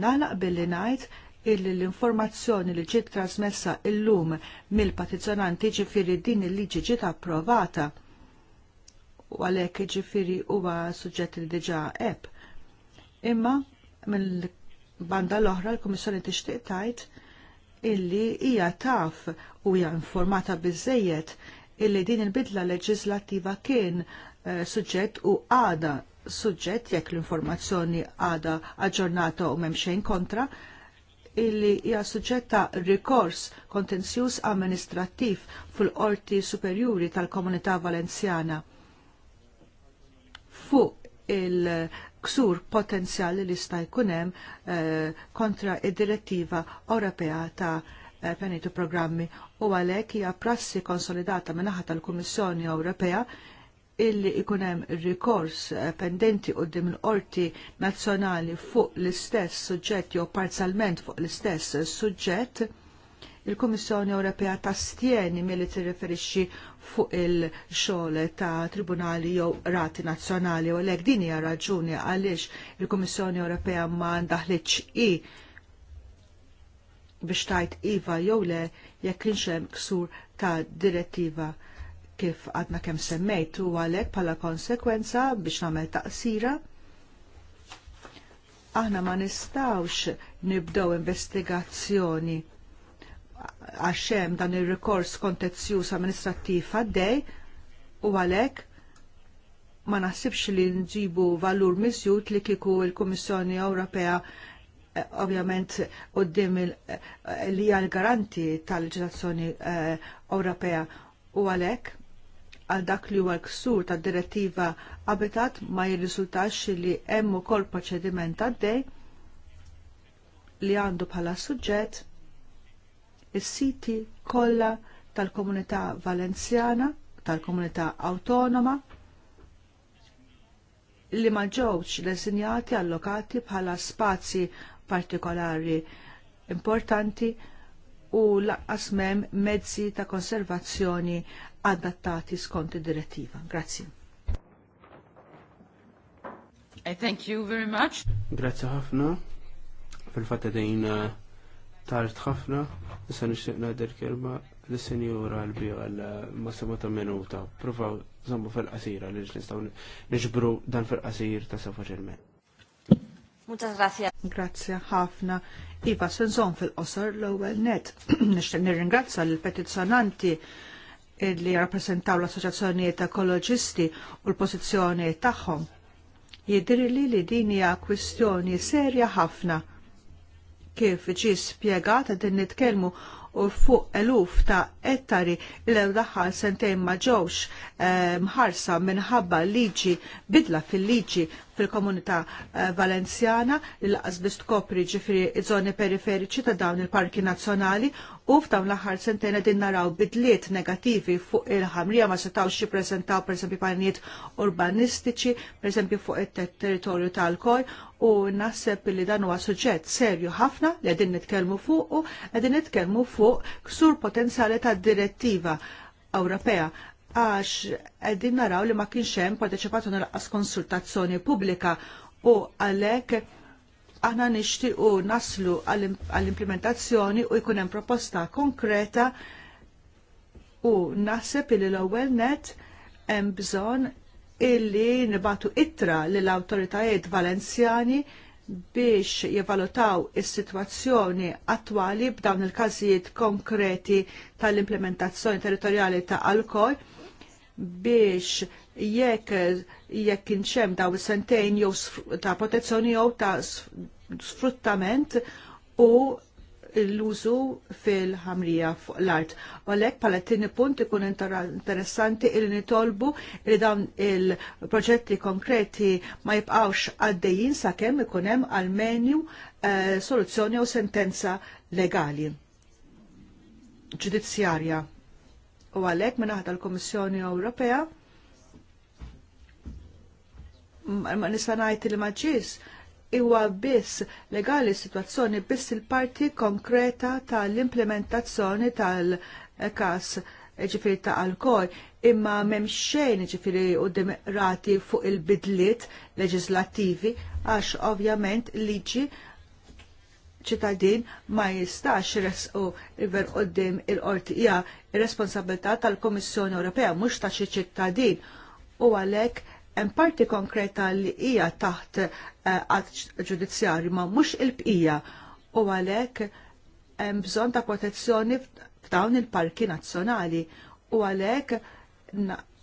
Naħlaq billi ngħid illi l-informazzjoni li ġiet trasmessa illum mill patizzjonanti ġifiri din il-liġi ġiet approvata u għalhekk ġifiri huwa suġġett li diġà eb. Imma mill banda l-oħra l-Komissjoni tixtieq tajt illi hija taf u hija informata biżejjed illi din il-bidla leġislattiva kien eh, suġġett u għada suġġett jekk l-informazzjoni għada aġġornata u memxejn kontra illi hija suġġetta rikors kontenzjuż amministrattiv fil-Qorti Superjuri tal-Komunità Valenzjana fuq il- ksur potenzjali li sta' jkunem eh, kontra id-direttiva Ewropea ta' eh, penitu programmi u għalek hija prassi konsolidata minnaħa tal-Kummissjoni Ewropea illi ikunem rikors eh, pendenti dim l-qorti nazzjonali fuq l-istess suġġett jew parzialment fuq l-istess suġġett il-Kummissjoni Ewropea mill-li milli tirreferixxi fuq il-xogħol ta' tribunali jew rati nazzjonali u lek din hija raġuni għaliex il-Kummissjoni Ewropea ma ndaħliċ i biex tajt iva jew le jekk kienx hemm ksur ta' direttiva kif għadna kemm semmejt u għalhekk bħala konsekwenza biex nagħmel taqsira aħna ma nistawx nibdow investigazzjoni għaxem dan il-rekors kontezzjuż amministrattiv għaddej u għalhekk ma naħsibx li nġibu valur miżjut li kieku il-Kummissjoni Ewropea eh, ovvjament qoddim eh, li hija l-garanti tal-leġislazzjoni eh, Ewropea u għalhekk għal dak li huwa l-ksur tad direttiva Habitat ma jirriżultax li hemm ukoll proċediment għaddej li għandu bħala suġġett is-siti kollha tal-Komunità Valenzjana, tal-Komunità Awtonoma li ma ġewx desinjati allokati bħala spazji partikolari importanti u laqqas mem mezzi ta' konservazzjoni adattati skont id-direttiva. Grazzi. I thank you very much. Grazzi ħafna. Fil-fatta dejna Tard ħafna, issa nixtieq ngħidir kelma lis-Sinjura l għal eh, massima ta' minuta. Provaw żommu fil-qasira li nistgħu niġbru dan fil-qasir ta' sa faċilment. Muchas gracias. Grazie ħafna. Iva, senżon fil-qosor l-ewwel net. Nixtieq nirringrazzja lill-petizzjonanti li rappresentaw l-Assoċjazzjonijiet Ekoloġisti u l pozizjoni tagħhom. Jidhirli li din hija kwistjoni serja ħafna kif ġi spjegat din nitkellmu u fuq eluf ta' ettari l daħħal sentejn ma ġewx eh, mħarsa minħabba liġi bidla fil-liġi fil-komunità eh, valenzjana li laqas biex tkopri ġifiri żoni periferiċi ta' dawn il-parki nazzjonali u f'dawn l-aħħar sentejn qegħdin naraw bidliet negattivi fuq il-ħamrija ma setgħux jippreżentaw pereżempju panijiet urbanistiċi, pereżempju fuq it-territorju tal-koj u naħseb li dan huwa suġġett serju ħafna li qegħdin nitkellmu fuq u qegħdin nitkellmu fuq fuq ksur potenzjali tad direttiva Ewropea għax għeddin naraw li ma kienx hemm parteċipatu qas konsultazzjoni pubblika u għalhekk aħna nixtiequ naslu għall-implementazzjoni u jkun hemm proposta konkreta u naħseb li l-ewwel net hemm bżonn illi nibatu ittra lill awtoritajiet valenzjani biex jevalutaw is-sitwazzjoni attwali b'dawn il-każijiet konkreti tal-implementazzjoni territorjali ta' Alkoj biex jekk jekk inċem daw sentejn jew ta' protezzjoni jew ta' sfruttament u l-użu fil-ħamrija fuq l-art. U għalhekk t-tini punt ikun interessanti li nitolbu li dawn il-proġetti konkreti ma jibqgħux għaddejjin sakemm ikun hemm għal-menju eh, soluzzjoni u sentenza legali ġudizzjarja. U għalhekk minna aħda l-Kummissjoni Ewropea ma nista' ngħid li maġġis huwa biss legali s-sitwazzjoni biss il-parti konkreta tal-implementazzjoni tal-kas ġifiri ta' alkoj imma m'hemm xejn ġifiri u rati fuq il-bidliet leġislattivi għax ovvjament liġi ċittadin ma jistax u iver ver qoddim il-qorti hija ir-responsabilità tal komissjoni Ewropea mhux ta' xi ċittadin u għalhekk hemm parti konkreta li hija taħt għat eh, ġudizzjarju ma mhux il-bqija u għalhekk hemm bżonn ta' protezzjoni f'dawn il-parki nazzjonali u għalhekk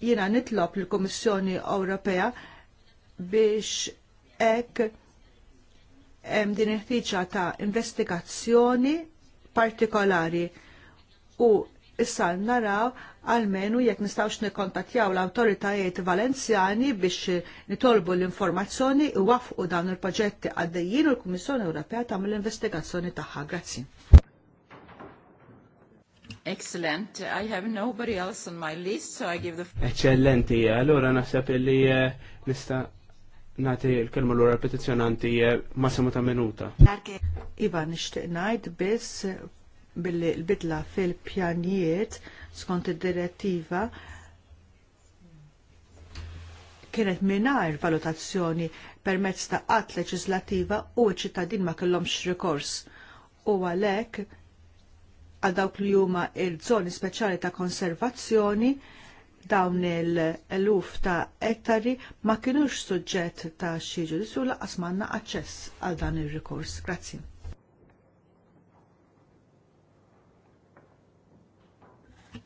jiena nitlob lill-Kummissjoni Ewropea biex hekk hemm din il-ħtiġa ta' investigazzjoni partikolari u issa naraw għalmenu jekk nistawx nikkontattjaw l-autoritajiet valenzjani biex nitolbu l-informazzjoni u wafqu dawn il-proġetti għaddejjin u l-Kummissjoni Ewropea mill investigazzjoni tagħha. Grazzi. Excellent. I have nobody else on my list, so I give the... Eccellenti. Allora naħseb li eh, nista nati l-kelma l-ora petizjonanti eh, massimo ta' minuta. Iva, nishtiq najd biss billi l-bidla fil-pjanijiet skont id-direttiva kienet mingħajr valutazzjoni permezz ta' qatt leġislattiva u ċ-ċittadin ma kellhomx rikors. U għalhekk għal dawk li huma il-żoni speċjali ta' konservazzjoni dawn il-eluf ta' ettari ma kienux suġġett ta' xi disu laqas manna aċċess għal dan ir rikors Grazzi.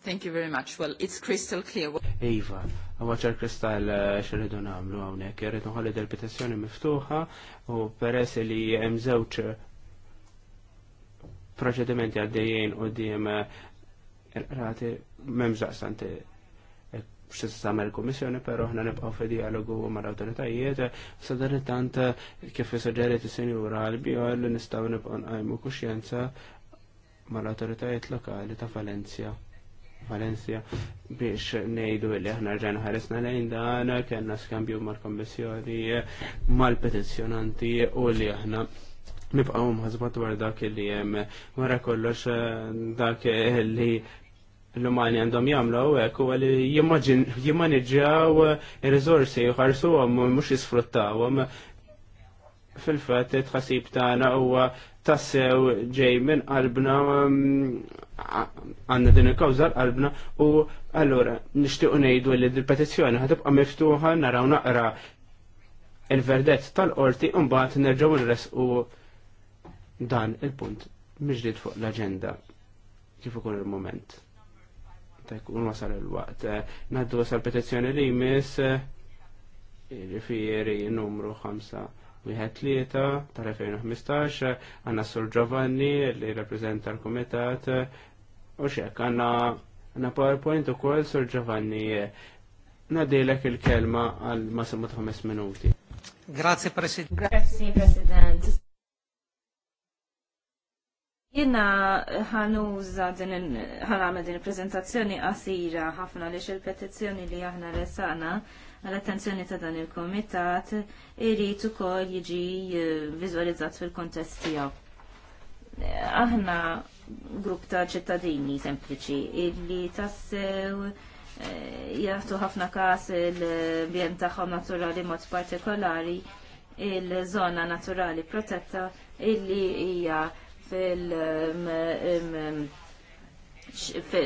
Thank you very much. Well, it's crystal clear. Eva, għawaċar kristall eh, xerridu namlu għawnek, jeridu għalli del petazzjoni miftuħa u peress li jemżewċ proċedimenti għaddejjen u dijem eh, rati memżaqstanti eh, xis samer il-Komissjoni, pero ħna nibqaw fi dialogu ma' l-autoritajiet, sadarri tant kif suġġeriet is-senjura għalbija li nistgħu nibqgħu nqajmu kuxjenza ma' l-autoritajiet lokali ta' Valencia. Valencia biex nejdu li aħna rġajna ħaresna lejn dan kellna skambju mal-kommissjoni mal-petizzjonanti u li aħna nibqaw mħazbat dwar dak li hemm wara kollox dak li l-umani għandhom jamlu għek u għalli jimmanġaw il-rizorsi jħarsu għom mux jisfruttaw għom fil-fat tħasib tana u tassew ġej minn qalbna għanna din il-kawza qalbna u allura nixtiequ ngħidu li l petizzjoni ħatibqa' miftuħa naraw naqra il-verdett tal-qorti u mbagħad nerġgħu u dan il-punt miġdid fuq l-aġenda kif ikun il-moment. Ta' jkun wasal il-waqt. Naddu wasal petizzjoni li jmiss ġifieri numru 5 wieħed tlieta tal-2015 għanna Sur Giovanni li rappreżenta l-Kumitat U xek, għanna għanna PowerPoint u kol, Sir Giovanni, nadilek il-kelma għal masimu ta' 5 minuti. Grazie, President. Grazie, President. Jena ħanuża din ħanamel din il-prezentazzjoni qasira ħafna li il-petizzjoni li aħna resana għall-attenzjoni ta' dan il-komitat irid ukoll jiġi eh, viżualizzat fil-kontest tiegħu. Aħna grupp ta' ċittadini sempliċi illi tassew eh, jgħatu ħafna kas il bjent tagħhom naturali mod partikolari il-żona naturali protetta illi hija mm, mm,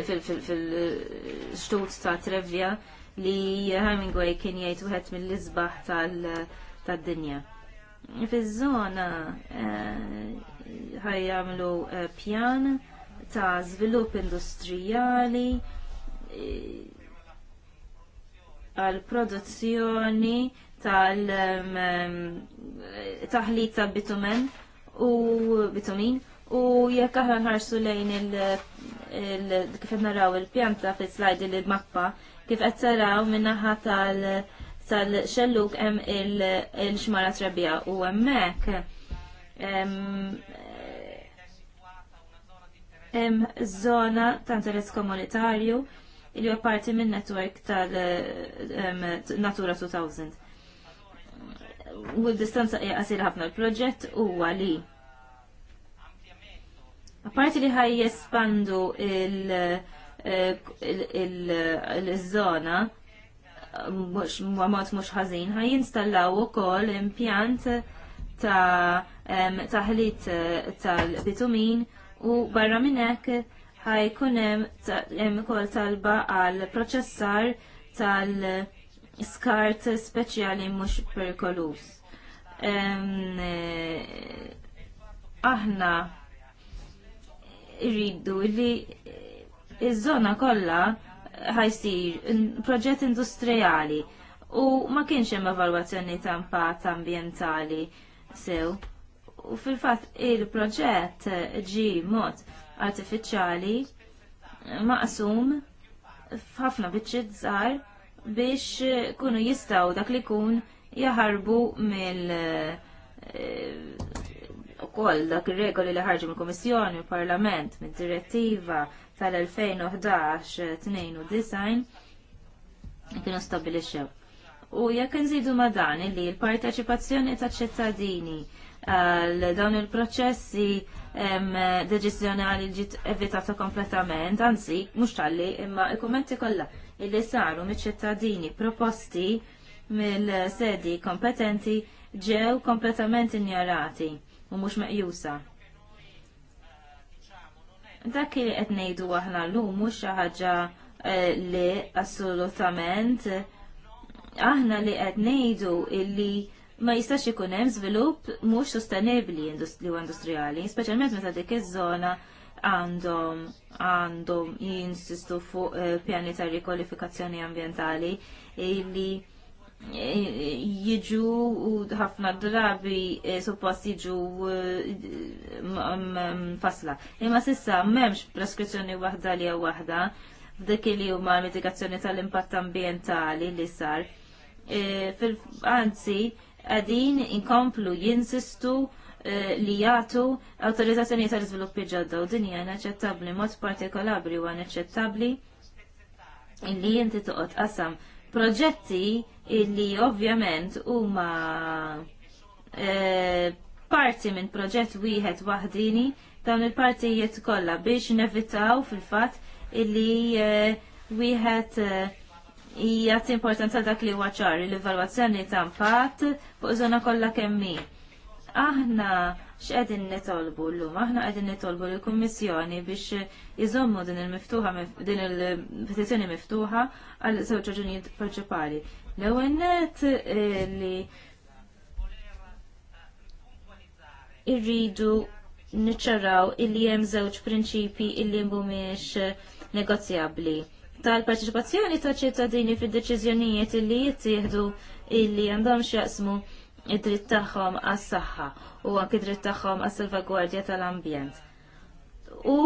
fil-xtut ta' Trevja li Hemingway kien jgħid wieħed mill-isbaħ tal dinja Fiż-żona eh, ħajjamlu eh, pjan ta' żvilupp industrijali eh, għal produzzjoni tal taħlit ta' bitumen u bitumin u jekk aħna nħarsu lejn il kif naraw il-pjanta fis slajd li mappa kif qed taraw min tal tal-xelluk hemm il-xmara trebbija u hemmhekk em zona ta' interess komunitarju li huwa parti minn netwerk tal-Natura 2000. U l-distanza hija ħafna l-proġett huwa li Apparti li ħaj jespandu il-zona, mux mod mhux ħażin, ħaj jinstallaw ukoll impjant ta' taħlit eh, tal-bitumin u barra minnek ħajkun hemm ukoll talba għal proċessar tal-skart speċjali mhux kolus. Eh, aħna rridu li iż-żona kollha ħajsir proġett industrijali u ma kienx hemm evalwazzjoni ta' impatt ambjentali sew. So, U fil-fatt il-proġett ġi mod artifiċjali maqsum f'ħafna biċċiet żgħar biex kunu jistaw dak li kun jaħarbu mill eh, ukoll dak ir-regoli li ħarġu mill kummissjoni u mill-Parlament, mid-Direttiva tal-2011-92 kienu stabbilixxew. U jekk nżidu ma' dan li l-parteċipazzjoni ta' ċittadini għal dawn il-proċessi deġizjonali ġiet evitata kompletament, anzi, mhux tali, imma il-kummenti kollha illi saru miċ-ċittadini proposti mill-sedi kompetenti ġew kompletament injarati u mhux meqjusa. Dak li qed ngħidu aħna llum mhux xi ħaġa eh, li assolutament aħna li qed ngħidu illi ma jistax ikun hemm żvilupp mhux sostenibbli li huwa industrijali, speċjalment meta dik iż-żona għandhom għandhom jinsistu fuq eh, pjani ta' rikwalifikazzjoni ambientali li eh, jiġu ħafna drabi eh, suppost jiġu fasla. Imma sissa m'hemmx preskrizzjoni waħda li waħda f'dik li huma mitigazzjoni tal-impatt ambientali li sar. Anzi, għadin inkomplu jinsistu eh, li jagħtu autorizzazzjoni tal-iżviluppi ġodda u din hija inaċċettabbli mod partikolabri u inaċċettabbli illi inti toqgħod qasam proġetti illi ovvjament huma eh, parti minn proġett wieħed waħdini dawn il-partijiet kollha biex nevitaw fil-fatt illi eh, wieħed t importanza dak li huwa ċar l-evalwazzjoni ta' impatt fuq żona kollha kemmi. Aħna x'qegħdin nitolbu llum, aħna qegħdin nitolbu lill kummissjoni biex iżommu din il-miftuħa din il-petizzjoni miftuħa għal żewġ raġunijiet prinċipali. L-ewwel net eh, li irridu niċċaraw illi hemm żewġ prinċipi illi mhumiex negozjabbli tal-parteċipazzjoni ta' ċittadini fid-deċiżjonijiet li jittieħdu illi għandhom x'jaqsmu id-dritt tagħhom għas-saħħa u anki dritt tagħhom għas-salvagwardja tal-ambjent. U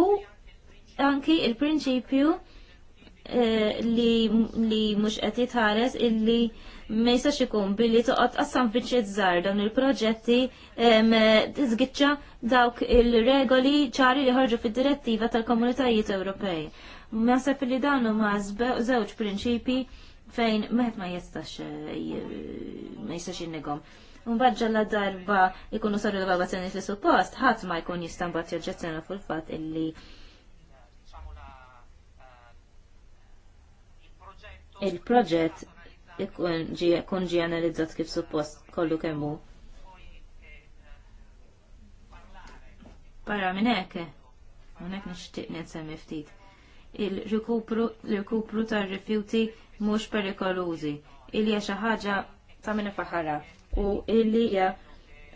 anki il-prinċipju eh, li mhux qed jitħares illi ma jistax ikun billi toqgħod qassam biċċiet dawn il-proġetti tiżgiċċa dawk il-regoli ċari li ħarġu fid-direttiva tal-Komunitajiet Ewropej. Nasab li dan huma żewġ prinċipi fejn meħed ma jistax eh, ma jistax innegom. Mbagħad ġalla darba jkunu saru l-barba t li suppost, ħadd ma jkun jista' mbagħad fuq fil-fatt illi il-proġett ikun ġi analizzat kif suppost kollu kemmu. Parra minn hekk, hawnhekk nixtieq nitsemmi ftit il-rikupru ta' rifjuti mhux perikolużi illi hija xi ħaġa ta' minna faħara u illi hija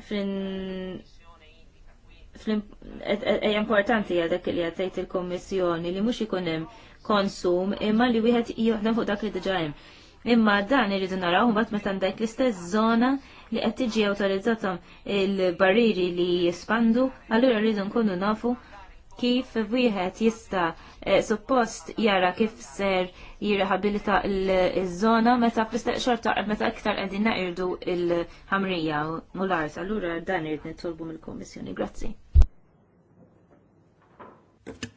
fl importanti għal dak li għatajt il-kommissjoni li mux ikunem konsum imma li wieħed juħdem fuq dak li diġa hemm. Imma dan irridu naraw mbagħad meta għandek l-istess żona li qed tiġi awtorizzata il bariri li jispandu, allura rridu nkunu nafu kif wieħed jista' eh, suppost jara kif ser jirrehabilita l-żona meta xorta meta iktar qegħdin naqirdu l-ħamrija u l-art. Allura dan irrid nitolbu mill kommissjoni Grazzi.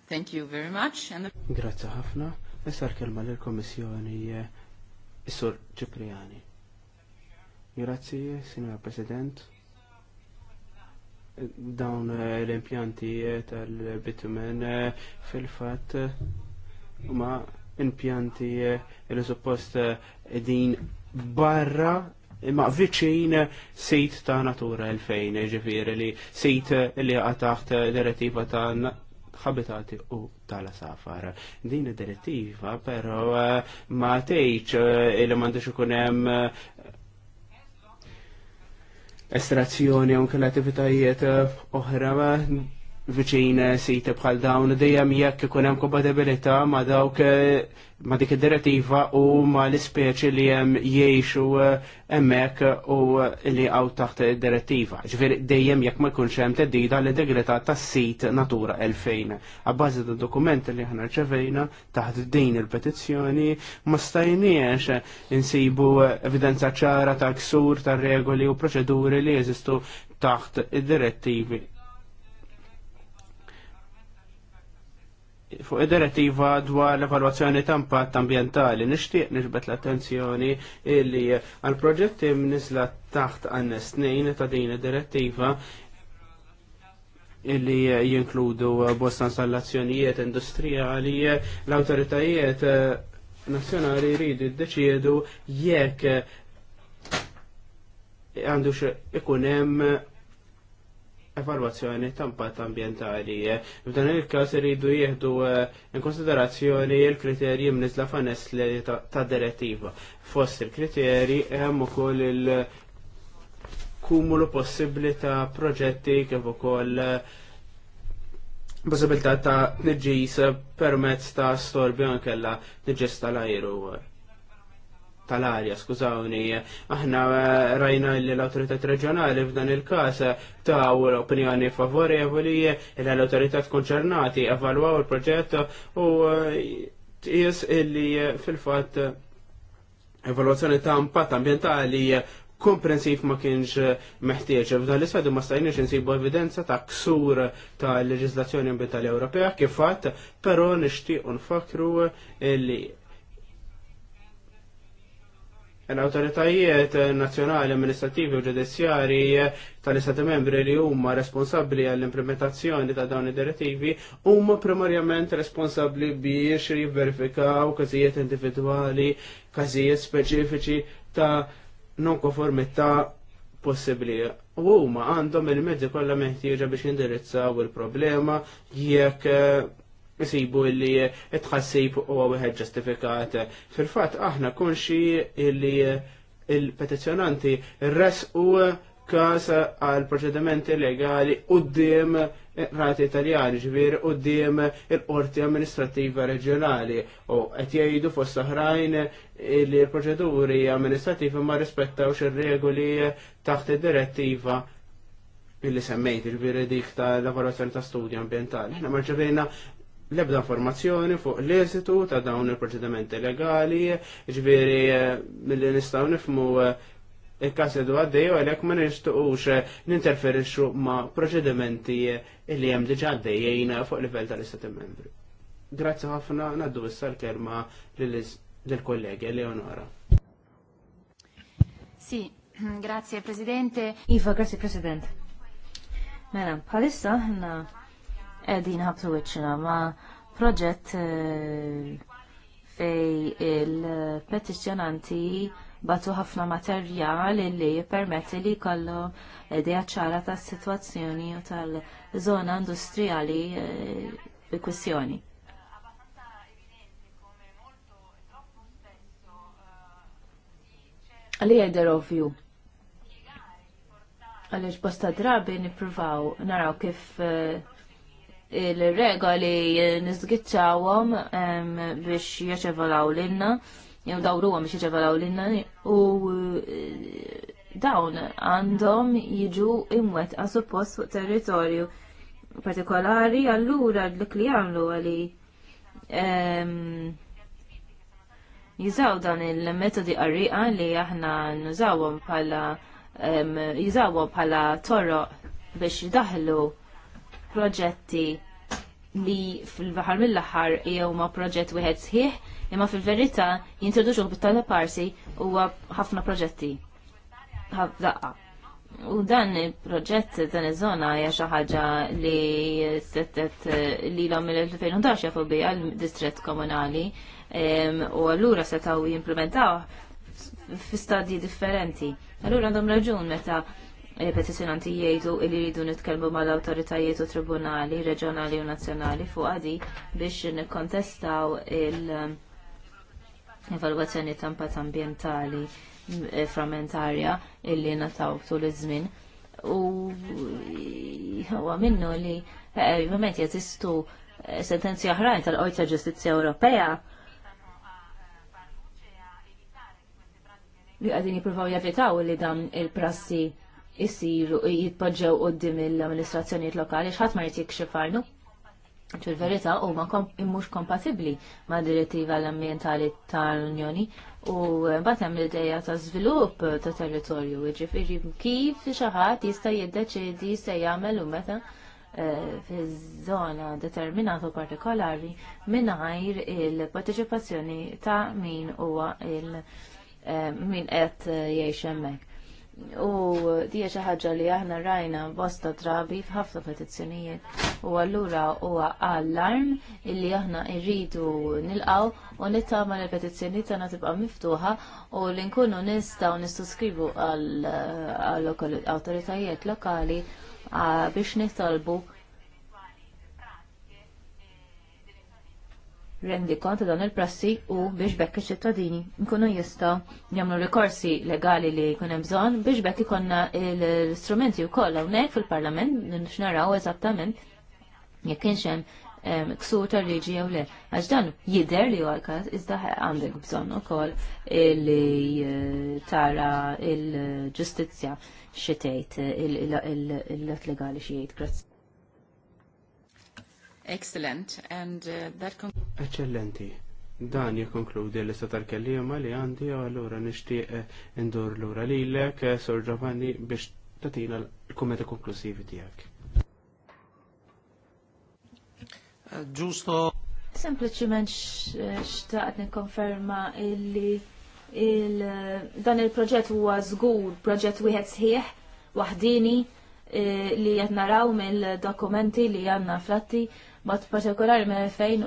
Thank you very much. Grazzi ħafna. Nessar kelma lill-Kummissjoni eh, Sur Ċipriani. Grazzi, Signor President dawn eh, l-impjanti eh, tal-bitumen eh, fil-fat ma impjanti li suppost din barra imma viċin sejt ta' natura il-fejn ġifir li sejt li għataħt direttiva ta' ħabitati u tala safar. Din id-direttiva, pero ma tgħidx li m'għandux ikun hemm estrazzjoni u kreativitajiet eh, oħra viċin eh, sejta bħal dawn dejjem jekk ikun hemm kompatibilità ma dawk eh, ma dik id-direttiva u ma l-ispeċi li hemm jgħixu eh, hemmhekk u li għaw taħt id-direttiva. Ġifieri dejjem jekk ma jkunx hemm teddida l integrità tas-sit Natura 2000. Abbażi ta' dokumenti li aħna rċevejna taħt din il-petizzjoni ma stajniex insibu evidenza ċara ta' ksur ta' regoli u proċeduri li jeżistu taħt id-direttivi fuq id-direttiva dwar l-evalwazzjoni ta' impatt ambjentali Nixtieq nixbet l-attenzjoni illi għal proġetti nisla taħt għan snejn ta' din id-direttiva illi jinkludu bosta installazzjonijiet industrijali l-autoritajiet nazzjonali jridu jiddeċiedu jekk għandux ikun hemm evalwazzjoni ta' impatt ambjentali. F'dan il-każ iridu jieħdu eh, in konsiderazzjoni l-kriterji mniżla fanes ta' direttiva. Fost il-kriterji hemm ukoll il-kumulu possibbli ta' proġetti kif ukoll eh, possibilità ta' tniġġis permezz ta' storbi ankella tniġġis tal-ajru tal-arja, skużawni, aħna eh, rajna li l-autoritet reġjonali f'dan il-kas ta' l-opinjoni favorevoli li eh, l-autoritet konċernati evalwaw il-proġett u jis eh, illi fil-fat evalwazzjoni ta' impatt ambientali komprensiv ma kienx meħtieġ. F'dan l-isfadu ma stajniex insibu evidenza ta' ksur ta' leġislazzjoni ambientali Ewropea kif fatt, però nixtiequ nfakru illi l-autoritajiet nazjonali, amministrativi u ġudizzjari tal-istati membri li huma responsabbli għall-implementazzjoni ta' dawn id-direttivi huma primarjament responsabbli biex jivverifikaw każijiet individwali, każijiet speċifiċi ta' non-konformità possibbli. U huma għandhom il-mezzi kollha meħtieġa biex jindirizzaw il-problema jekk eh, jisibu illi tħassib u għawihed ġustifikat. Fil-fat, aħna kunxi illi il-petizjonanti res u kas għal proċedimenti legali u d-dim rati italjani ġivir u d-dim il-qorti amministrativa reġjonali u għet jajdu s-saħrajn li l-proċeduri amministrativi ma rispettawx il-regoli taħt il-direttiva illi semmejt il-viri dik ta' l-lavorazzjoni ta' studi ambientali. Ħna marġavina l-ebda informazzjoni fuq l-esitu ta' dawn il-proċedimenti legali, ġviri eh, mill-li nistaw nifmu eh, il-kas edu għaddej u għalek ma nishtuqux eh, ninterferixxu ma' proċedimenti li hemm diġa għaddejjien fuq livell tal-Istati Membri. Grazzi ħafna naddu issa l-kelma lill-kollegi Leonora. Si, grazie Presidente. Iva, grazie Presidente. Mela, bħalissa qegħdin ħabtu wiċċina ma' proġett eh, fej il-petizjonanti batu ħafna materjal li jippermetti li kollu idea ċara ta' situazzjoni u tal-zona industrijali bi eh, kwistjoni. Li jgħider ovvju. Għalli bosta drabi nipruvaw naraw kif uh, il-regoli nizgitxawom biex jieċevalaw l-inna, jew għom biex jieċevalaw l-inna, u eh, dawn għandhom jiġu imwet suppost fuq territorju partikolari, allura dik li għamlu għali jizaw dan il-metodi qarriqa li aħna nużawhom bħala jizawom bħala torro biex jidaħlu proġetti li fil-baħar mill-aħħar jew ma' proġett wieħed sħiħ, imma fil-verità jintroduċu bit parsi u ħafna proġetti. Daqqa. U dan il-proġett dan iż-żona hija xi ħaġa li settet li l mill-2011 jafu bi għal-distrett komunali u allura setgħu jimplementaw fi stadji differenti. Allura għandhom raġun meta Eh, petizjonanti jgħidu li jridu nitkellmu mal-awtoritajiet u tribunali reġjonali u nazzjonali fuq għadi biex nikkontestaw il-evalwazzjoni ta' impatt ambjentali eh, frammentarja illi nataw tul iż-żmien. U huwa minnu li eh, ovvjament jeżistu sentenzi oħrajn tal-Qorti ta' Ġustizzja Ewropea li għadin jipruvaw javitaw li dan il-prassi jisiru jitpoġġew qoddim l-amministrazzjonijiet lokali x'ħadd ma jrid jikxif għarnu. Fil-verità huma mhux kompatibbli ma' direttiva l-ambientali tal-Unjoni u mbagħad hemm l-idea ta' żvilupp ta' territorju, jiġifieri kif xi ħadd jista' jiddeċiedi se jagħmel u meta eh, fiż-żona determinata partikolari mingħajr il-parteċipazzjoni ta' min huwa il- eh, min qed jgħix hemmhekk U dija xi ħaġa li aħna rajna bosta drabi f'ħafna petizzjonijiet u allura huwa allarm illi aħna irridu nilqaw u nittama li petizzjoni tagħna tibqa' miftuħa u li nkunu nistgħu nistuskribu għall awtoritajiet lokali biex nitolbu rendi kont ta' dan il-prassi u biex bekk iċ-ċittadini nkunu jista' jagħmlu rikorsi legali li jkun hemm bżonn biex bekk ikonna l-istrumenti wkoll hawnhekk fil-Parlament x'naraw eżattament jekk kienx hemm ksur tar-liġi jew le. Għax dan jidher li huwa iżda għandek bżonn ukoll li tara l-ġustizzja xi tgħid il-lat legali xi jgħid. Excellent. And uh, that Eccellenti. Dan jikonkludi l issa tal-kellima li għandi u allura nixtieq eh, indur lura lilek, eh, Sor Giovanni, biex tatina l kometa konklusivi tiegħek. Ġusto. Eh, Sempliċiment xtaqt nikkonferma illi dan il-proġett huwa żgur, proġett wieħed sħiħ, waħdini, li qed naraw mill-dokumenti li għandna flatti mat partikolari minn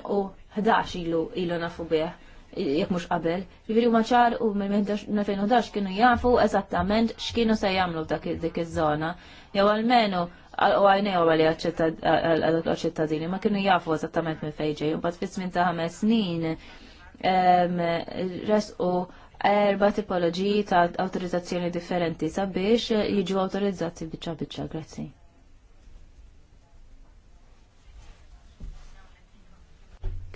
ħdax ilu ilu nafu bih jekk mhux qabel. Jiġifieri u ċar u minn 2011 kienu jafu eżattament x'kienu se jagħmlu dak dik iż-żona. Jew almenu u u għalli għal-ċittadini ma kienu jafu eżattament minn fejġej. bat fis minn ta' ħames snin resqu erba tipoloġiji ta' autorizzazzjoni differenti sabiex jiġu autorizzati bieċa bieċa, grazzi.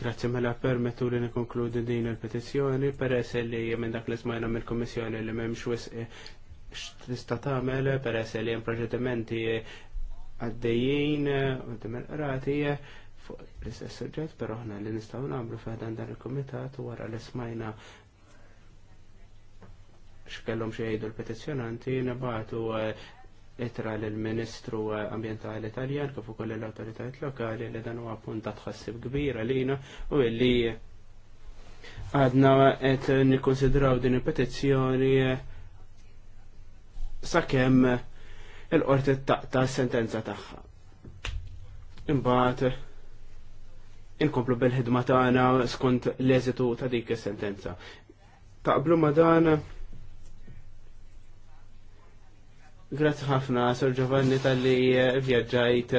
Grazzi mela permettu li nikonkludi din il-petizzjoni peress li minn dak li smajna mill-Kommissjoni li m'hemmx wisq eh, tista' tagħmel peress li hemm proċedimenti eh, għaddejjin u eh, demerqrati fuq l-istess suġġett, però aħna li nistgħu nagħmlu f'dan dan il-kumitat wara li smajna x'kellhom xi jgħidu l-petizzjonanti nibagħtu itra l-Ministru Ambientali Italjan kif ukoll l-awtoritajiet lokali li dan huwa punta tħassib kbira lina u li għadna qed nikkonsidraw din il-petizzjoni sakemm il-qorti taqta sentenza tagħha. Imbagħad inkomplu bil-ħidma tagħna skont l-eżitu ta' dik is-sentenza. Taqblu ma' dan Grazie ħafna, Sir Giovanni, tal-li eh, vjaġġajt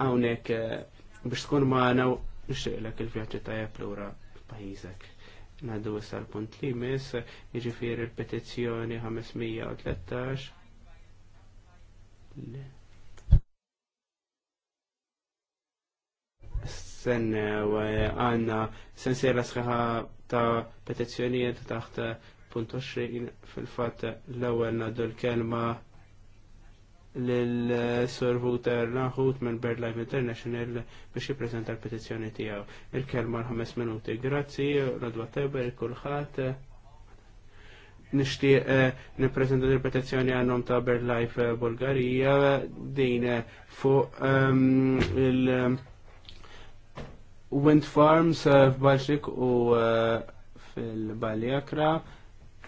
għawnek eh, eh, biex tkun maħna u nxieqlek il-vjaġġi tajab l-ura pajizek. Naddu issa l-punt li mis, iġifir il-petizjoni 513. Sen għanna sensiela sħiħa ta' petizjonijiet taħt punt 20 fil-fatt l-ewwel ngħaddu l-kelma lil-Sur Hooter Laħut minn BirdLife International biex jippreżenta l-petizzjoni tiegħu. Il-kelma l-ħames minuti. Grazzi, Radwa Teber, kulħadd. Nixtieq eh, nippreżenta l-petizzjoni għannom ta' BirdLife Bulgarija din fuq ehm, il- Wind Farms eh, f'Balxik u eh, fil-Baljakra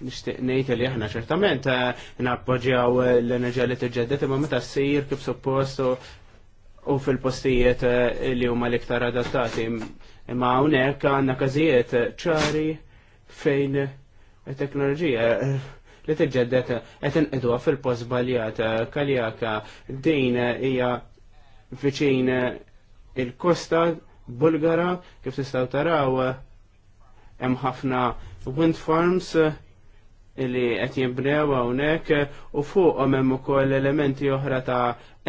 nishtiq ngħid li aħna ċertament eh, nappoġġjaw l-enerġija li tiġġedded imma meta ssir kif suppost u fil-postijiet eh, li huma l-iktar adattati. Imma hawnhekk għandna każijiet ċari fejn teknoloġija eh, li tiġġedded qed inqidwa fil-post baljat kaljaka din hija viċin il-kosta Bulgara kif tistgħu taraw hemm ħafna wind farms li qed jinbnew hawnhekk u fuqhom hemm ukoll elementi oħra ta'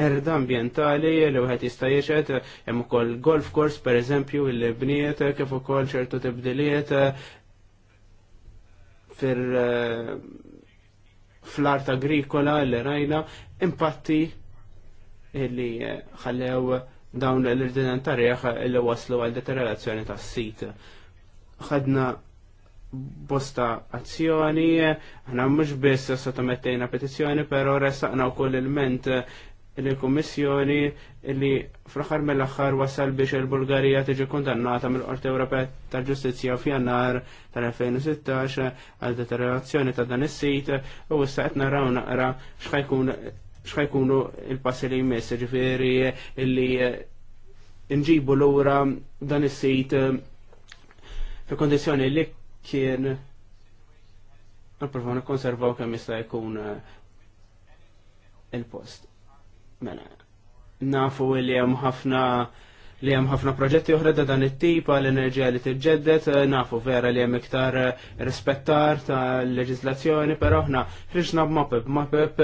erda ambjentali li wieħed jista' jixed hemm ukoll golf course pereżempju il bniet kif ukoll ċertu tibdiliet eh, fir eh, fl-art agrikola li rajna impatti li eh, ħallew dawn l irdinantarieħ illi waslu għal deteriorazzjoni tas-sit. Ħadna bosta azzjoni, għana mux biss sottomettejna petizjoni, pero resaqna u koll il-ment il-Kommissjoni li fl-axar mill-axar wasal biex il-Bulgarija tiġi kondannata mill-Qorti Ewropea tal-Ġustizzja f'jannar tal-2016 għal deteriorazzjoni ta' dan is-sit u issa qed naraw naqra x'ħajkunu il-passi li jmiss, ġifieri illi nġibu lura dan is-sit fi kondizjoni li kien Nipprofaw nikkonservaw kemm jista' jkun eh, il-post. Mela, nafu li hemm ħafna li hemm ħafna proġetti oħra ta' dan it-tip l enerġija li tiġġedded, eh, nafu vera li hemm iktar eh, rispettar ta' leġislazzjoni, però aħna ħriġna b'mapeb mapep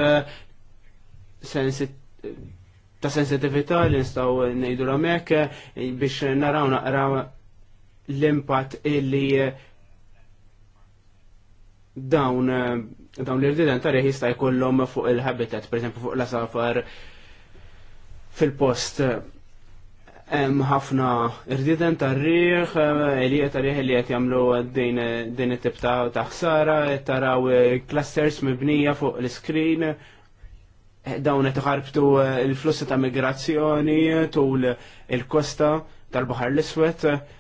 ta' sensitività li nistgħu ngħidu l biex naraw naqraw l-impatt illi dawn eh, dawn l-irdiden ta' jista' jkollhom fuq il-habitat, esempio fuq la safar fil-post hemm ħafna irdiden tar-riħ, elijiet tar-riħ eh, li qed jagħmlu din it-tip ta' ħsara, taraw eh, clusters mibnija fuq l-iskrin, dawn qed iħarbtu l-flussi ta' migrazzjoni tul il-kosta tal-Baħar l-Iswed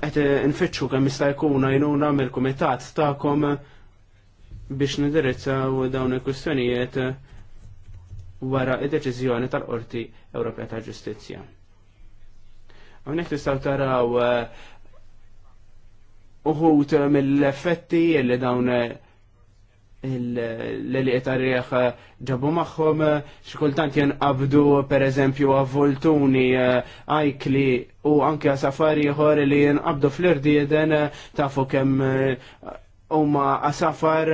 qed eh, nfittxu kemm jista' jkun għajnuna mill-kumitat tagħkom biex nindirizzaw dawn il-kwistjonijiet eh, wara id-deċiżjoni tal-Qorti Ewropea ta' Ġustizzja. Hawnhekk tistgħu taraw eh, uħut mill-effetti li dawn l-li tarriħ ġabu maħħom xikultant jenqabdu per eżempju avvoltuni ajkli u anke safari ieħor li jenqabdu fl-irdieden tafu kem eh, huma għasafar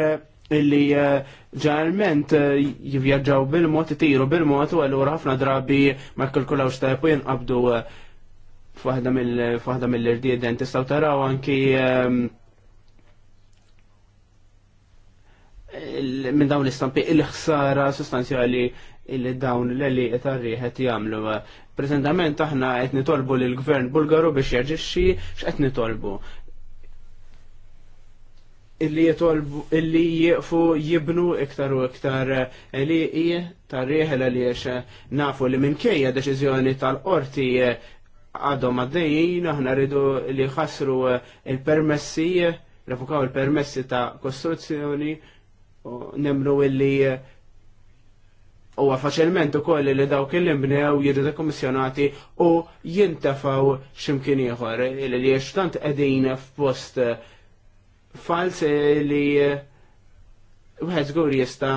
illi eh, ġalment eh, jivjaġġaw bil-mot, tiru bil-mot u għallura ħafna drabi ma kalkulaw xtajpu jenqabdu f'waħda mill-irdieden tistaw taraw anki minn dawn l-istampi il-ħsara sostanzjali il dawn l-li tarriħet jamlu. Prezentament aħna qed nitolbu lill gvern Bulgaru biex jaġixxi x'qed nitolbu. Illi jitolbu illi jieqfu jibnu iktar u iktar li hi tarriħel għaliex nafu li minkejja deċiżjoni tal-qorti għadhom għaddejjin aħna rridu li ħassru il-permessi refukaw il-permessi ta' kostruzzjoni nemlu illi eh, u faċilment u koll li dawk il-imbnew jidu komissjonati u jintafaw ximkien ieħor li edin qegħdin f'post eh, fals li eh, wieħed żgur jista'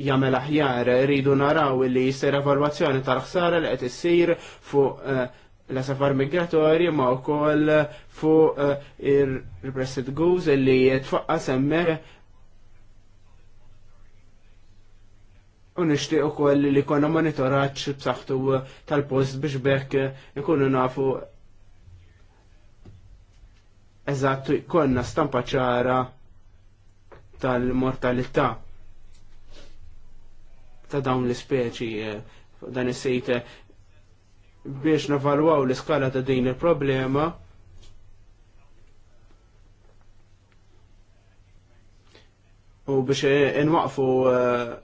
jagħmel aħjar ridu naraw li jsir evalwazzjoni tal-ħsara li qed issir fuq la safar migratorji ma wkoll fuq eh, il repressed goods li tfaqqas hemmhekk u nishtiq ukoll li konna monitoraġġ b'saħħtu tal-post biex bekk nkunu nafu eżatt konna stampa ċara tal-mortalità ta' dawn l-ispeċi eh, dan is-sejt biex navalwaw l-iskala ta' din il-problema u biex inwaqfu eh,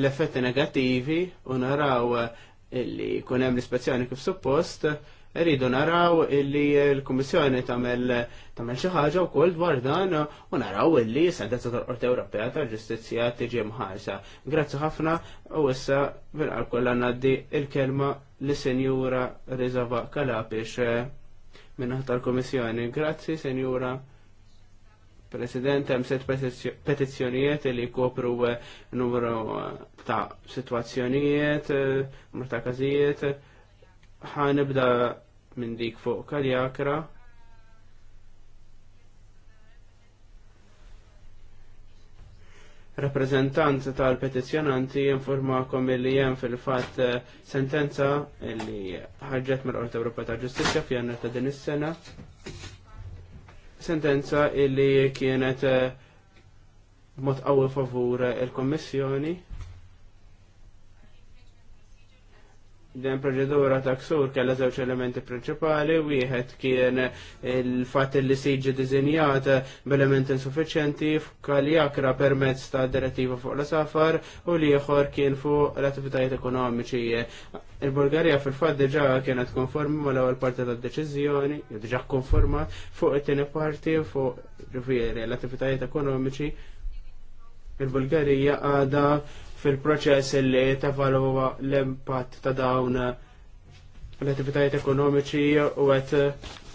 l-effetti negativi u naraw eh, li kunem l-ispezzjoni kif suppost rridu naraw illi l-Kummissjoni tagħmel xi ħaġa wkoll dwar dan u naraw illi sentenza tal-Qorti Ewropea tal-Ġustizzja tiġi mħarsa. Grazzi ħafna u issa bil kollha ngħaddi il-kelma li Senjura Rizava Kalapix minn tal-Kummissjoni. Grazzi Senjura President, hemm set petizzjonijiet li kopru eh, numru eh, ta' situazzjonijiet, eh, numru ta' każijiet nibda minn dik fuq Kaljakra. Rappresentant tal-petizjonanti informakom li jem fil-fat eh, sentenza li ħarġet mill-Qorti Ewropa ta' Ġustizzja f'jannar ta' din is-sena. Sentenza li kienet eh, mod qawwi favur il-Kommissjoni. Dan proċedura ta' ksur kella żewġ elementi prinċipali, wieħed kien il-fatt li siġi dizinjat b'element insufficienti f'kal jakra permezz ta' direttiva fuq l-safar u li ieħor kien fuq l-attivitajiet ekonomiċi. Il-Bulgarija fil-fatt diġà kienet konformi mal ewwel parti tad-deċiżjoni, diġà konforma fuq it-tieni parti fuq l-attivitajiet ekonomiċi. Il-Bulgarija għada fil-proċess li tevalwa l-impatt ta' dawn l-attivitajiet ekonomiċi u għet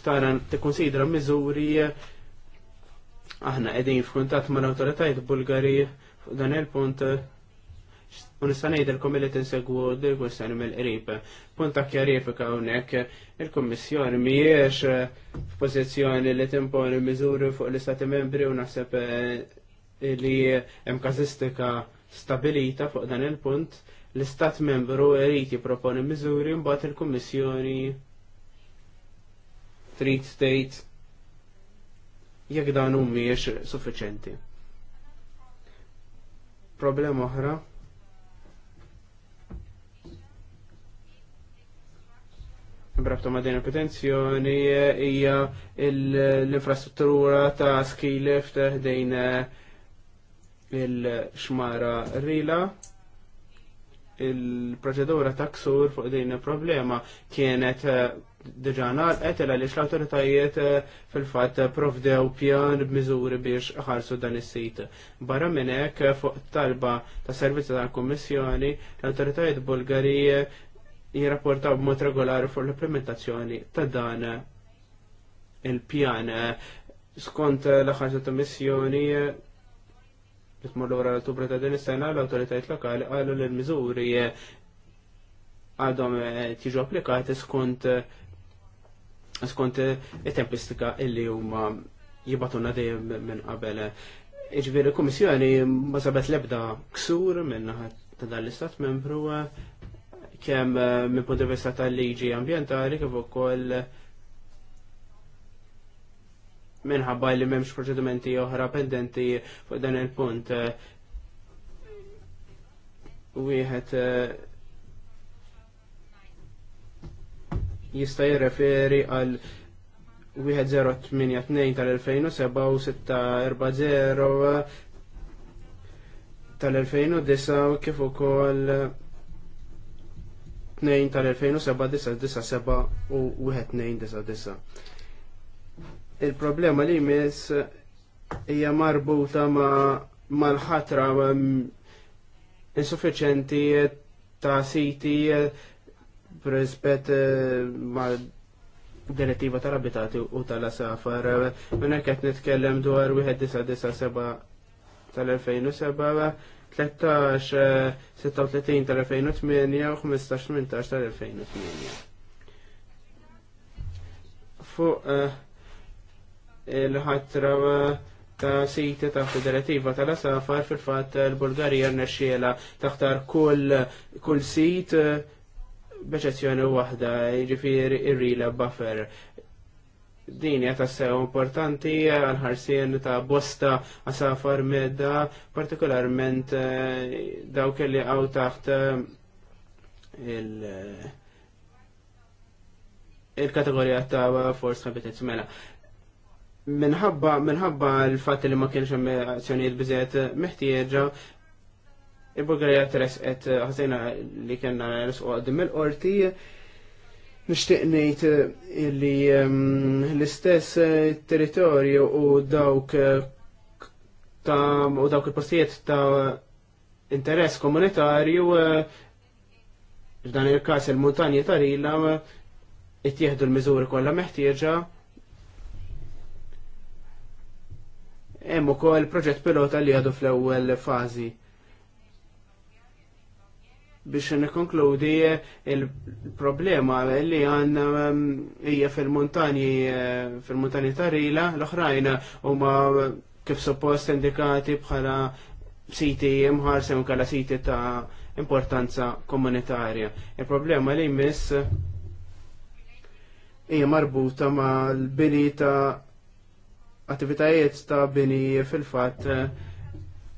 tara konsidra miżuri aħna qegħdin f'kuntatt mal-awtoritajiet Bulgari dan il-punt u nista' ngħidilkom li tinsegwu dil-kwistjoni mill-qrib. Punt ta' kjarifika hawnhekk il-Kummissjoni mhijiex f'pożizzjoni li timponi miżuri fuq l-Istati Membri u naħseb eh, li hemm kazistika stabilita fuq dan il-punt l-istat membru jrid jipproponi miżuri mbagħad il-Kummissjoni trid state jekk dan mhumiex suffiċenti. Problema oħra Brabta ma' dina potenzjoni hija l-infrastruttura ta' skilift lift il-xmara rila il-proċedura ta' ksur fuq din il-problema kienet eh, diġa nalqet il l-autoritajiet eh, fil fat provdew pjan b'miżuri biex ħarsu dan is-sit. Barra minn hekk eh, fuq talba ta' servizzi tal-Kummissjoni l-autoritajiet Bulgari jirrapportaw b'mod regolari fuq l-implementazzjoni ta' dan il-pjan. Skont l ħarsu ta' missjoni Bitmur l-għura l-tubra ta' din is-sena l-autoritajt lokali għallu l-mizuri għadhom tiġu applikati skont skont it-tempistika illi huma jibatuna dejjem minn qabel. Iġviri kummissjoni ma sabet lebda ksur minn ta' dan l-istat membru kemm minn punt di vista tal-liġi ambjentali kif ukoll minħabba li memx proċedimenti oħra pendenti fuq dan il-punt. Eh, wieħed eh, jista' jirreferi għal 1082 tal-2007 u 640 tal-2009 kif ukoll 2 tal-2007 997 u 1299 il-problema li jmiss hija marbuta ma' mal-ħatra insuffiċenti ta' siti b'rispett ma' direttiva tal-abitati u tal-asafar. Mena qed nitkellem dwar 1997 tal-2007, 13-36 tal-2008 u 15-18 tal-2008. Fuq eh, il-ħatra ta' siti ta' federativa tal-asafar fil-fat l-Bulgarija rnexxiela taħtar kull kull sit b'eċezzjoni waħda, jiġifieri ir-rila buffer. Din hija tassew importanti għal-ħarsien ta' bosta asafar medda, partikolarment eh, dawk li għaw taħt eh, il- il-kategorija ta' force habitats mela minħabba minħabba l-fatt li ma kienx hemm azzjonijiet biżejjed meħtieġa il-Bulgarija qed eh, ħażejna li kellna nisqu qadim il-qorti nixtieq ngħid eh, li ehm, l-istess eh, territorju u dawk ta' u dawk il-postijiet ta' interess komunitarju f'dan il-każ il-muntanji tarila jieħdu l-miżuri kollha meħtieġa Hemm ukoll proġett pilota li għadu fl-ewwel fażi. Biex nikkonkludi il-problema li għanna um, hija fil-montani eh, fil-montani tarila l-oħrajn huma kif suppost indikati bħala siti u kalla siti ta' importanza komunitarja. Il-problema li jmiss hija marbuta ma' l-bini ta' attivitajiet ta' bini fil-fat eh,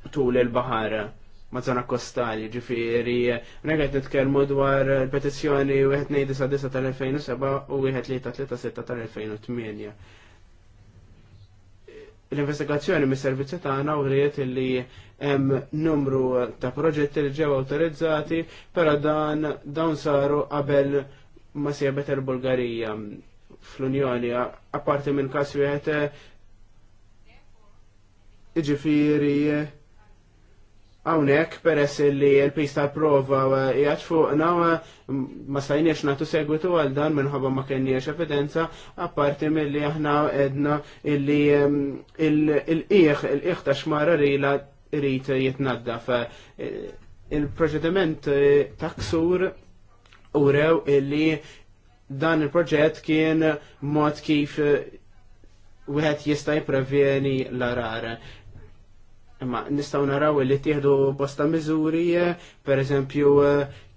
tul il-bahar ma' zona kostali ġifiri. Negħed nitkelmu dwar il-petizjoni 199 tal-2007 u 1336 tal-2008. L-investigazzjoni mis servizzi tagħna u għriet li hemm numru ta' proġetti li ġew awtorizzati, però dan dawn saru qabel ma sebet il-Bulgarija fl-Unjoni, apparti minn każ wieħed Iġifiri, għawnek, peress li l-pis ta' prova uh, jgħat fuqna, uh, ma stajniex natu segwitu għal dan minħabba ma kenniex evidenza, apparti mill-li aħna edna illi um, il-iħ, il-iħ ta' xmara rila rrit jitnaddaf. Uh, Il-proċediment ta' ksur urew illi dan il-proġett kien mod kif wieħed jista' jipprevjeni l-arar. Imma nistaw naraw li tieħdu bosta miżuri, per eżempju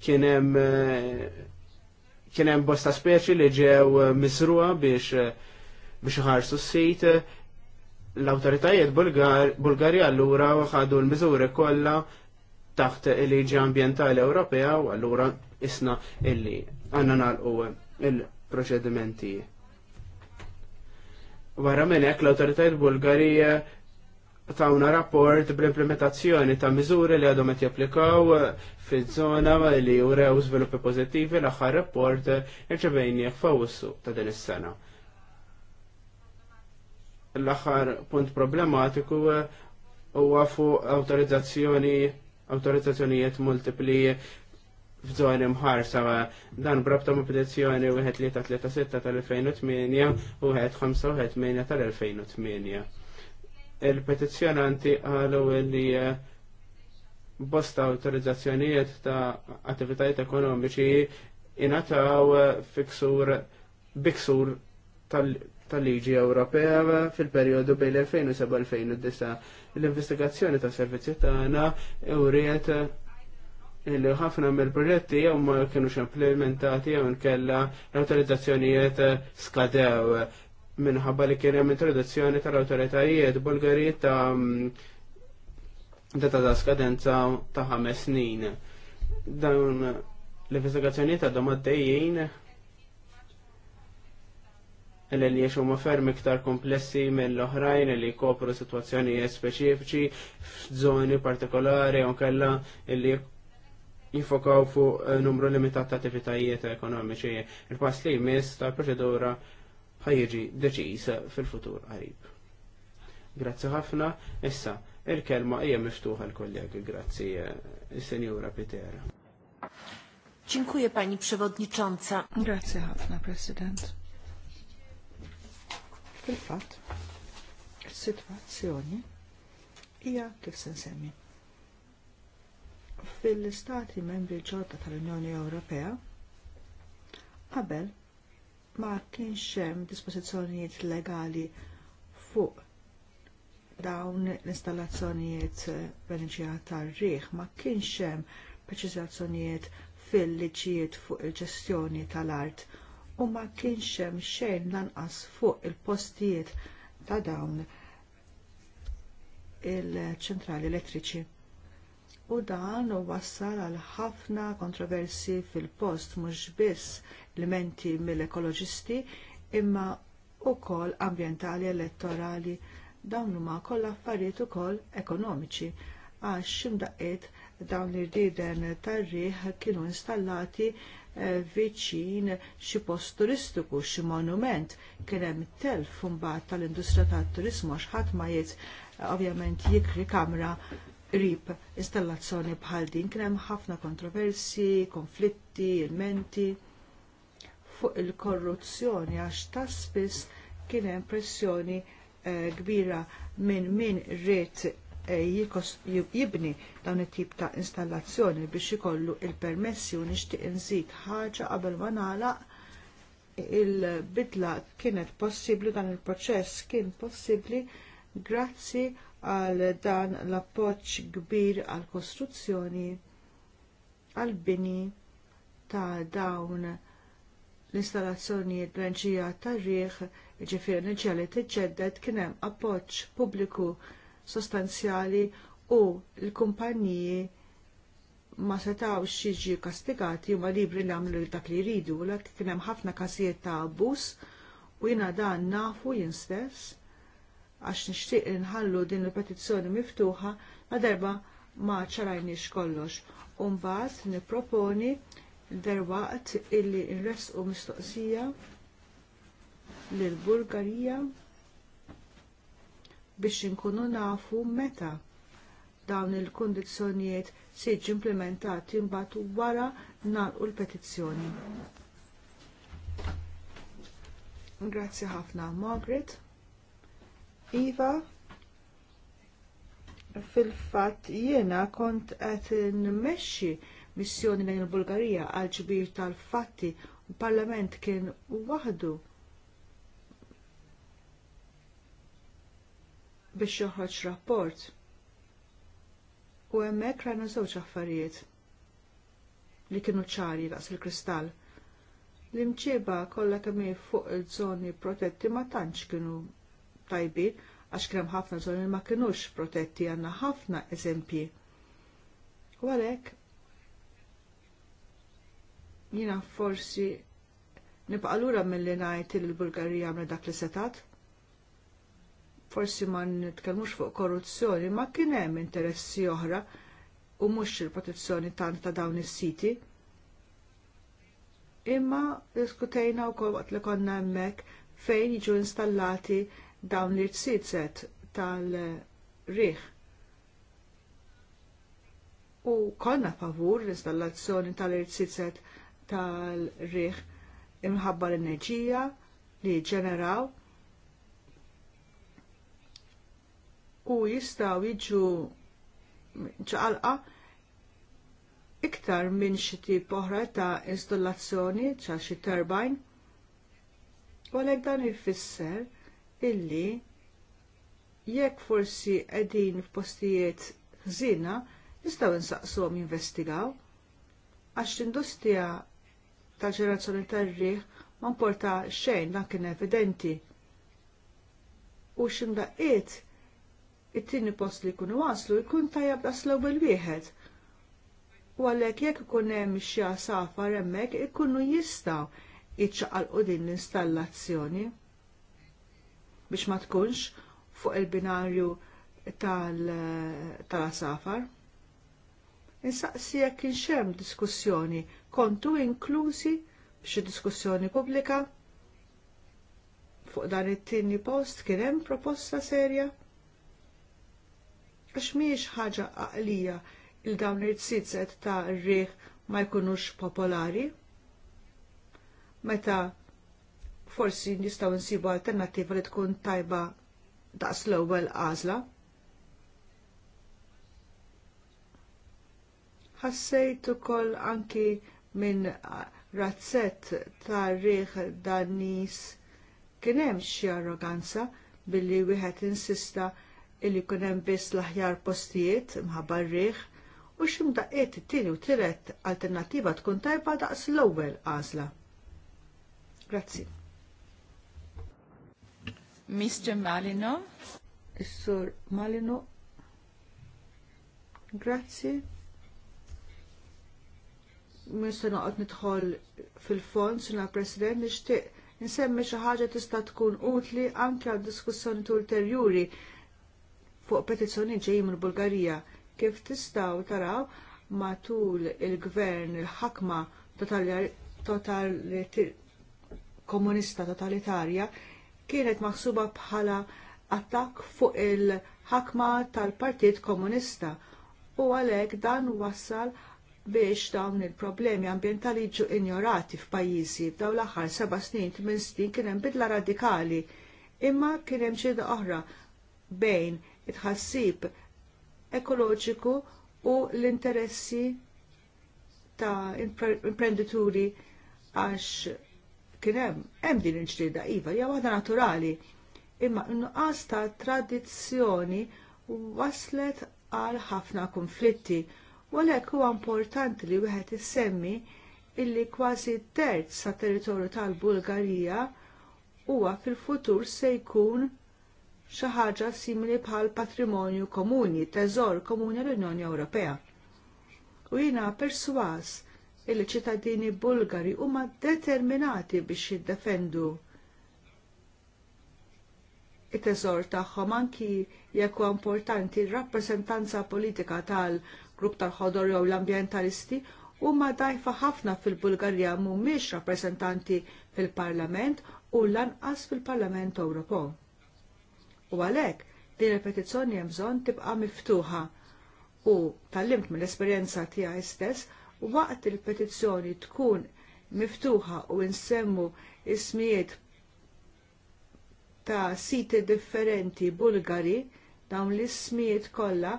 kienem bosta speċi li ġew misruha biex biex ħarsu s-sit. L-autoritajiet Bulgarja allura ħadu l-miżuri kollha taħt il-liġi ambientali Ewropea u allura isna illi għanna nalqu il-proċedimenti. Wara minn hekk l-awtoritajiet Bulgarija tawna rapport bl-implementazzjoni ta' miżuri li għadhom qed japplikaw fiż-żona li urew żviluppi pożittivi l-aħħar rapport irċevejni fawussu ta' din is-sena. L-aħħar punt problematiku huwa fuq awtorizzazzjoni awtorizzazzjonijiet multipli f'żoni mħarsa dan brabta ma' petizzjoni sitta tal-2008 u wieħed 5 tal-2008 il-petizjonanti għalu li eh, bosta autorizzazzjonijiet ta' attivitajiet ekonomiċi inataw eh, fiksur biksur tal-liġi Ewropea eh, fil-periodu bejn 2007-2009. L-investigazzjoni ta' servizzi tagħna uriet li ħafna mill-proġetti jew ma kienux implementati jew nkella l-autorizzazzjonijiet skadew minħabba li kien hemm introduzzjoni tal-awtoritajiet Bulgari ta' mm, data ta' skadenza ta' ħames snin. Dawn l-investigazzjonijiet dom għaddejjin l-li huma ferm iktar komplessi mill-oħrajn li kopru sitwazzjonijiet speċifiċi f'żoni partikolari u kella li jifokaw fuq numru limitat ta' attivitajiet ekonomiċi. Il-pass li jmiss tal proċedura ħajġi deċiża fil-futur qarib. Grazzi ħafna, issa il-kelma hija miftuħa l-kollegi, grazzi is-Senjura eh, Pitera. Dziękuję Pani Przewodnicząca. Grazie ħafna, President. Fil-fatt, is-sitwazzjoni hija kif se nsemmi. Fil-Stati membri ġodda tal-Unjoni Ewropea qabel ma kienx hemm dispożizzjonijiet legali fuq dawn l-installazzjonijiet veneċija tar-riħ ma kienx hemm preċiżazzjonijiet fil liċijiet fuq il-ġestjoni tal-art u ma kienx hemm xejn lanqas fuq il-postijiet ta' dawn il-ċentrali elettriċi. U dan u wassal għal ħafna kontroversi fil-post mhux biss elementi mill-ekoloġisti imma wkoll ambjentali elettorali dawn huma kollha affarijiet ukoll ekonomiċi għax ximdaqqiet dawn ir-rieden tar-riħ kienu installati eh, viċin xi post turistiku, xi monument, kien hemm telf imbagħad tal-industrija tat-turismu għax ħadd ma jiet eh, ovvjament jikri kamra qrib installazzjoni bħal din kien hemm ħafna kontroversi, konflitti, ilmenti fuq il-korruzzjoni għax ta' spiss kien hemm pressjoni eh, kbira minn min rrit eh, jibni dawn it-tip ta' installazzjoni biex ikollu l permessi u nixtieq inżid ħaġa qabel ma nagħlaq il-bidla kienet possibbli dan il-proċess kien possibbli grazzi għal dan l-appoġġ kbir għall kostruzzjoni għall bini ta' dawn l-installazzjonijiet branċija tar-riħ ġifir nġeli tiġġedded kien hemm appoġġ pubbliku sostanzjali u l-kumpanniji ma setgħux jiġi kastigati huma libri li dak li jridu l kien hemm ħafna każijiet ta' abbuż u jiena dan nafu jien stess għax nixtieq inħallu din il-petizzjoni miftuħa ma darba ma ċarajniex kollox. mbagħad nipproponi derwaqt illi nres u mistoqsija l-Bulgarija biex inkunu nafu meta dawn il kundizzjonijiet siġ implementati mbagħad wara nagħlqu l-petizzjoni. Grazzi ħafna Margaret. Iva, fil-fatt jiena kont qed nmexxi missjoni lejn il-Bulgarija għal ġbir tal-fatti u parlament kien waħdu biex joħroġ rapport. U hemmhekk rajna żewġ affarijiet li kienu ċari daqs il-kristall. L-imċieba kollha kemm fuq il-żoni protetti ma tantx kienu tajbin għax krem ħafna żoni ma kinux protetti għandna ħafna eżempji. U għalhekk Jina forsi nibqa' mill milli ngħid il-Bulgarija għamlet dak li setat. Forsi ma nitkellmux fuq korruzzjoni, ma kien hemm interessi oħra u mhux il-protezzjoni tant ta' dawn is-siti. Imma diskutejna wkoll waqt li konna hemmhekk fejn jiġu installati dawn l-irtsitset tal-riħ. U konna favur l-installazzjoni tal-irtsitset tal-riħ imħabba l-enerġija li ġeneraw u jistaw jiġu ċaqalqa iktar minn xi tip oħra ta' installazzjoni ta' xi turbine. U għalhekk dan ifisser illi jekk forsi qegħdin f'postijiet ħżina nistgħu nsaqshom jinvestigaw għax l-industrija tal-ġenerazzjoni tar-riħ ma importa xejn dan kien evidenti. U x'imdaqqiet it-tieni post li jkunu waslu jkun tajjeb daslu bil wieħed. U għalhekk jekk ikun hemm xi safar hemmhekk ikunu jistgħu jiċċaqalqu din l-installazzjoni biex ma tkunx fuq il-binarju tal safar Tal Insaqsi jekk hemm diskussjoni kontu inklusi b'xi diskussjoni pubblika. Fuq dan it-tieni post kien hemm proposta serja. Għax mhijiex ħaġa għaqlija il dawn ir-tsitset ta' rriħ ma jkunux popolari. Meta forsi nistgħu nsibu alternattiva li tkun tajba daqs l-ewwel għażla. Ħassejt ukoll anki minn razzett ta' riħ dan-nies kien hemm xi arroganza billi wieħed insista illi jkun hemm biss l-aħjar postijiet mħabba riħ u x'imdaqqiet it-tieni u tiret alternattiva tkun tajba daqs l-ewwel għażla. Grazzi. Mr. Malino. Is-sur Malino. Grazzi minn se noqgħod nidħol fil-fond, sena President, nixtieq nsemmi xi ħaġa tista' tkun utli anke għal diskussjoni ulterjuri fuq petizzjoni ġej mill Bulgarija. Kif tistgħu taraw matul il-gvern il-ħakma komunista totalitarja kienet maħsuba bħala attakk fuq il-ħakma tal-Partit Komunista u għalhekk dan wassal biex dawn il-problemi ambjentali ġu injorati f'pajjiżi f'daw l-aħħar seba' snin tmien snin kien hemm bidla radikali imma kien hemm xhieda oħra bejn it-ħassib ekoloġiku u l-interessi ta' imprendituri għax kien hemm hemm din il-ġdida iva hija waħda naturali imma nuqqas ta' tradizzjoni waslet għal ħafna konflitti U huwa importanti li wieħed issemmi illi kważi terz sa territorju tal-Bulgarija huwa fil-futur se jkun xi ħaġa simili bħal patrimonju komuni, teżor komuni l-Unjoni Ewropea. U jiena perswas illi ċittadini Bulgari huma determinati biex jiddefendu it-teżor tagħhom anki jekk huwa importanti r-rappreżentanza politika tal grupp tal-ħodor jew l-ambientalisti huma dajfa ħafna fil-Bulgarija mhumiex rappreżentanti fil-Parlament u lanqas fil-Parlament Ewropew. U għalhekk din il-petizzjoni hemm bżonn tibqa' miftuħa u tallimt mill-esperjenza tiegħi stess waqt il-petizzjoni tkun miftuħa u nsemmu ismijiet ta' siti differenti bulgari dawn l-ismijiet kollha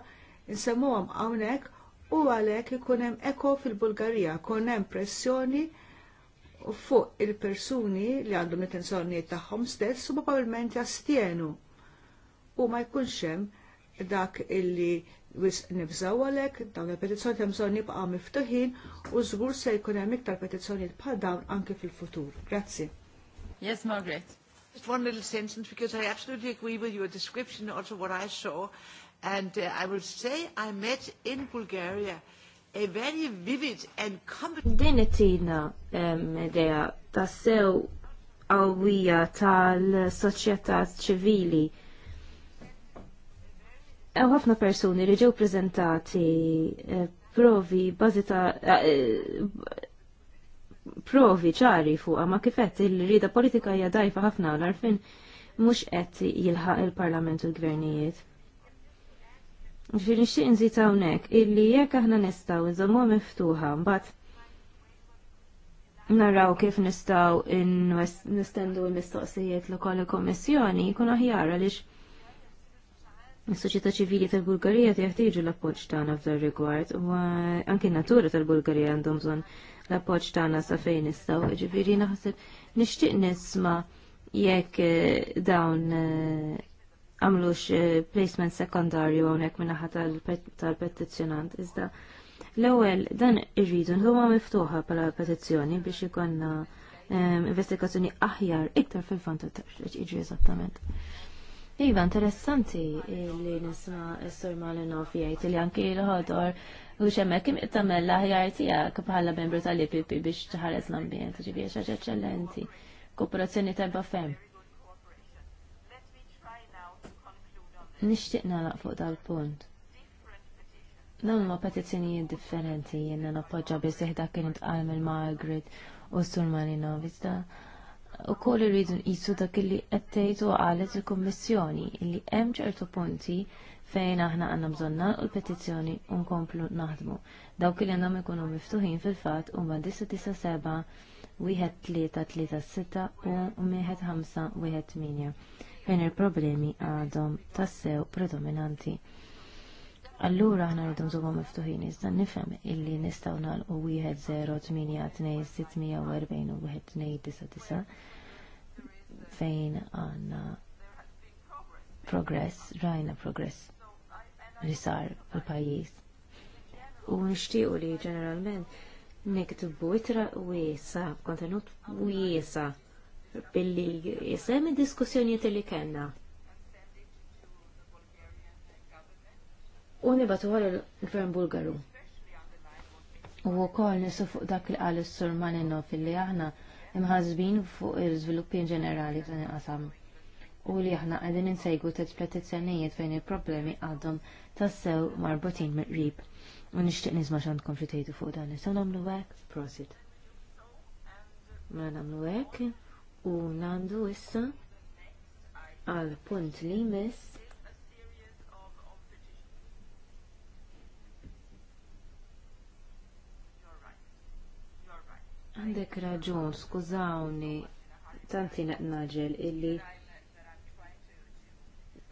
insemmuhom hawnhekk u għalhekk ikun hemm eko fil-Bulgarija, kon hemm pressjoni fuq il-persuni li għandhom l-intenzjonijiet tagħhom stess u probabbilment jastienu u ma jkunx hemm dak illi wis nibżaw għalhekk dawn il-petizzjoni hemm bżonn jibqa' miftuħin u żgur se jkun hemm iktar petizzjonijiet bħal dawn anke fil-futur. Grazzi. Yes, Margaret. Just one little sentence because I absolutely agree with your description also what I saw And uh, I will say I met in Bulgaria a very vivid and competent... Din it-tina idea ta' sew għawija tal-soċjetà ċivili. Għaw ħafna persuni li ġew prezentati eh, provi bazita eh, eh, provi ċari fuq ma qed il-rida politika hija dajfa ħafna l-arfin mhux qed jilħaq il-Parlament u l-gvernijiet. Ġifiri nixtieq nżid hawnhekk illi jekk aħna nistgħu nżommuha miftuħa mbagħad naraw kif nistgħu nistendu l-mistoqsijiet l ukoll il-Kommissjoni jkun aħjar għaliex is-soċjetà ċivili tal-Bulgarija jeħtieġu l-appoġġ tagħna f'dan rigward u anke natura tal-Bulgarija għandhom bżonn l-appoġġ tagħna sa fejn nistgħu. Ġifieri naħseb nixtieq nisma' jekk eh, dawn eh, għamlux eh, placement sekundarju hawnhekk ħata tal-petizzjonant. Iżda l-ewwel dan irridu nħuma miftuħa bħala petizzjoni biex ikonna eh, investigazzjoni aħjar iktar fil-fond iġri eżattament. Iva, interessanti li nisma s-sur Malinov jgħid li anki l-ħodor u xemmek kim tamel l-aħjar tiegħek bħala membru tal-IPP biex tħares l-ambjent, ġibi xaġa eċċellenti. Kooperazzjoni tajba bafem Nixtieq nagħlaq fuq dal-punt. Dawn huma petizzjonijiet differenti jenna nappoġġa biss dak kien intqal mill Margaret u Sur Marino iżda ukoll irridu nqisu dak li qed tgħidu qalet il-Kummissjoni li hemm ċertu punti fejn aħna għandna bżonn u l-petizzjoni u nkomplu naħdmu. Dawk li għandhom ikunu miftuħin fil-fatt huma seba' wieħed tlieta tlieta sitta u wieħed ħamsa wieħed 8 fejn il-problemi għadhom tassew predominanti. Allura ħna rridu nżommu miftuħin iżdan nifhem illi nistgħu nagħlqu wieħed 640 u wieħed fejn għandna progress, rajna progress li sar fil-pajjiż. U nixtiequ li ġeneralment niktibu itra wiesa, kontenut wiesa billi jisem id-diskussjonijiet li kena. U batu għal il-Gvern Bulgaru. U wkoll nisu fuq dak li għal is-Sur Malino fil-li aħna imħazbin fuq il-żviluppi ġenerali f'dan il-qasam. U li aħna qegħdin insejgu tet petizzjonijiet fejn il-problemi għadhom tassew marbutin mill-qrib. U nixtieq nisma' x'għandkom xi tgħidu fuq dan. Nistgħu nagħmlu hekk? Prosit. Ma nagħmlu hekk U nandu issa għal punt li mis Għandek raġun, skużawni, tanti naġel illi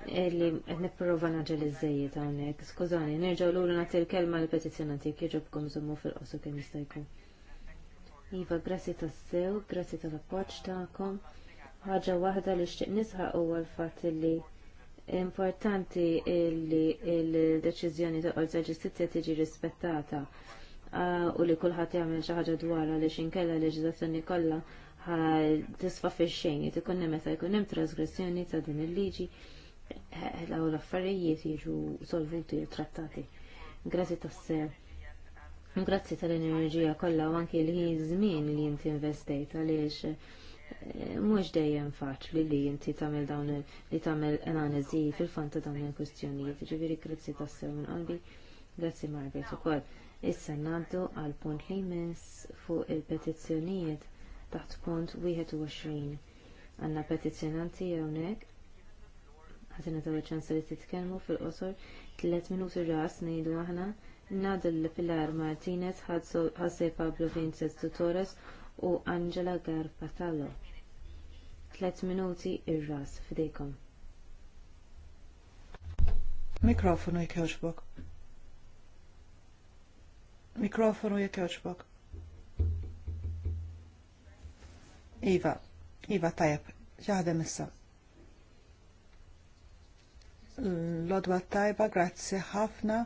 illi qed nipprova naġel iż-żejjed hawnhekk. nerġaw l lura nagħti l-kelma l-petizzjonanti kieġobkom żommu fil-qosu kien jista' jkun. Iva, grazzi tas-sew, grazzi tal-appoġġ tagħkom. Ħaġa waħda li xtieq nisħaq huwa l-fatt li importanti li l-deċiżjoni ta' qorta ġustizzja tiġi rispettata u li kulħadd jagħmel xi ħaġa dwarha li xinkella leġiżlazzjoni kollha tisfa fix-xejn, jrid ikun hemm meta jkun hemm trasgressjoni ta' din il-liġi l-affarijiet jiġu solvuti u trattati. Grazzi tas-sew. Grazzi tal-enerġija kollha u anki li żmien li inti investejt għaliex eh, mhux dejjem faċli li inti tagħmel dawn li tagħmel analiżi fil fanta dawn il-kwistjonijiet. Ġifieri grazzi tassew minn qalbi, grazzi Margaret ukoll. Issa ngħaddu għal punt li jmiss fuq il-petizzjonijiet taħt punt 21. Għandna petizzjonanti hawnhekk ħatina taw ċansa li titkellmu fil-qosor tliet minuti ras ngħidu aħna Nadal Pilar Martinez, Jose Pablo Vinces Tutores u Angela Garpatalo. Tlet minuti irras fidejkom. f'dejkom. Mikrofonu jekk jogħġbok. Mikrofonu jekk Iva, Iva tajab, ġaħdem issa. Lodwa tajba, grazzi ħafna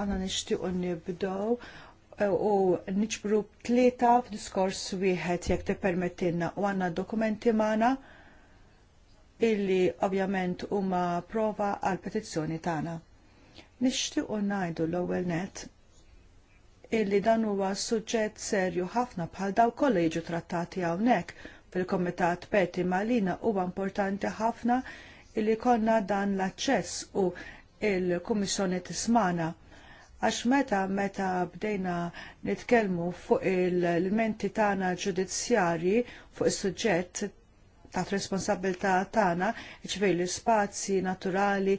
għanna nishtiqu nibdow e, u niġbru tlieta f'diskors wieħed jekk tippermettilna u għandna dokumenti magħna illi ovvjament huma prova għal petizzjoni tagħna. Nixtiequ ngħidu l-ewwel net illi dan huwa suġġett serju ħafna bħal daw kollha jiġu trattati hawnhekk fil-Komitat Peti Malina huwa importanti ħafna illi konna dan l-aċċess u il-Kummissjoni tismana Għax meta meta bdejna nitkellmu fuq il-menti tagħna ġudizzjarji fuq is-suġġett ta' responsabilità tagħna, ċvej l-spazji naturali,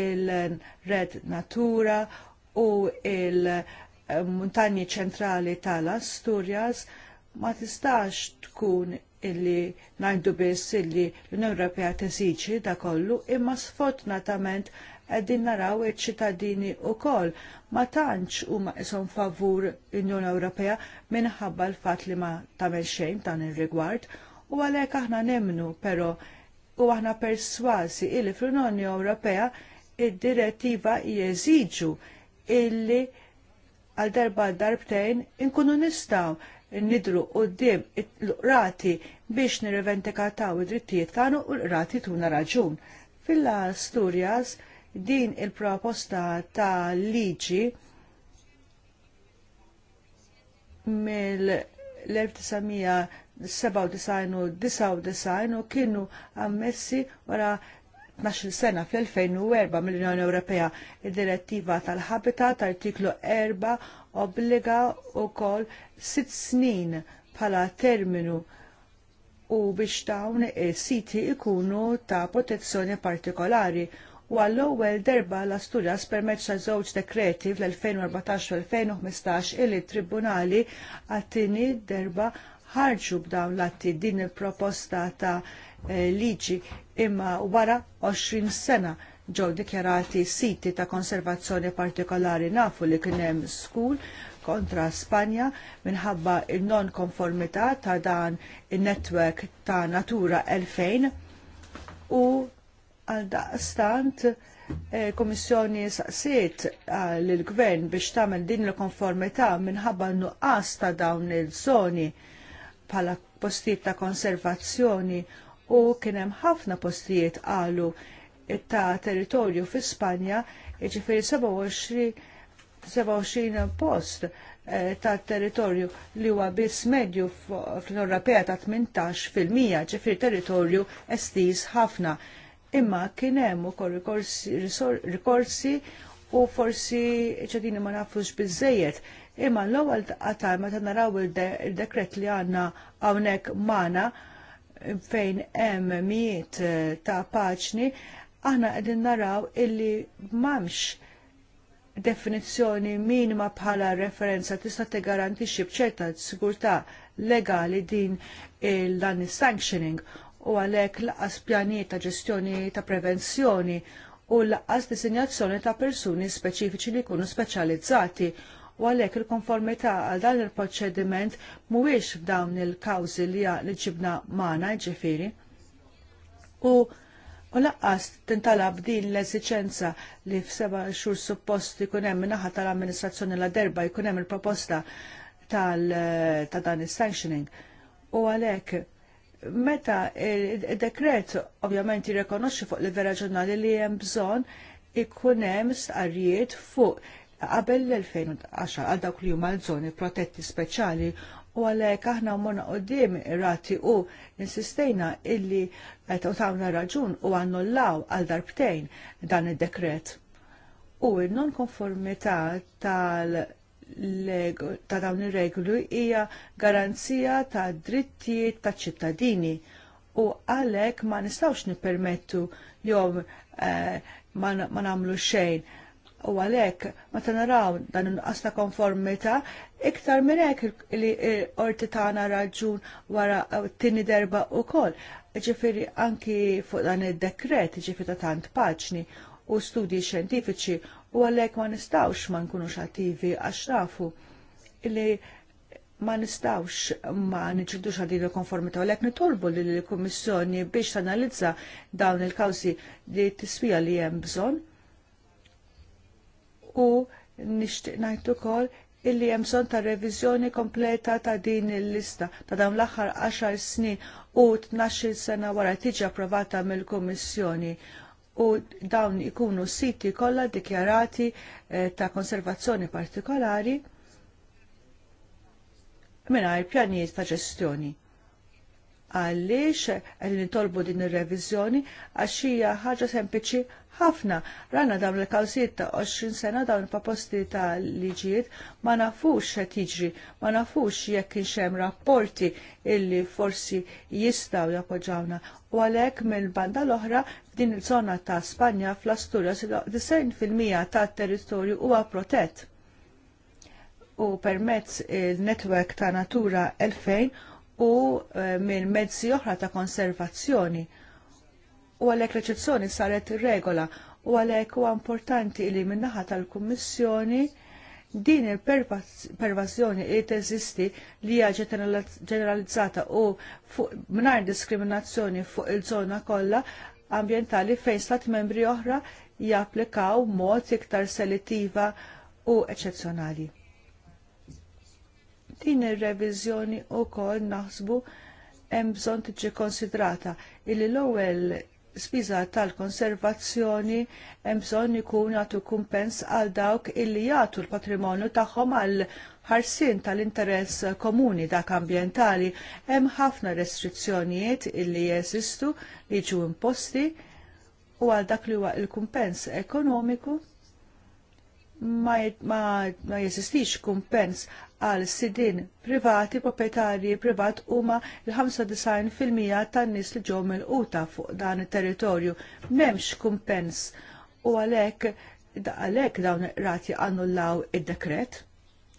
il-red natura u il-muntanji ċentrali tal-Asturias ma tistax tkun illi najdu biss illi l-Unjoni Ewropea tesiċi da kollu imma sfortunatament qegħdin naraw iċ-ċittadini wkoll ma tantx huma qishom favur Unjoni Ewropea minħabba l-fatt li ma tagħmel xejn dan ir-rigward u għalhekk aħna nemnu pero u aħna perswasi illi fl-Unjoni Ewropea id-direttiva jeżiġu illi għal darba darbtejn inkunu nistgħu nidru d-dim l-qrati biex nirreventikataw id-drittijiet tagħna u l-qrati tuna raġun. fil-la Asturias din il-proposta ta' liġi mill-1997 u kienu ammessi wara 12 sena fl-2004 mill-Unjoni Ewropea id-direttiva tal-Habitat artiklu 4 obbliga wkoll sitt snin bħala terminu u biex dawn is-siti ikunu ta' protezzjoni partikolari u għall-ewwel derba l-Asturjas permezz ta' żewġ dekreti fl-2014 u 2015 illi tribunali għattini derba ħarġu b'dawn l-atti din il-proposta ta' eh, liġi imma wara 20 sena ġew dikjarati siti ta' konservazzjoni partikolari nafu li kien hemm skul kontra Spanja minħabba il-non konformità ta' dan in netwerk ta' Natura 2000 u Għal daqstant, eh, komissjoni saqsiet eh, l-gvern biex tagħmel din l-konformità minħabba nuqqas ta' dawn il-żoni bħala postijiet ta' konservazzjoni u kien hemm ħafna postijiet qalu ta' territorju fi Spanja, ġifiri 27, 27 post eh, ta' territorju li huwa biss medju fl-Europea ta' 18 fil-mija, ġifiri territorju estiż ħafna imma kien hemm ukoll rikorsi u forsi ċedini ma nafux biżejjed imma l-ewwel qatar meta naraw il-dekret li għandna hawnhekk magħna fejn hemm mijiet ta' paċni aħna qegħdin naraw illi m'hemmx definizzjoni minima bħala referenza tista' tigarantixxi b'ċerta sigurtà legali din il-dan is-sanctioning u għalhekk laqas pjanijiet ta' ġestjoni ta' prevenzjoni u laqas disinjazzjoni ta' persuni speċifiċi li jkunu speċjalizzati u għalhekk il-konformità għal dan il-proċediment mhuwiex f'dawn il-kawżi li ġibna Mana, ġifiri. U U laqqas tintalab din l-esiċenza li f'seba xhur suppost jkun hemm naħa tal-amministrazzjoni la derba jkun hemm il-proposta ta' dan is-sanctioning. U għalhekk Meta il-dekret ovvjament jirrekonoxxi fuq l l-vera ġurnali li hemm bżonn ikun hemm stqarrijiet fuq qabel l-2010 għal dawk li huma l-żoni protetti speċjali u għalhekk aħna mmorna qudiem rati u insistejna illi qed tagħmilna raġun u annullaw għal darbtejn dan id-dekret. U n-nonkonformità tal ta' dawn ir-regoli hija garanzija ta' drittijiet ta' ċittadini u għalhekk ma nistgħux nippermettu jew eh, ma nagħmlu xejn. U għalhekk meta naraw dan inqas ta' konformità iktar minn hekk li qorti tagħna raġun wara eh, t-tieni derba wkoll. Ġifieri anki fuq dan id-dekret ġifieri ta' tant paċni u studji xjentifiċi u għalhekk ma nistgħux ma nkunux attivi għax nafu li ma nistawx ma nċiddux għadin il-konformita u l nitolbu li l-Kommissjoni biex tanalizza dawn il-kawsi li t-tisfija li jem bżon u nishtiqnajtu kol illi jem bżon ta' revizjoni kompleta ta' din il-lista ta' dawn l-axar 10 snin u 12 sena wara tiġi approvata mill-Kommissjoni u dawn ikunu siti kollha dikjarati eh, ta' konservazzjoni partikolari mingħajr pjanijiet ta' ġestjoni. Għaliex qed nitolbu din ir-reviżjoni għax hija ħaġa sempliċi ħafna. Rana dawn il-kawsijiet ta' 20 sena dawn il-proposti ta' liġijiet ma nafux qed jiġri, ma nafux jekk hemm rapporti illi forsi jistgħu jappoġġawna u għalhekk mill-banda l-oħra f'din il-żona ta' Spanja fl-Asturas 90% tat territorju huwa protett. U permezz il-netwerk ta' Natura 2000 u eh, minn mezzi oħra ta' konservazzjoni. U għalhekk l-eċezzjoni saret regola u għalhekk huwa importanti li min-naħa tal-Kummissjoni din il pervazzjoni li teżisti li hija ġeneralizzata u mnar diskriminazzjoni fuq il-żona kollha ambjentali fejn stat membri oħra japplikaw mod iktar selettiva u eċċezzjonali. Din ir-reviżjoni wkoll naħsbu hemm bżonn tiġi konsidrata il l-ewwel spiża tal-konservazzjoni hemm bżonn ikun jagħtu kumpens għal dawk illi jagħtu l-patrimonju tagħhom għal ħarsien tal-interess komuni dak ambjentali hemm ħafna restrizzjonijiet illi jeżistu li jiġu imposti u għal dak li huwa l-kumpens ekonomiku ma, jeżistix ma jesistix kumpens għal sidin privati proprietarji privat huma l-95% tan-nies li ġew milquta fuq dan it-territorju m'hemmx kumpens u għalhekk għalhekk dawn rati annullaw id-dekret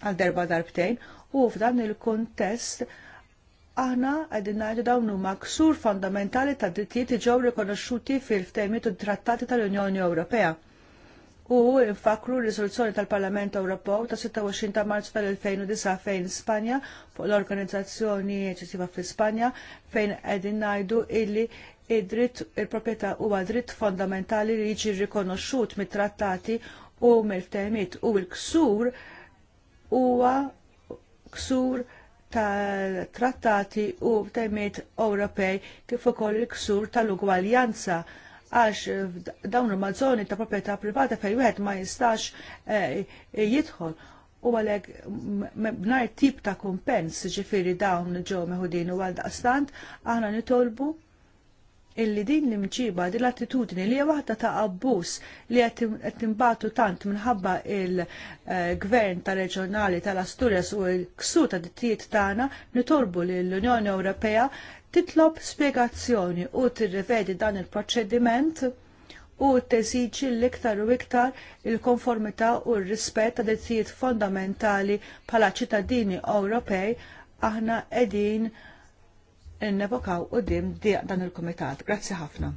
għal darba darbtejn u f'dan il-kuntest aħna qegħdin ngħidu dawn huma ksur fondamentali tad-drittijiet li ġew rikonoxxuti fil-ftehmiet u trattati tal-Unjoni Ewropea u nfakru r-risoluzzjoni tal-Parlament Ewropew ta' 26 ta' Marzu tal-2009 fejn Spanja fuq l-organizzazzjoni eċessiva fi Spanja fejn qegħdin ngħidu illi id-dritt il-proprjetà huwa dritt fondamentali li jiġi rikonoxxut mit-trattati u mill-ftehmiet u l-ksur huwa ksur tal-trattati u ftehmiet Ewropej kif ukoll il-ksur tal-ugwaljanza għax dawn il żoni ta' proprjetà privata fejn wieħed ma jistax eh, jidħol. U għalek b'nar tip ta' kumpens ġifiri dawn ġew meħudin u għal daqstant aħna nitolbu illi din l-imġiba din l-attitudni li waħda ta' abbuż li qed timbatu tant minħabba il-gvern ta' reġjonali tal asturias u l-ksu ta' dittijiet tagħna nitolbu lill unjoni Ewropea titlob spiegazzjoni u tirrivedi dan il-proċediment u teżiġi l-iktar u iktar il-konformità u r-rispett ta' dettijiet fondamentali bħala ċittadini Ewropej aħna edin nevokaw u dim dan il-komitat. Grazzi ħafna.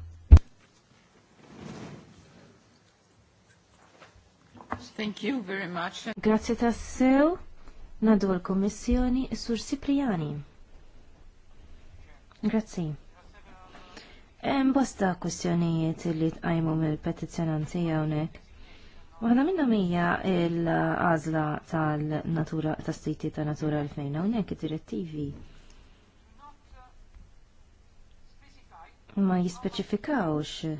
Thank you very much. Grazie tassew. Nadu għal-Kommissjoni, Sur Sipriani. Grazzi. bosta kwistjonijiet li tqajmu mill-petizzjonanti hawnhekk. Waħda minnhom hija l-għażla tal-natura tas-siti ta' Natura 2000 hawnhekk id-direttivi ma jispeċifikawx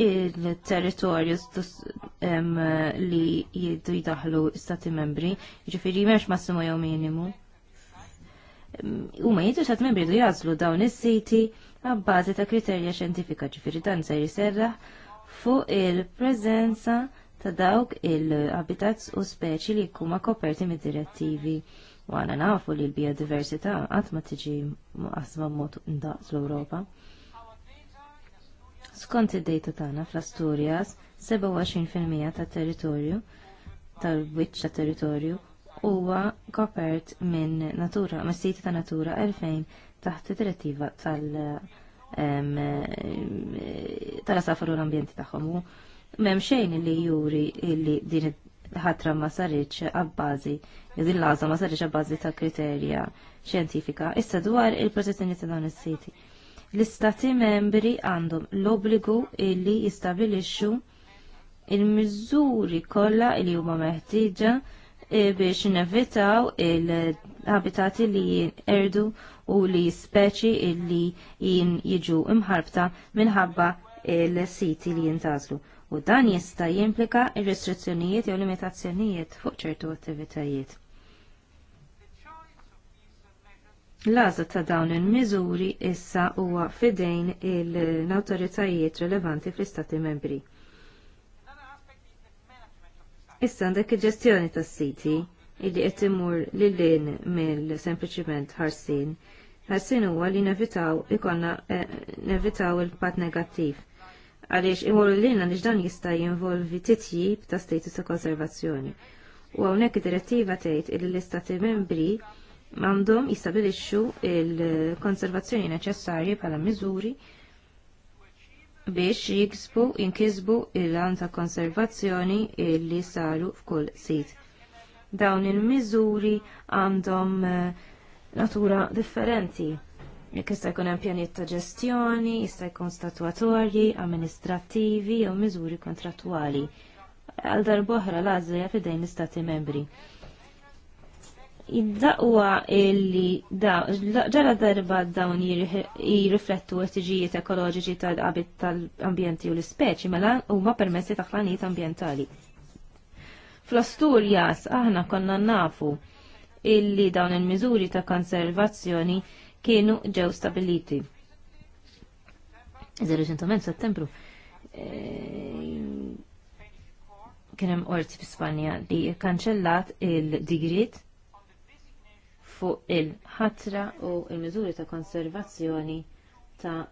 il-territorju li jiddu jidaħlu stati membri, ġifiri memx massimo jew minimu. U ma jiddu stati membri jiddu jazlu dawn is-siti għabbazi ta' kriterja xjentifika ġifiri dan se jiserraħ fuq il-prezenza ta' dawk il-habitats u speċi li kuma koperti mid-direttivi. U għana nafu li l biodiversita għatma tiġi għasma mod indaqs l-Europa. Skont id-dejta tagħna fl-Asturjas, 27% tat territorju tal-wiċċ ta' territorju huwa kopert minn natura, mas-siti ta' natura 2000 taħt id-direttiva tal- eh, tal u l-ambjenti tagħhom. M'hemm xejn li juri li din ħatra ma saritx għabbażi, din l-għażla ma saritx għabbażi ta' kriterja xjentifika, issa dwar il-protezzjoni ta' dawn is-siti. L-istati membri għandhom l-obbligu illi jistabilixxu il-miżuri kollha li huma meħtieġa eh, biex nevitaw il-abitati li jirdu u li speċi li jiġu imħarbta minħabba il-siti li jintazlu. U dan jista' jimplika il-restrizzjonijiet jew limitazzjonijiet fuq ċertu attivitajiet. L-għażla ta' dawn il-miżuri issa huwa fidejn l-awtoritajiet rilevanti fl-Istati membri. Issa għandek il-ġestjoni tas-siti illi qed imur lil mill-sempliċiment ħarsin. Ħarsin huwa li nevitaw ikonna eh, nevitaw il-pat negattiv. Għaliex imur lilna għaliex dan jista' jinvolvi titjib ta' status ta' konservazzjoni. U hawnhekk id-direttiva tgħid li l-istati membri għandhom jistabilixxu il-konservazzjoni neċessarji bħala miżuri biex jiksbu jinkisbu il-għan ta' konservazzjoni li saru f'kull sit. Dawn il-miżuri għandhom eh, natura differenti. Jekk jista' jkun hemm pjanijiet ta' ġestjoni, jista' jkun statwatorji, amministrattivi jew miżuri kontrattwali. Għal oħra l-għażla fidejn l-istati membri id-daqwa illi ġara darba dawn jirriflettu estiġijiet ekoloġiċi tal-qabit tal-ambjenti u l-speċi mela huma permessi ta' ħlanijiet ambjentali. Fl-Asturjas aħna konna nafu illi dawn il-miżuri ta' konservazzjoni kienu ġew stabiliti. Iżda settembru eh, kien hemm qorti fi Spanja li kanċellat il-digrit fuq il-ħatra u il-miżuri ta' konservazzjoni ta'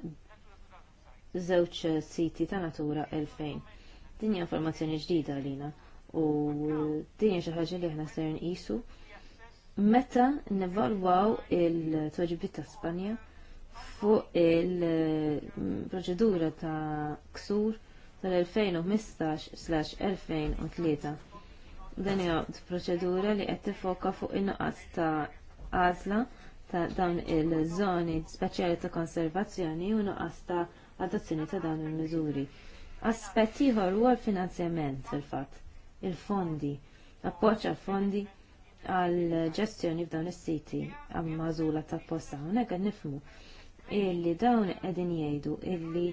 żewġ siti ta' Natura 2000. Din hija informazzjoni ġdida għalina u dinja xaħġa xi ħaġa li aħna ser nqisu meta nevalwaw il-tweġibiet ta' Spanja fuq il-proċedura ta' ksur tal-2015-2003. Dan hija proċedura li qed tifoka fuq in-nuqqas ta' għazla ta' dawn il-żoni speċjali ta' konservazzjoni u nuqqas ta' adozzjoni ta' dawn il-miżuri. Aspett ieħor huwa l-finanzjament fil-fatt, il-fondi, appoċ għal-fondi għal ġestjoni f'dawn is-siti għammażula ta' posta hawnhekk qed nifhmu illi dawn qegħdin jgħidu illi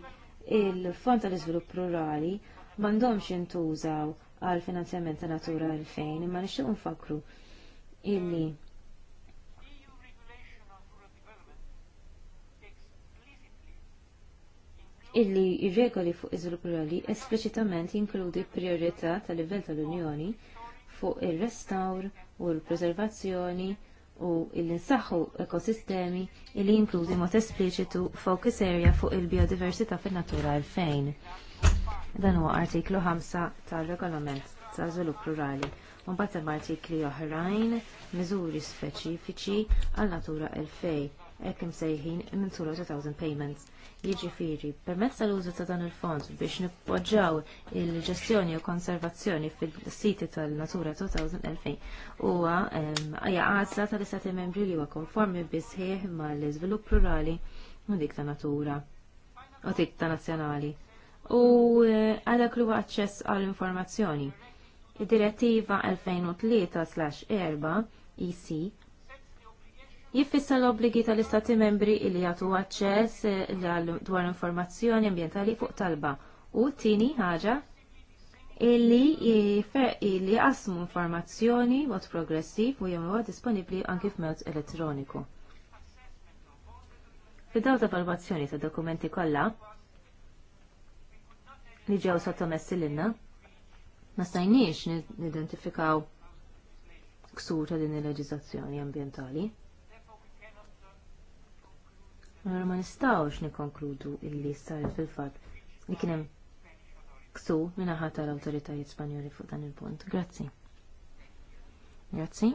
il-Fond tal-Iżvilupp Rurali m'għandhomx jintużaw għal finanzjament ta' natura għalfejn imma nixtieq nfakru illi illi ir-regoli fuq iżvilupp rurali espliċitament jinkludi priorità tal-livell tal-Unjoni fuq ir-restawr u l-preservazzjoni u l-insaħħu ekosistemi illi jinkludi mod espliċitu focus area fuq il-biodiversità fin-natura għalfejn. Dan huwa artiklu 5 tar-regolament ta' żvilupp rurali. Mbagħad hemm artikli oħrajn, miżuri speċifiċi għal natura l-fejn hekk imsejħin Minn 2000 Payments. Jiġifieri, permezz tal-użu ta' dan il-fond biex nippoġġjaw il-ġestjoni u konservazzjoni fil-siti tal-Natura 2000 huwa hija għażla tal-istati membri li huwa konformi bisħieħ mal-iżvilupp rurali u dik ta' natura u dik ta' nazzjonali. U e, għadak li huwa aċċess għall-informazzjoni. Id-direttiva 2003/4 EC jiffissa l-obbligi tal-Istati membri li jagħtu aċċess eh, dwar informazzjoni ambjentali fuq talba. U tini ħaġa illi illi qasmu informazzjoni mod progressiv u jemmu disponibbli anki f'mod elettroniku. Fid-daw ta' valvazzjoni ta' dokumenti kollha li ġew sottomessi l-inna, ma stajniex nidentifikaw ksur ta' din il leġizazzjoni ambjentali. Allora ma nistgħux nikkonkludu illi sar fil-fatt li kien hemm ksu ħata tal-awtoritajiet Spanjoli fuq dan il-punt. Grazzi. Grazzi.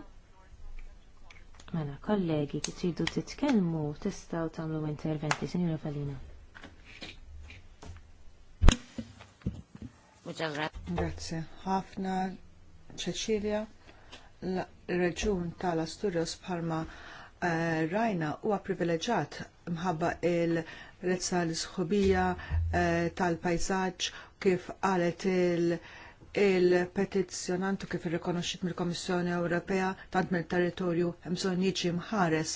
Mela, kollegi, kif tridu titkellmu tistgħu tagħmlu interventi, Sinjura Falina. Grazie. Ħafna Cecilia, l-reġun tal-Asturios bħalma Eh, rajna huwa privileġġat mħabba il-rezza l-sħobija eh, tal-pajzaġġ kif qalet il- petizjonantu petizzjonantu kif irrikonoxxit mill-Komissjoni Ewropea tant mill-territorju bżonn jiġi mħares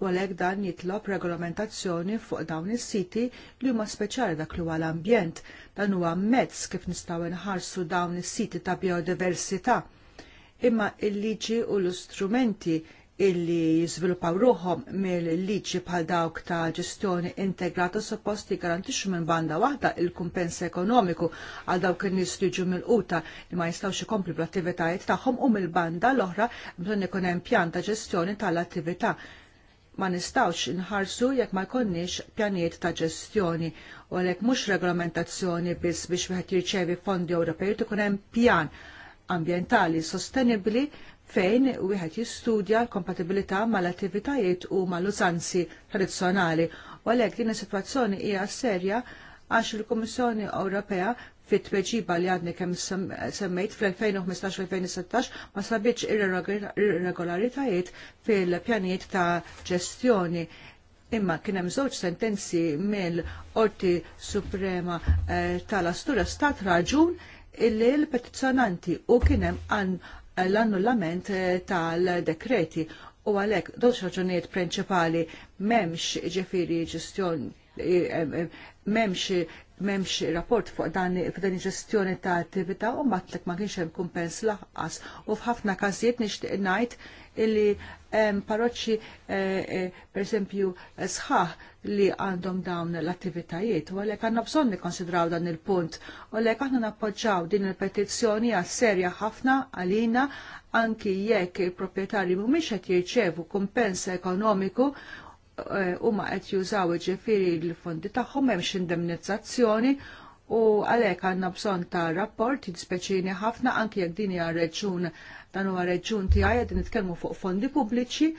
u għalhekk dan jitlob regolamentazzjoni fuq dawn is-siti li huma speċjali dak li huwa l-ambjent dan huwa mezz kif nistgħu nħarsu dawn is-siti ta' biodiversità. Imma il-liġi u l-istrumenti illi jizviluppaw ruħom mill-liġi bħal dawk ta' ġestjoni integrata suppost li garantixxu minn banda waħda il-kumpens ekonomiku għal dawk in-nies li ġu mill-quta li ma jistgħux ikomplu bl-attivitajiet tagħhom u mill-banda l-oħra bżonn ikun hemm pjan ta' ġestjoni tal-attività. Ma nistgħux inħarsu jekk ma jkollniex pjanijiet ta' ġestjoni u għalhekk mhux regolamentazzjoni biss biex wieħed jirċevi fondi Ewropej ikun hemm pjan ambjentali sostenibbli fejn wieħed jistudja l-kompatibilità mal-attivitajiet u mal-użanzi tradizzjonali. U għalhekk din is-sitwazzjoni hija serja għax il-Kummissjoni Ewropea fit tweġiba li għadni kemm semmejt fl-2015-2016 ma sabiċ irregolaritajiet fil-pjanijiet ta' ġestjoni imma kien hemm żewġ sentenzi mill-Qorti Suprema eh, tal-Astura stat raġun illi l-petizzjonanti u kienem għan l-annullament eh, tal-dekreti u għalek dolx raġunijiet prinċipali memx ġifiri ġestjon eh, eh, memx memx rapport fuq dan f'dan ġestjoni ta' attività u matlek ma kienx hemm kumpens laħqas u f'ħafna każijiet nixtieq ngħid illi parroċċi pereżempju sħaħ li għandhom dawn l-attivitajiet u għalhekk għandna bżonn nikkonsidraw dan il-punt u għalhekk aħna nappoġġaw din il-petizzjoni għas serja ħafna għalina anki jekk il-proprjetarji mhumiex qed jirċevu kumpens ekonomiku eh, huma qed jużaw iġifieri l-fondi tagħhom hemmx indemnizzazzjoni u għalhekk għandna bżonn ta' rapport jispeċini ħafna anki jekk din hija reġun dan huwa reġun tiegħi qegħdin nitkellmu fuq fondi pubbliċi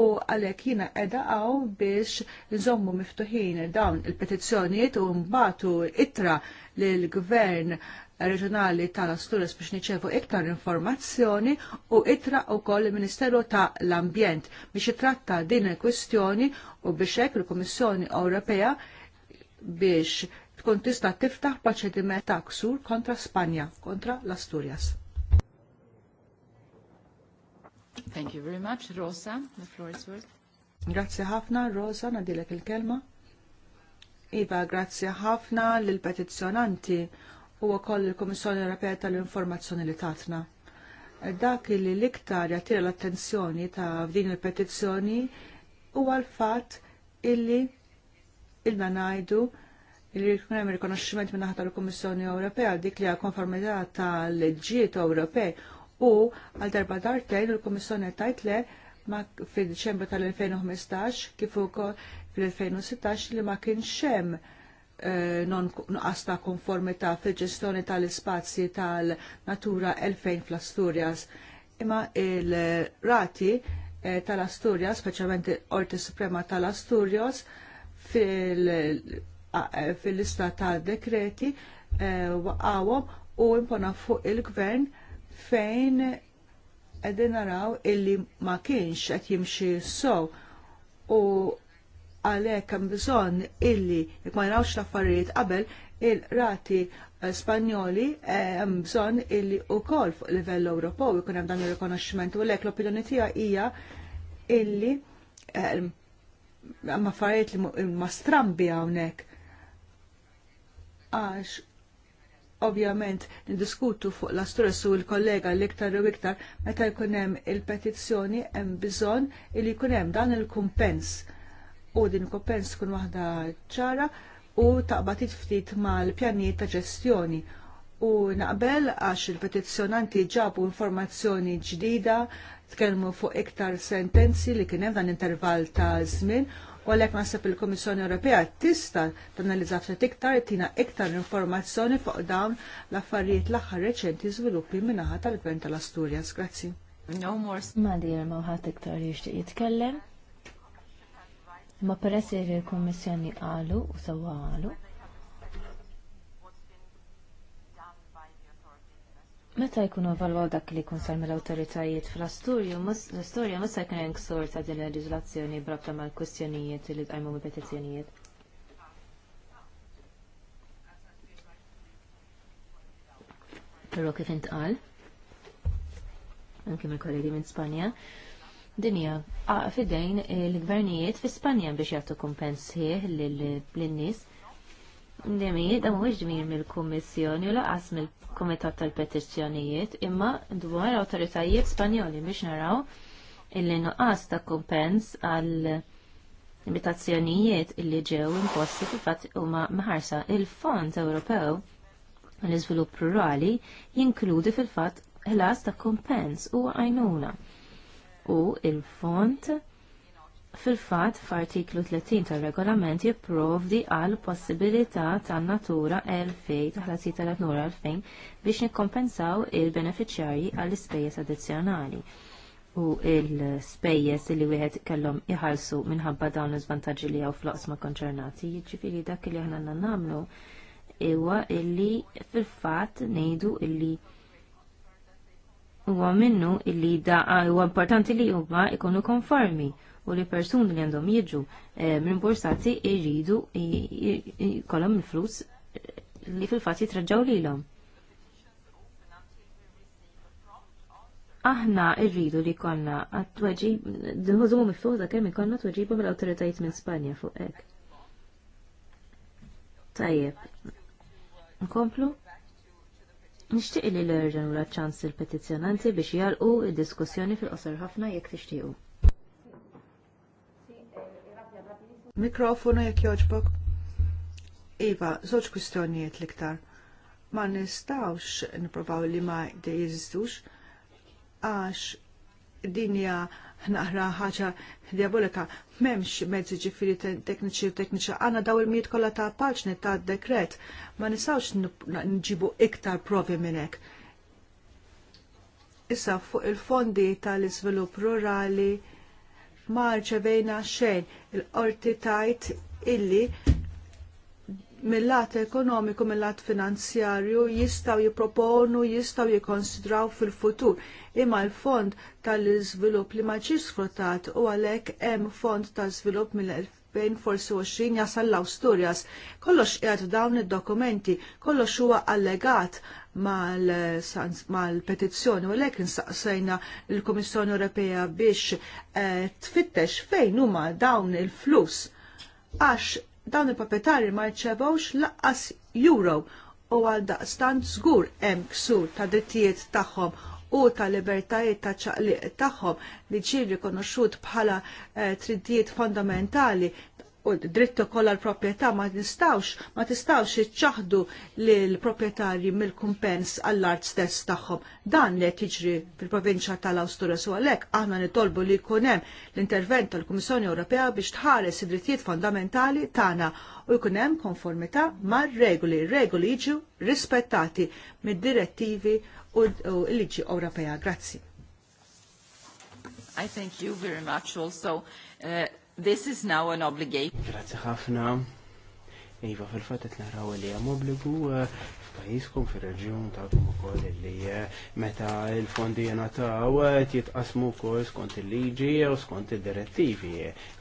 u għalek jina edha għaw biex nżommu miftuħin dawn il-petizzjoniet u mbatu itra l-gvern reġjonali tal asturis biex niċevu iktar informazzjoni u itra u koll il-Ministeru ta' l-Ambjent biex jitratta din il-kwistjoni u biex hekk il-Kummissjoni Ewropea biex tkun tista' tiftaħ proċediment ta' ksur kontra Spanja, kontra l asturias Thank you very much, Rosa. The floor is yours. Grazie ħafna, Rosa, nadilek il-kelma. Iva, grazie ħafna l-petizzjonanti u wkoll il-Komissjoni Europea tal-Informazzjoni li tatna. Dak li l-iktar jattira l-attenzjoni ta' din il-petizzjoni huwa l-fatt illi ilna ngħidu li jkun hemm rikonoxximent minn aħtar il-Kummissjoni Ewropea dik li għal konformità tal-leġġijiet Ewropej u għal darba dartejn il-Komissjoni tajt le ma fil-ċembru tal-2015 kif ukoll fil-2016 li ma kienx hemm eh, nuqqas ta' konformità fil-ġestjoni tal-ispazji tal-Natura 2000 fl-Asturjas. Imma il-rati eh, tal-Asturjas, speċjalment Orti Suprema tal-Asturjas, eh, fil-lista tal dekreti eh, u impona fuq il-gvern fejn qegħdin naraw illi ma kienx qed jimxi sow u għalhekk hemm bżonn illi jekk ma narawx l-affarijiet qabel il-rati Spanjoli eh, hemm bżonn illi wkoll fuq livell Ewropew ikun hemm dan ir-rikonoxximent u lek l-opinjoni tiegħi hija illi eh, hemm affarijiet li ma strambi hawnhekk għax ovvjament niddiskutu fuq la u l kollega l-iktar u iktar meta jkun hemm il-petizzjoni hemm bżonn li jkun hemm dan il-kumpens u din il kumpens tkun waħda ċara u taqbad ftit mal-pjanijiet ta' ġestjoni. U naqbel għax il-petizzjonanti ġabu informazzjoni ġdida, tkellmu fuq iktar sentenzi li kien hemm dan intervall ta' żmien U għalhekk naħseb il-Kummissjoni Ewropea tista' tanalizza ftit iktar tina iktar informazzjoni fuq dawn l-affarijiet l-aħħar reċenti żviluppi minaħa tal-Gvern tal-Asturjas. Grazzi. No more. Ma dir ma ħadd iktar jixtieq jitkellem. Ma peress li l-Kummissjoni qalu u sewwa qalu Meta jkunu evalwaw dak li jkun sar mill-awtoritajiet fl-Asturju, l-Asturja ma se jkun hemm ksur ta' din il-leġiżlazzjoni brabta mal-kwistjonijiet li tqajmu mill petizzjonijiet. Però kif intqal, anke mill-kollegi minn Spanja, dinja fidejn il gvernijiet fi Spanja biex jagħtu kompensi l lin-nies. Demi, da mhuwiex ġmir mill-Kummissjoni u laqas mill kumitat tal-petizzjonijiet imma dwar awtoritajiet Spanjoli biex naraw illi nuqqas ta' kumpens għal limitazzjonijiet illi ġew imposti fil fatt huma maħarsa il-Fond Ewropew l-iżvilupp rurali jinkludi fil-fatt ħlas ta' kumpens u għajnuna u il-fond Fil-fatt, f'artiklu 30 tal-regolament jipprovdi għal possibilità tan natura 2000 taħlasi tal-natura 2000 biex nikkompensaw il-beneficjarji għall ispejjeż addizzjonali u il-spejjeż li wieħed kellhom iħallsu minħabba dawn l-iżvantaġġi li hawn fl-oqsma konċernati, jiġifieri dak li aħna nagħmlu huwa li fil-fatt ngħidu li huwa minnu illi da huwa importanti li huma ikunu konformi u li persuni li għandhom jiġu eh, borsati jridu kolom il-flus eh, li fil-fat l lilhom. Aħna rridu li konna għat-tweġib, dħużumu miftuħ da kemm ikonna tweġiba mill-awtoritajiet minn Spanja fuq hekk. Tajjeb, nkomplu? Nixtieq li l-erġan u l-ċans il-petizzjonanti biex jgħalqu id-diskussjoni fil-qosor ħafna jekk tixtiequ. mikrofonu jekk joġbok. Iva, żewġ kwistjonijiet liktar. Ma nistawx nipprovaw li ma dejizistux, għax dinja naħra ħaġa diabolika memx mezzi ġifiri tekniċi u tekniċi għana daw il-miet kolla ta' paċni ta' dekret ma nistawx nġibu iktar provi minnek. Issa fuq il-fondi tal-izvilup rurali ma rċevejna xejn il-qorti tajt illi mill-lat ekonomiku, mill-lat finanzjarju jistaw jiproponu, jistaw jikonsidraw fil-futur. Imma l-fond tal-izvilup li maċi sfruttat u għalek hemm fond tal-izvilup mill 2020 forsi jasal l-Asturias. Kollox qiegħed dawn id-dokumenti, kollox huwa allegat mal-petizzjoni u lekin saqsajna l-Komissjoni Ewropea biex eh, tfittex fejn huma dawn il-flus għax dawn il-papetari ma jċebawx laqqas euro u għal daqstant żgur hemm ksur ta' drittijiet tagħhom u ta' libertajiet ta' ċaqliq tagħhom li ġie rikonoxxut bħala eh, trittijiet fondamentali u drittu kollha l-proprjetà ma tistawx, ma tistawx iċċaħdu l-propietari mill-kumpens għall-art stess tagħhom. Dan li qed jiġri fil-provinċja tal austura su għalhekk aħna nitolbu li jkun hemm l intervento tal-Kummissjoni Ewropea biex tħares id-drittijiet fondamentali tagħna u jkun hemm konformità mar-regoli, regoli jiġu rispettati mid-direttivi u l-liġi Ewropea. Grazzi. I thank you very much also. Uh, This is now an obligation. Grazie ħafna. Iva fil-fat qed naraw li hemm obbligu eh, f'pajjiżkom fir-reġjun tagħkom ukoll li eh, meta l-fondi jingħataw eh, qed jitqasmu wkoll skont il-liġi u skont id-direttivi.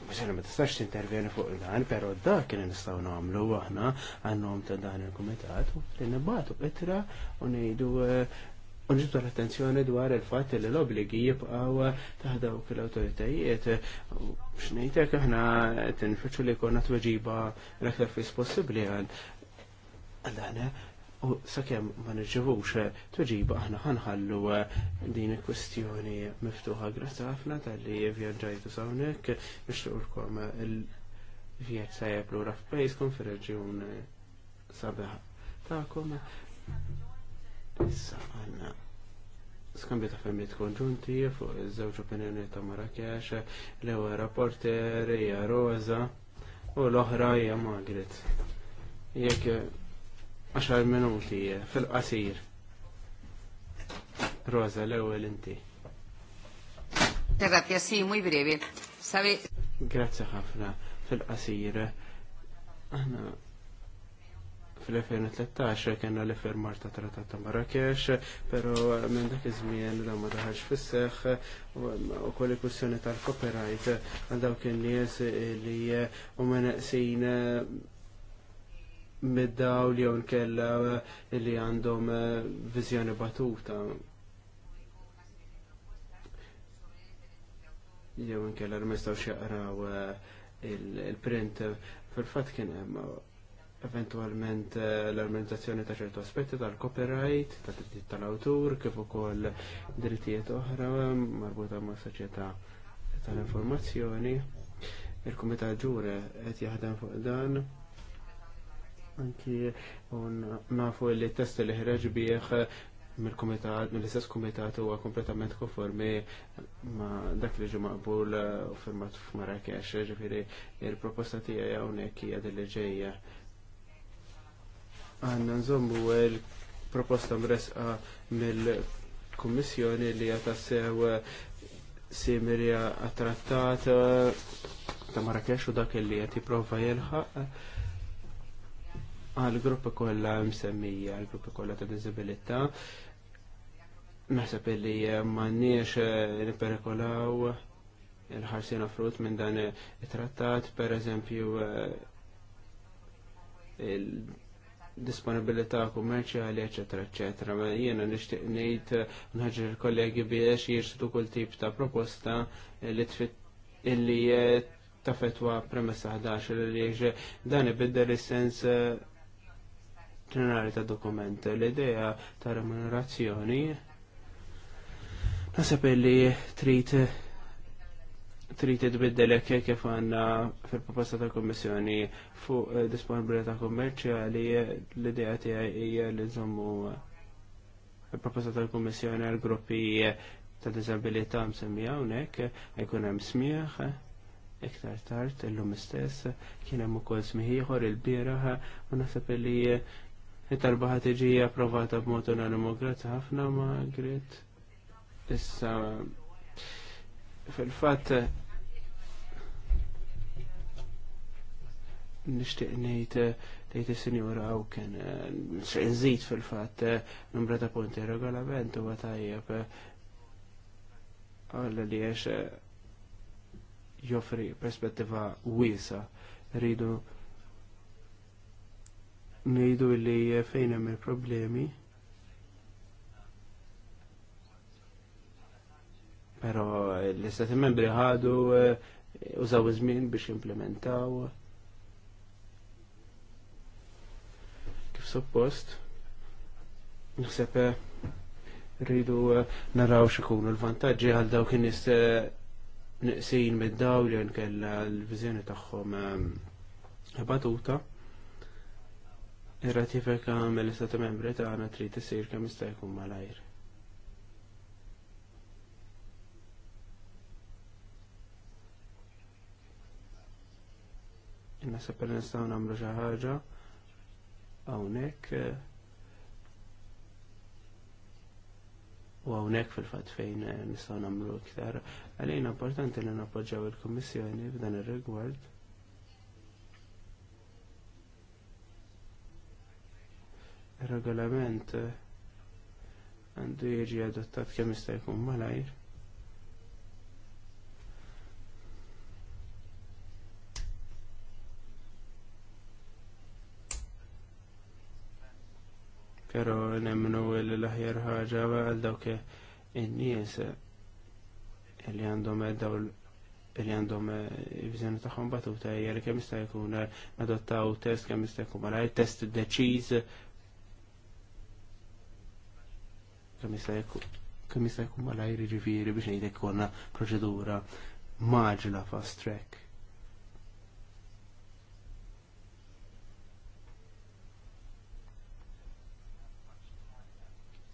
Mhux ma tistax tintervjeni fuq dan, però dak kien nistgħu nagħmlu aħna għandhom ta' dan il-kumitat u li nibagħtu qitra u ngħidu Unġitu l-attenzjoni dwar il-fat li l-obligi jibqaw taħdaw kil autoritajiet Xnejtek t tinfittxu li konna tweġiba l-aktar fis possibbli għal. Għallana, u sakjem ma t tweġiba aħna ħanħallu din il-kwestjoni miftuħa. grazza ħafna tal-li vjaġġajtu sawnek, nixtuqulkom il-vjaġġ sajab l-ura f'pajskom fil-reġjun sabiħ. Ta'kom. Issa għanna ta' femmit konġunti fuq iż-żewġ opinjoni ta' Marrakesh, l-ewwel rapporter hija Rosa u l-oħra hija Magret. Jekk għaxar minuti fil-qasir. Rosa, l-ewwel inti. Grazie, sì, muy breve. Grazie ħafna fil-qasir. Aħna fil-2013 kena l firmar ta' Tratat ta' Marrakesh, pero eh, minn dak iż-żmien da ma daħarx fis-seħħ u eh, kolli kwistjoni tal-copyright għal dawk in-nies li huma eh, neqsin mid-daw li jew nkella li għandhom viżjoni batuta. Jew nkella ma jistgħux jaqraw il-print fil-fatt kien hemm eventualment eh, l-armonizzazzjoni ta' ċertu aspetti tal-copyright, ta' drittijiet tal-awtur, kif ukoll drittijiet oħra marbuta ma' soċjetà tal-informazzjoni. Il-Kumitat Ġure qed jaħdem fuq dan. Anki nafu li t-test li ħreġ bih mill-komitat, mill-istess komitat huwa kompletament konformi ma' dak li ġu maqbul u firmat f'Marrakesh, ġifieri il-proposta tiegħi hawnhekk hija din ġejja għanna nżommu l-proposta mresqa mill-Kommissjoni li għatassew simili għat-trattat ta' Marrakesh u dak li għati prova jelħaq għal gruppa kolla msemmija, għal gruppa kolla ta' vizibilita. Naħseb li manniex eh, niperikolaw il-ħarsin frut minn dan it-trattat, per eżempju, eh, disponibilità kummerċjali, eccetera, eccetera. Ma jiena nixtieq ngħid nħaġġer kollegi biex jirsidu kull tip ta' proposta li tfit illi fetwa premessa 11 li jieġ dan ibidder il sens eh, ġenerali ta' dokument. L-idea ta' remunerazzjoni nasab illi trid trid tibiddelek kif għandna fil-proposta ta' kommissjoni fuq eh, disponibilità kummerċjali l-idea tiegħi hija li nżommu eh, il-proposta tal-Kummissjoni għal gruppi eh, ta' disabilità msemmija hawnhekk jkun hemm smieħ iktar tard illum istess kien hemm ukoll smieħ ieħor il-bieraħ u naħseb li it-talba tiġi approvata b'mod unanimu grazzi ħafna ma' grit issa fil-fatt nishtiq ngħid tgħid is-sinjura u kien eh, nżid fil fat eh, numru ta' punti regolament huwa tajjeb eh, għalla li għax joffri perspettiva wiesa rridu ngħidu li fejn hemm il-problemi Pero l-istati membri ħadu użaw iż-żmien biex implementaw. suppost. Naħseb eh, rridu eh, naraw xikunu l-vantagġi għal dawk in-nies eh, niqsin mid-dawl li nkella l-viżjoni tagħhom batuta. Ir-ratifika mill-Istati Membri tagħna trid isir kemm jista' jkun malajr. Nasa per nistgħu nagħmlu xi ħaġa hawnhekk eh, u għawnek fil fat fejn eh, nistgħu nagħmlu iktar. Għalejn importanti li nappoġġaw il-Kummissjoni f'dan ir-rigward. Ir-regolament eh, għandu jiġi adottat kemm jista' jkun malajr. pero nemmnu l-ħjar ħagġa għal dawk il nies li għandhom daw li għandhom viżjoni taħħom batuta hija li kemm jista' jkun adottaw test kemm jista' jkun malajr test deċiż kemm jista' jkun kemm jista' jkun malajr jiġifieri biex ngħidlek konna proċedura maġla fast track.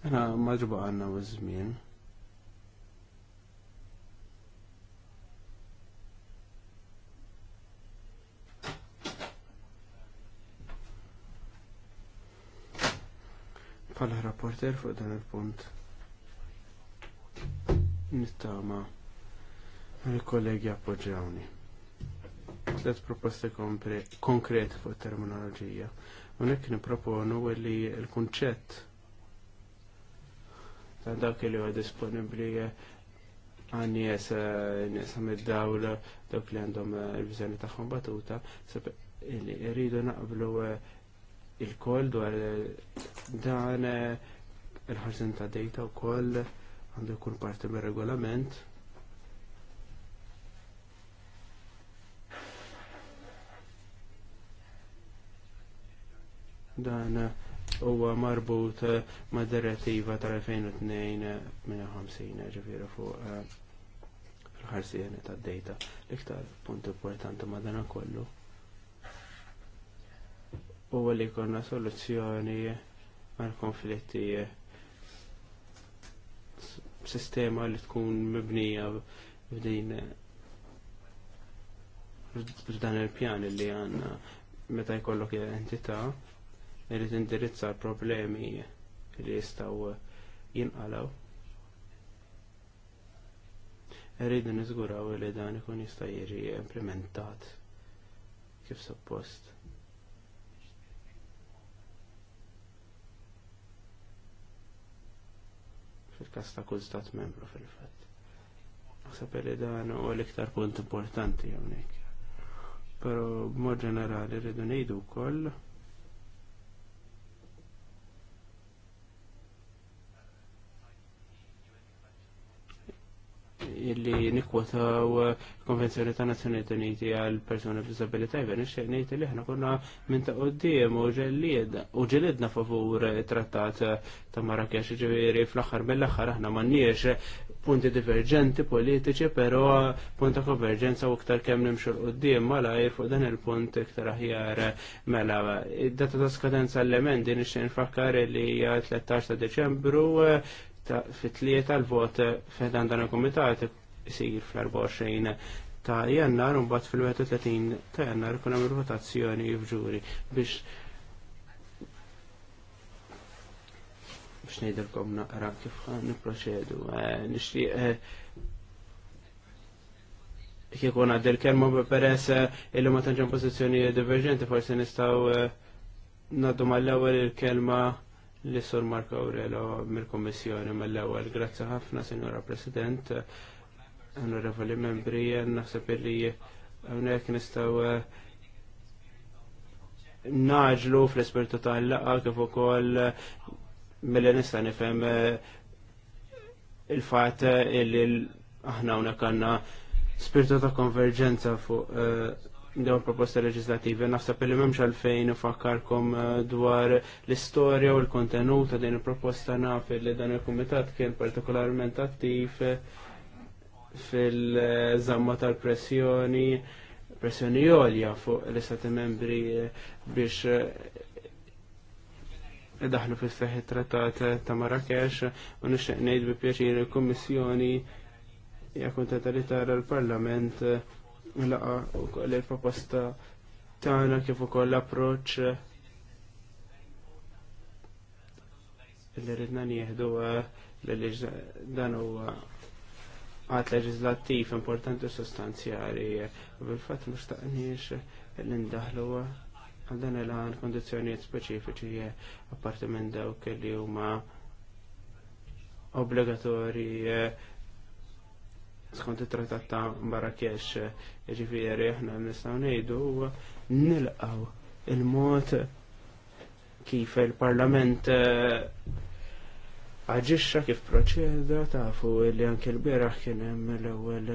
Ena mela, maġba għanna u żmien. Pala rapporter fuq dan il-punt. Nittama il-kollegi appoġġawni. Tlet proposte konkret fuq terminoloġija. Unek niproponu li l-kunċett ta' dak li huwa disponibbli eh, għan nies eh, nies mid-dawla dawk li għandhom eh, il-bżonni tagħhom batuta irridu naqblu il-koll dwar dan il-ħarsin ta' dejta wkoll għandu jkun parti mir-regolament. Dan huwa marbut eh, ma' direttiva tal-2002-58 eh, ġifiri fuq eh, il ħarsijani tad-dejta. L-iktar punt importanti ma' dan kollu huwa li jkollna soluzzjoni għal-konflitti sistema li tkun mibnija b'din b'dan il-pjan li għanna meta jkollok entità irrid indirizza problemi li jistgħu jinqalaw. Irridu niżguraw li dan ikun jista' jiġi implementat kif suppost. fil-kas ta' kull stat membru fil fatt Naħseb li dan u l-iktar punt importanti hawnhekk. Però b'mod ġenerali rridu ngħidu wkoll illi nikwotaw konvenzjoni ta' Nazzjonijiet Uniti għal persuni b'disabilità jven ix-xejnejt li aħna konna minn ta' qoddim u ġelidna favur trattat ta' Marrakesh ġifieri fl-aħħar mill-aħħar aħna m'għandniex punti divergenti politiċi, però punta konverġenza u iktar kemm nimxu l-qoddim malajr fuq dan il-punt iktar aħjar mela. Id-data ta' skadenza l-emendi nixtieq nfakkar li hija 13 ta' Deċembru fit-tlieta l-vot fedan dan il-komitat isir fl-24 ta' jannar un bat fil-31 ta' jannar kuna mir votazzjoni f'ġuri biex biex nejdilkom naqra kif niproċedu. Eh, nixtieq eh, kieku għadder kermu kelma peress eh, illu ma tanġan pozizjoni diverġenti forsi nistgħu naddu mal-ewwel il-kelma il kelma l sur Marco Aurelo mill-Kommissjoni mill-ewwel. Grazzi ħafna, Sinjora President, onorevoli membri, naħseb li hawnhekk nistgħu eh, naġlu fl ispirtu tal laqgħa kif ukoll eh, mill nista' nifhem eh, il-fatt li aħna hawnhekk għandna spirtu ta' konverġenza fuq dawn proposta leġislativi. Naħseb li memx għalfejn fakkarkom eh, dwar l-istorja u l-kontenut ta' din il-proposta naf li dan il-kumitat kien partikolarment attiv fil-zamma tal-pressjoni pressjoni jolja fuq l-istati membri eh, biex eh, daħlu fis seħi trattat ta' Marrakesh u nixtieq ngħid bi pjaċir il-Kummissjoni hija kuntenta li tara l-Parlament laqa mela, u koll il-proposta tagħna kif ukoll l approċ li ridna nieħdu eh, li dan huwa għat leġislattiv importanti u sostanzjali u bil-fatt ma xtaqniex li għal dan il-għan kondizjoniet speċifiċi eh, apparti minn dawk li huma obbligatorji eh, skont it-trattat ta' Marrakesh, ġifieri aħna nistgħu ngħidu nilqgħu il-mod kif il-Parlament eh, aġixxa kif proċeda tafu li anke l-bieraħ kien hemm l-ewwel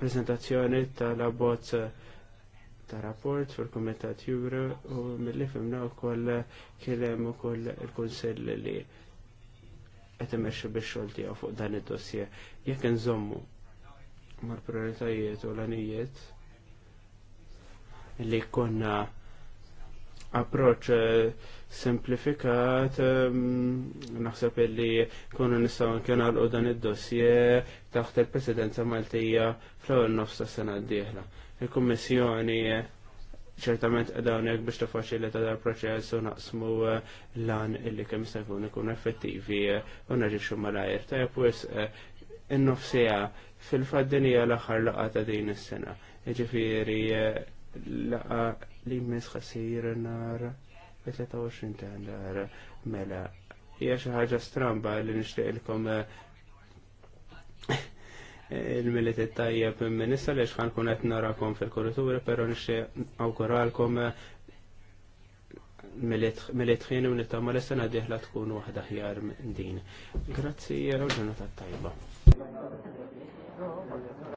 prezentazzjoni tal-abbozz ta' rapport fil-Kumitat Jura u mill-li fimna wkoll kellem u ukoll il-Kunsill li għet imexxi bix-xogħol tiegħu fuq dan id-dossier. Jekk inżommu mal-prioritajiet u l-anijiet li konna approċ eh, simplifikat eh, naħseb li konna nistaw nkena l dan id-dossier taħt il-presidenza Maltija fl-ewwel nofs sena d-dieħla. Il-Kummissjoni ċertament dawnek biex tafaċilita dal proċess u naqsmu eh, lan illi kem jista' ikun effettivi eh, u naġixxu malajr. Ta' jepwis, eh, innofsija nofsija fil-faddinija l axar laqa ta' din is-sena. Ġifieri laqa li misħasir ħassir nar 23 ta' nar mela. Ija xaħġa stramba li nixtieq ilkom il militet tajjeb minnissa li xħan kunet narakom fil-korrituri, pero nixie awkuralkom eh, militħin u nittama l sena diħla tkun wahda ħjar din. Grazzi, ġunata tajba.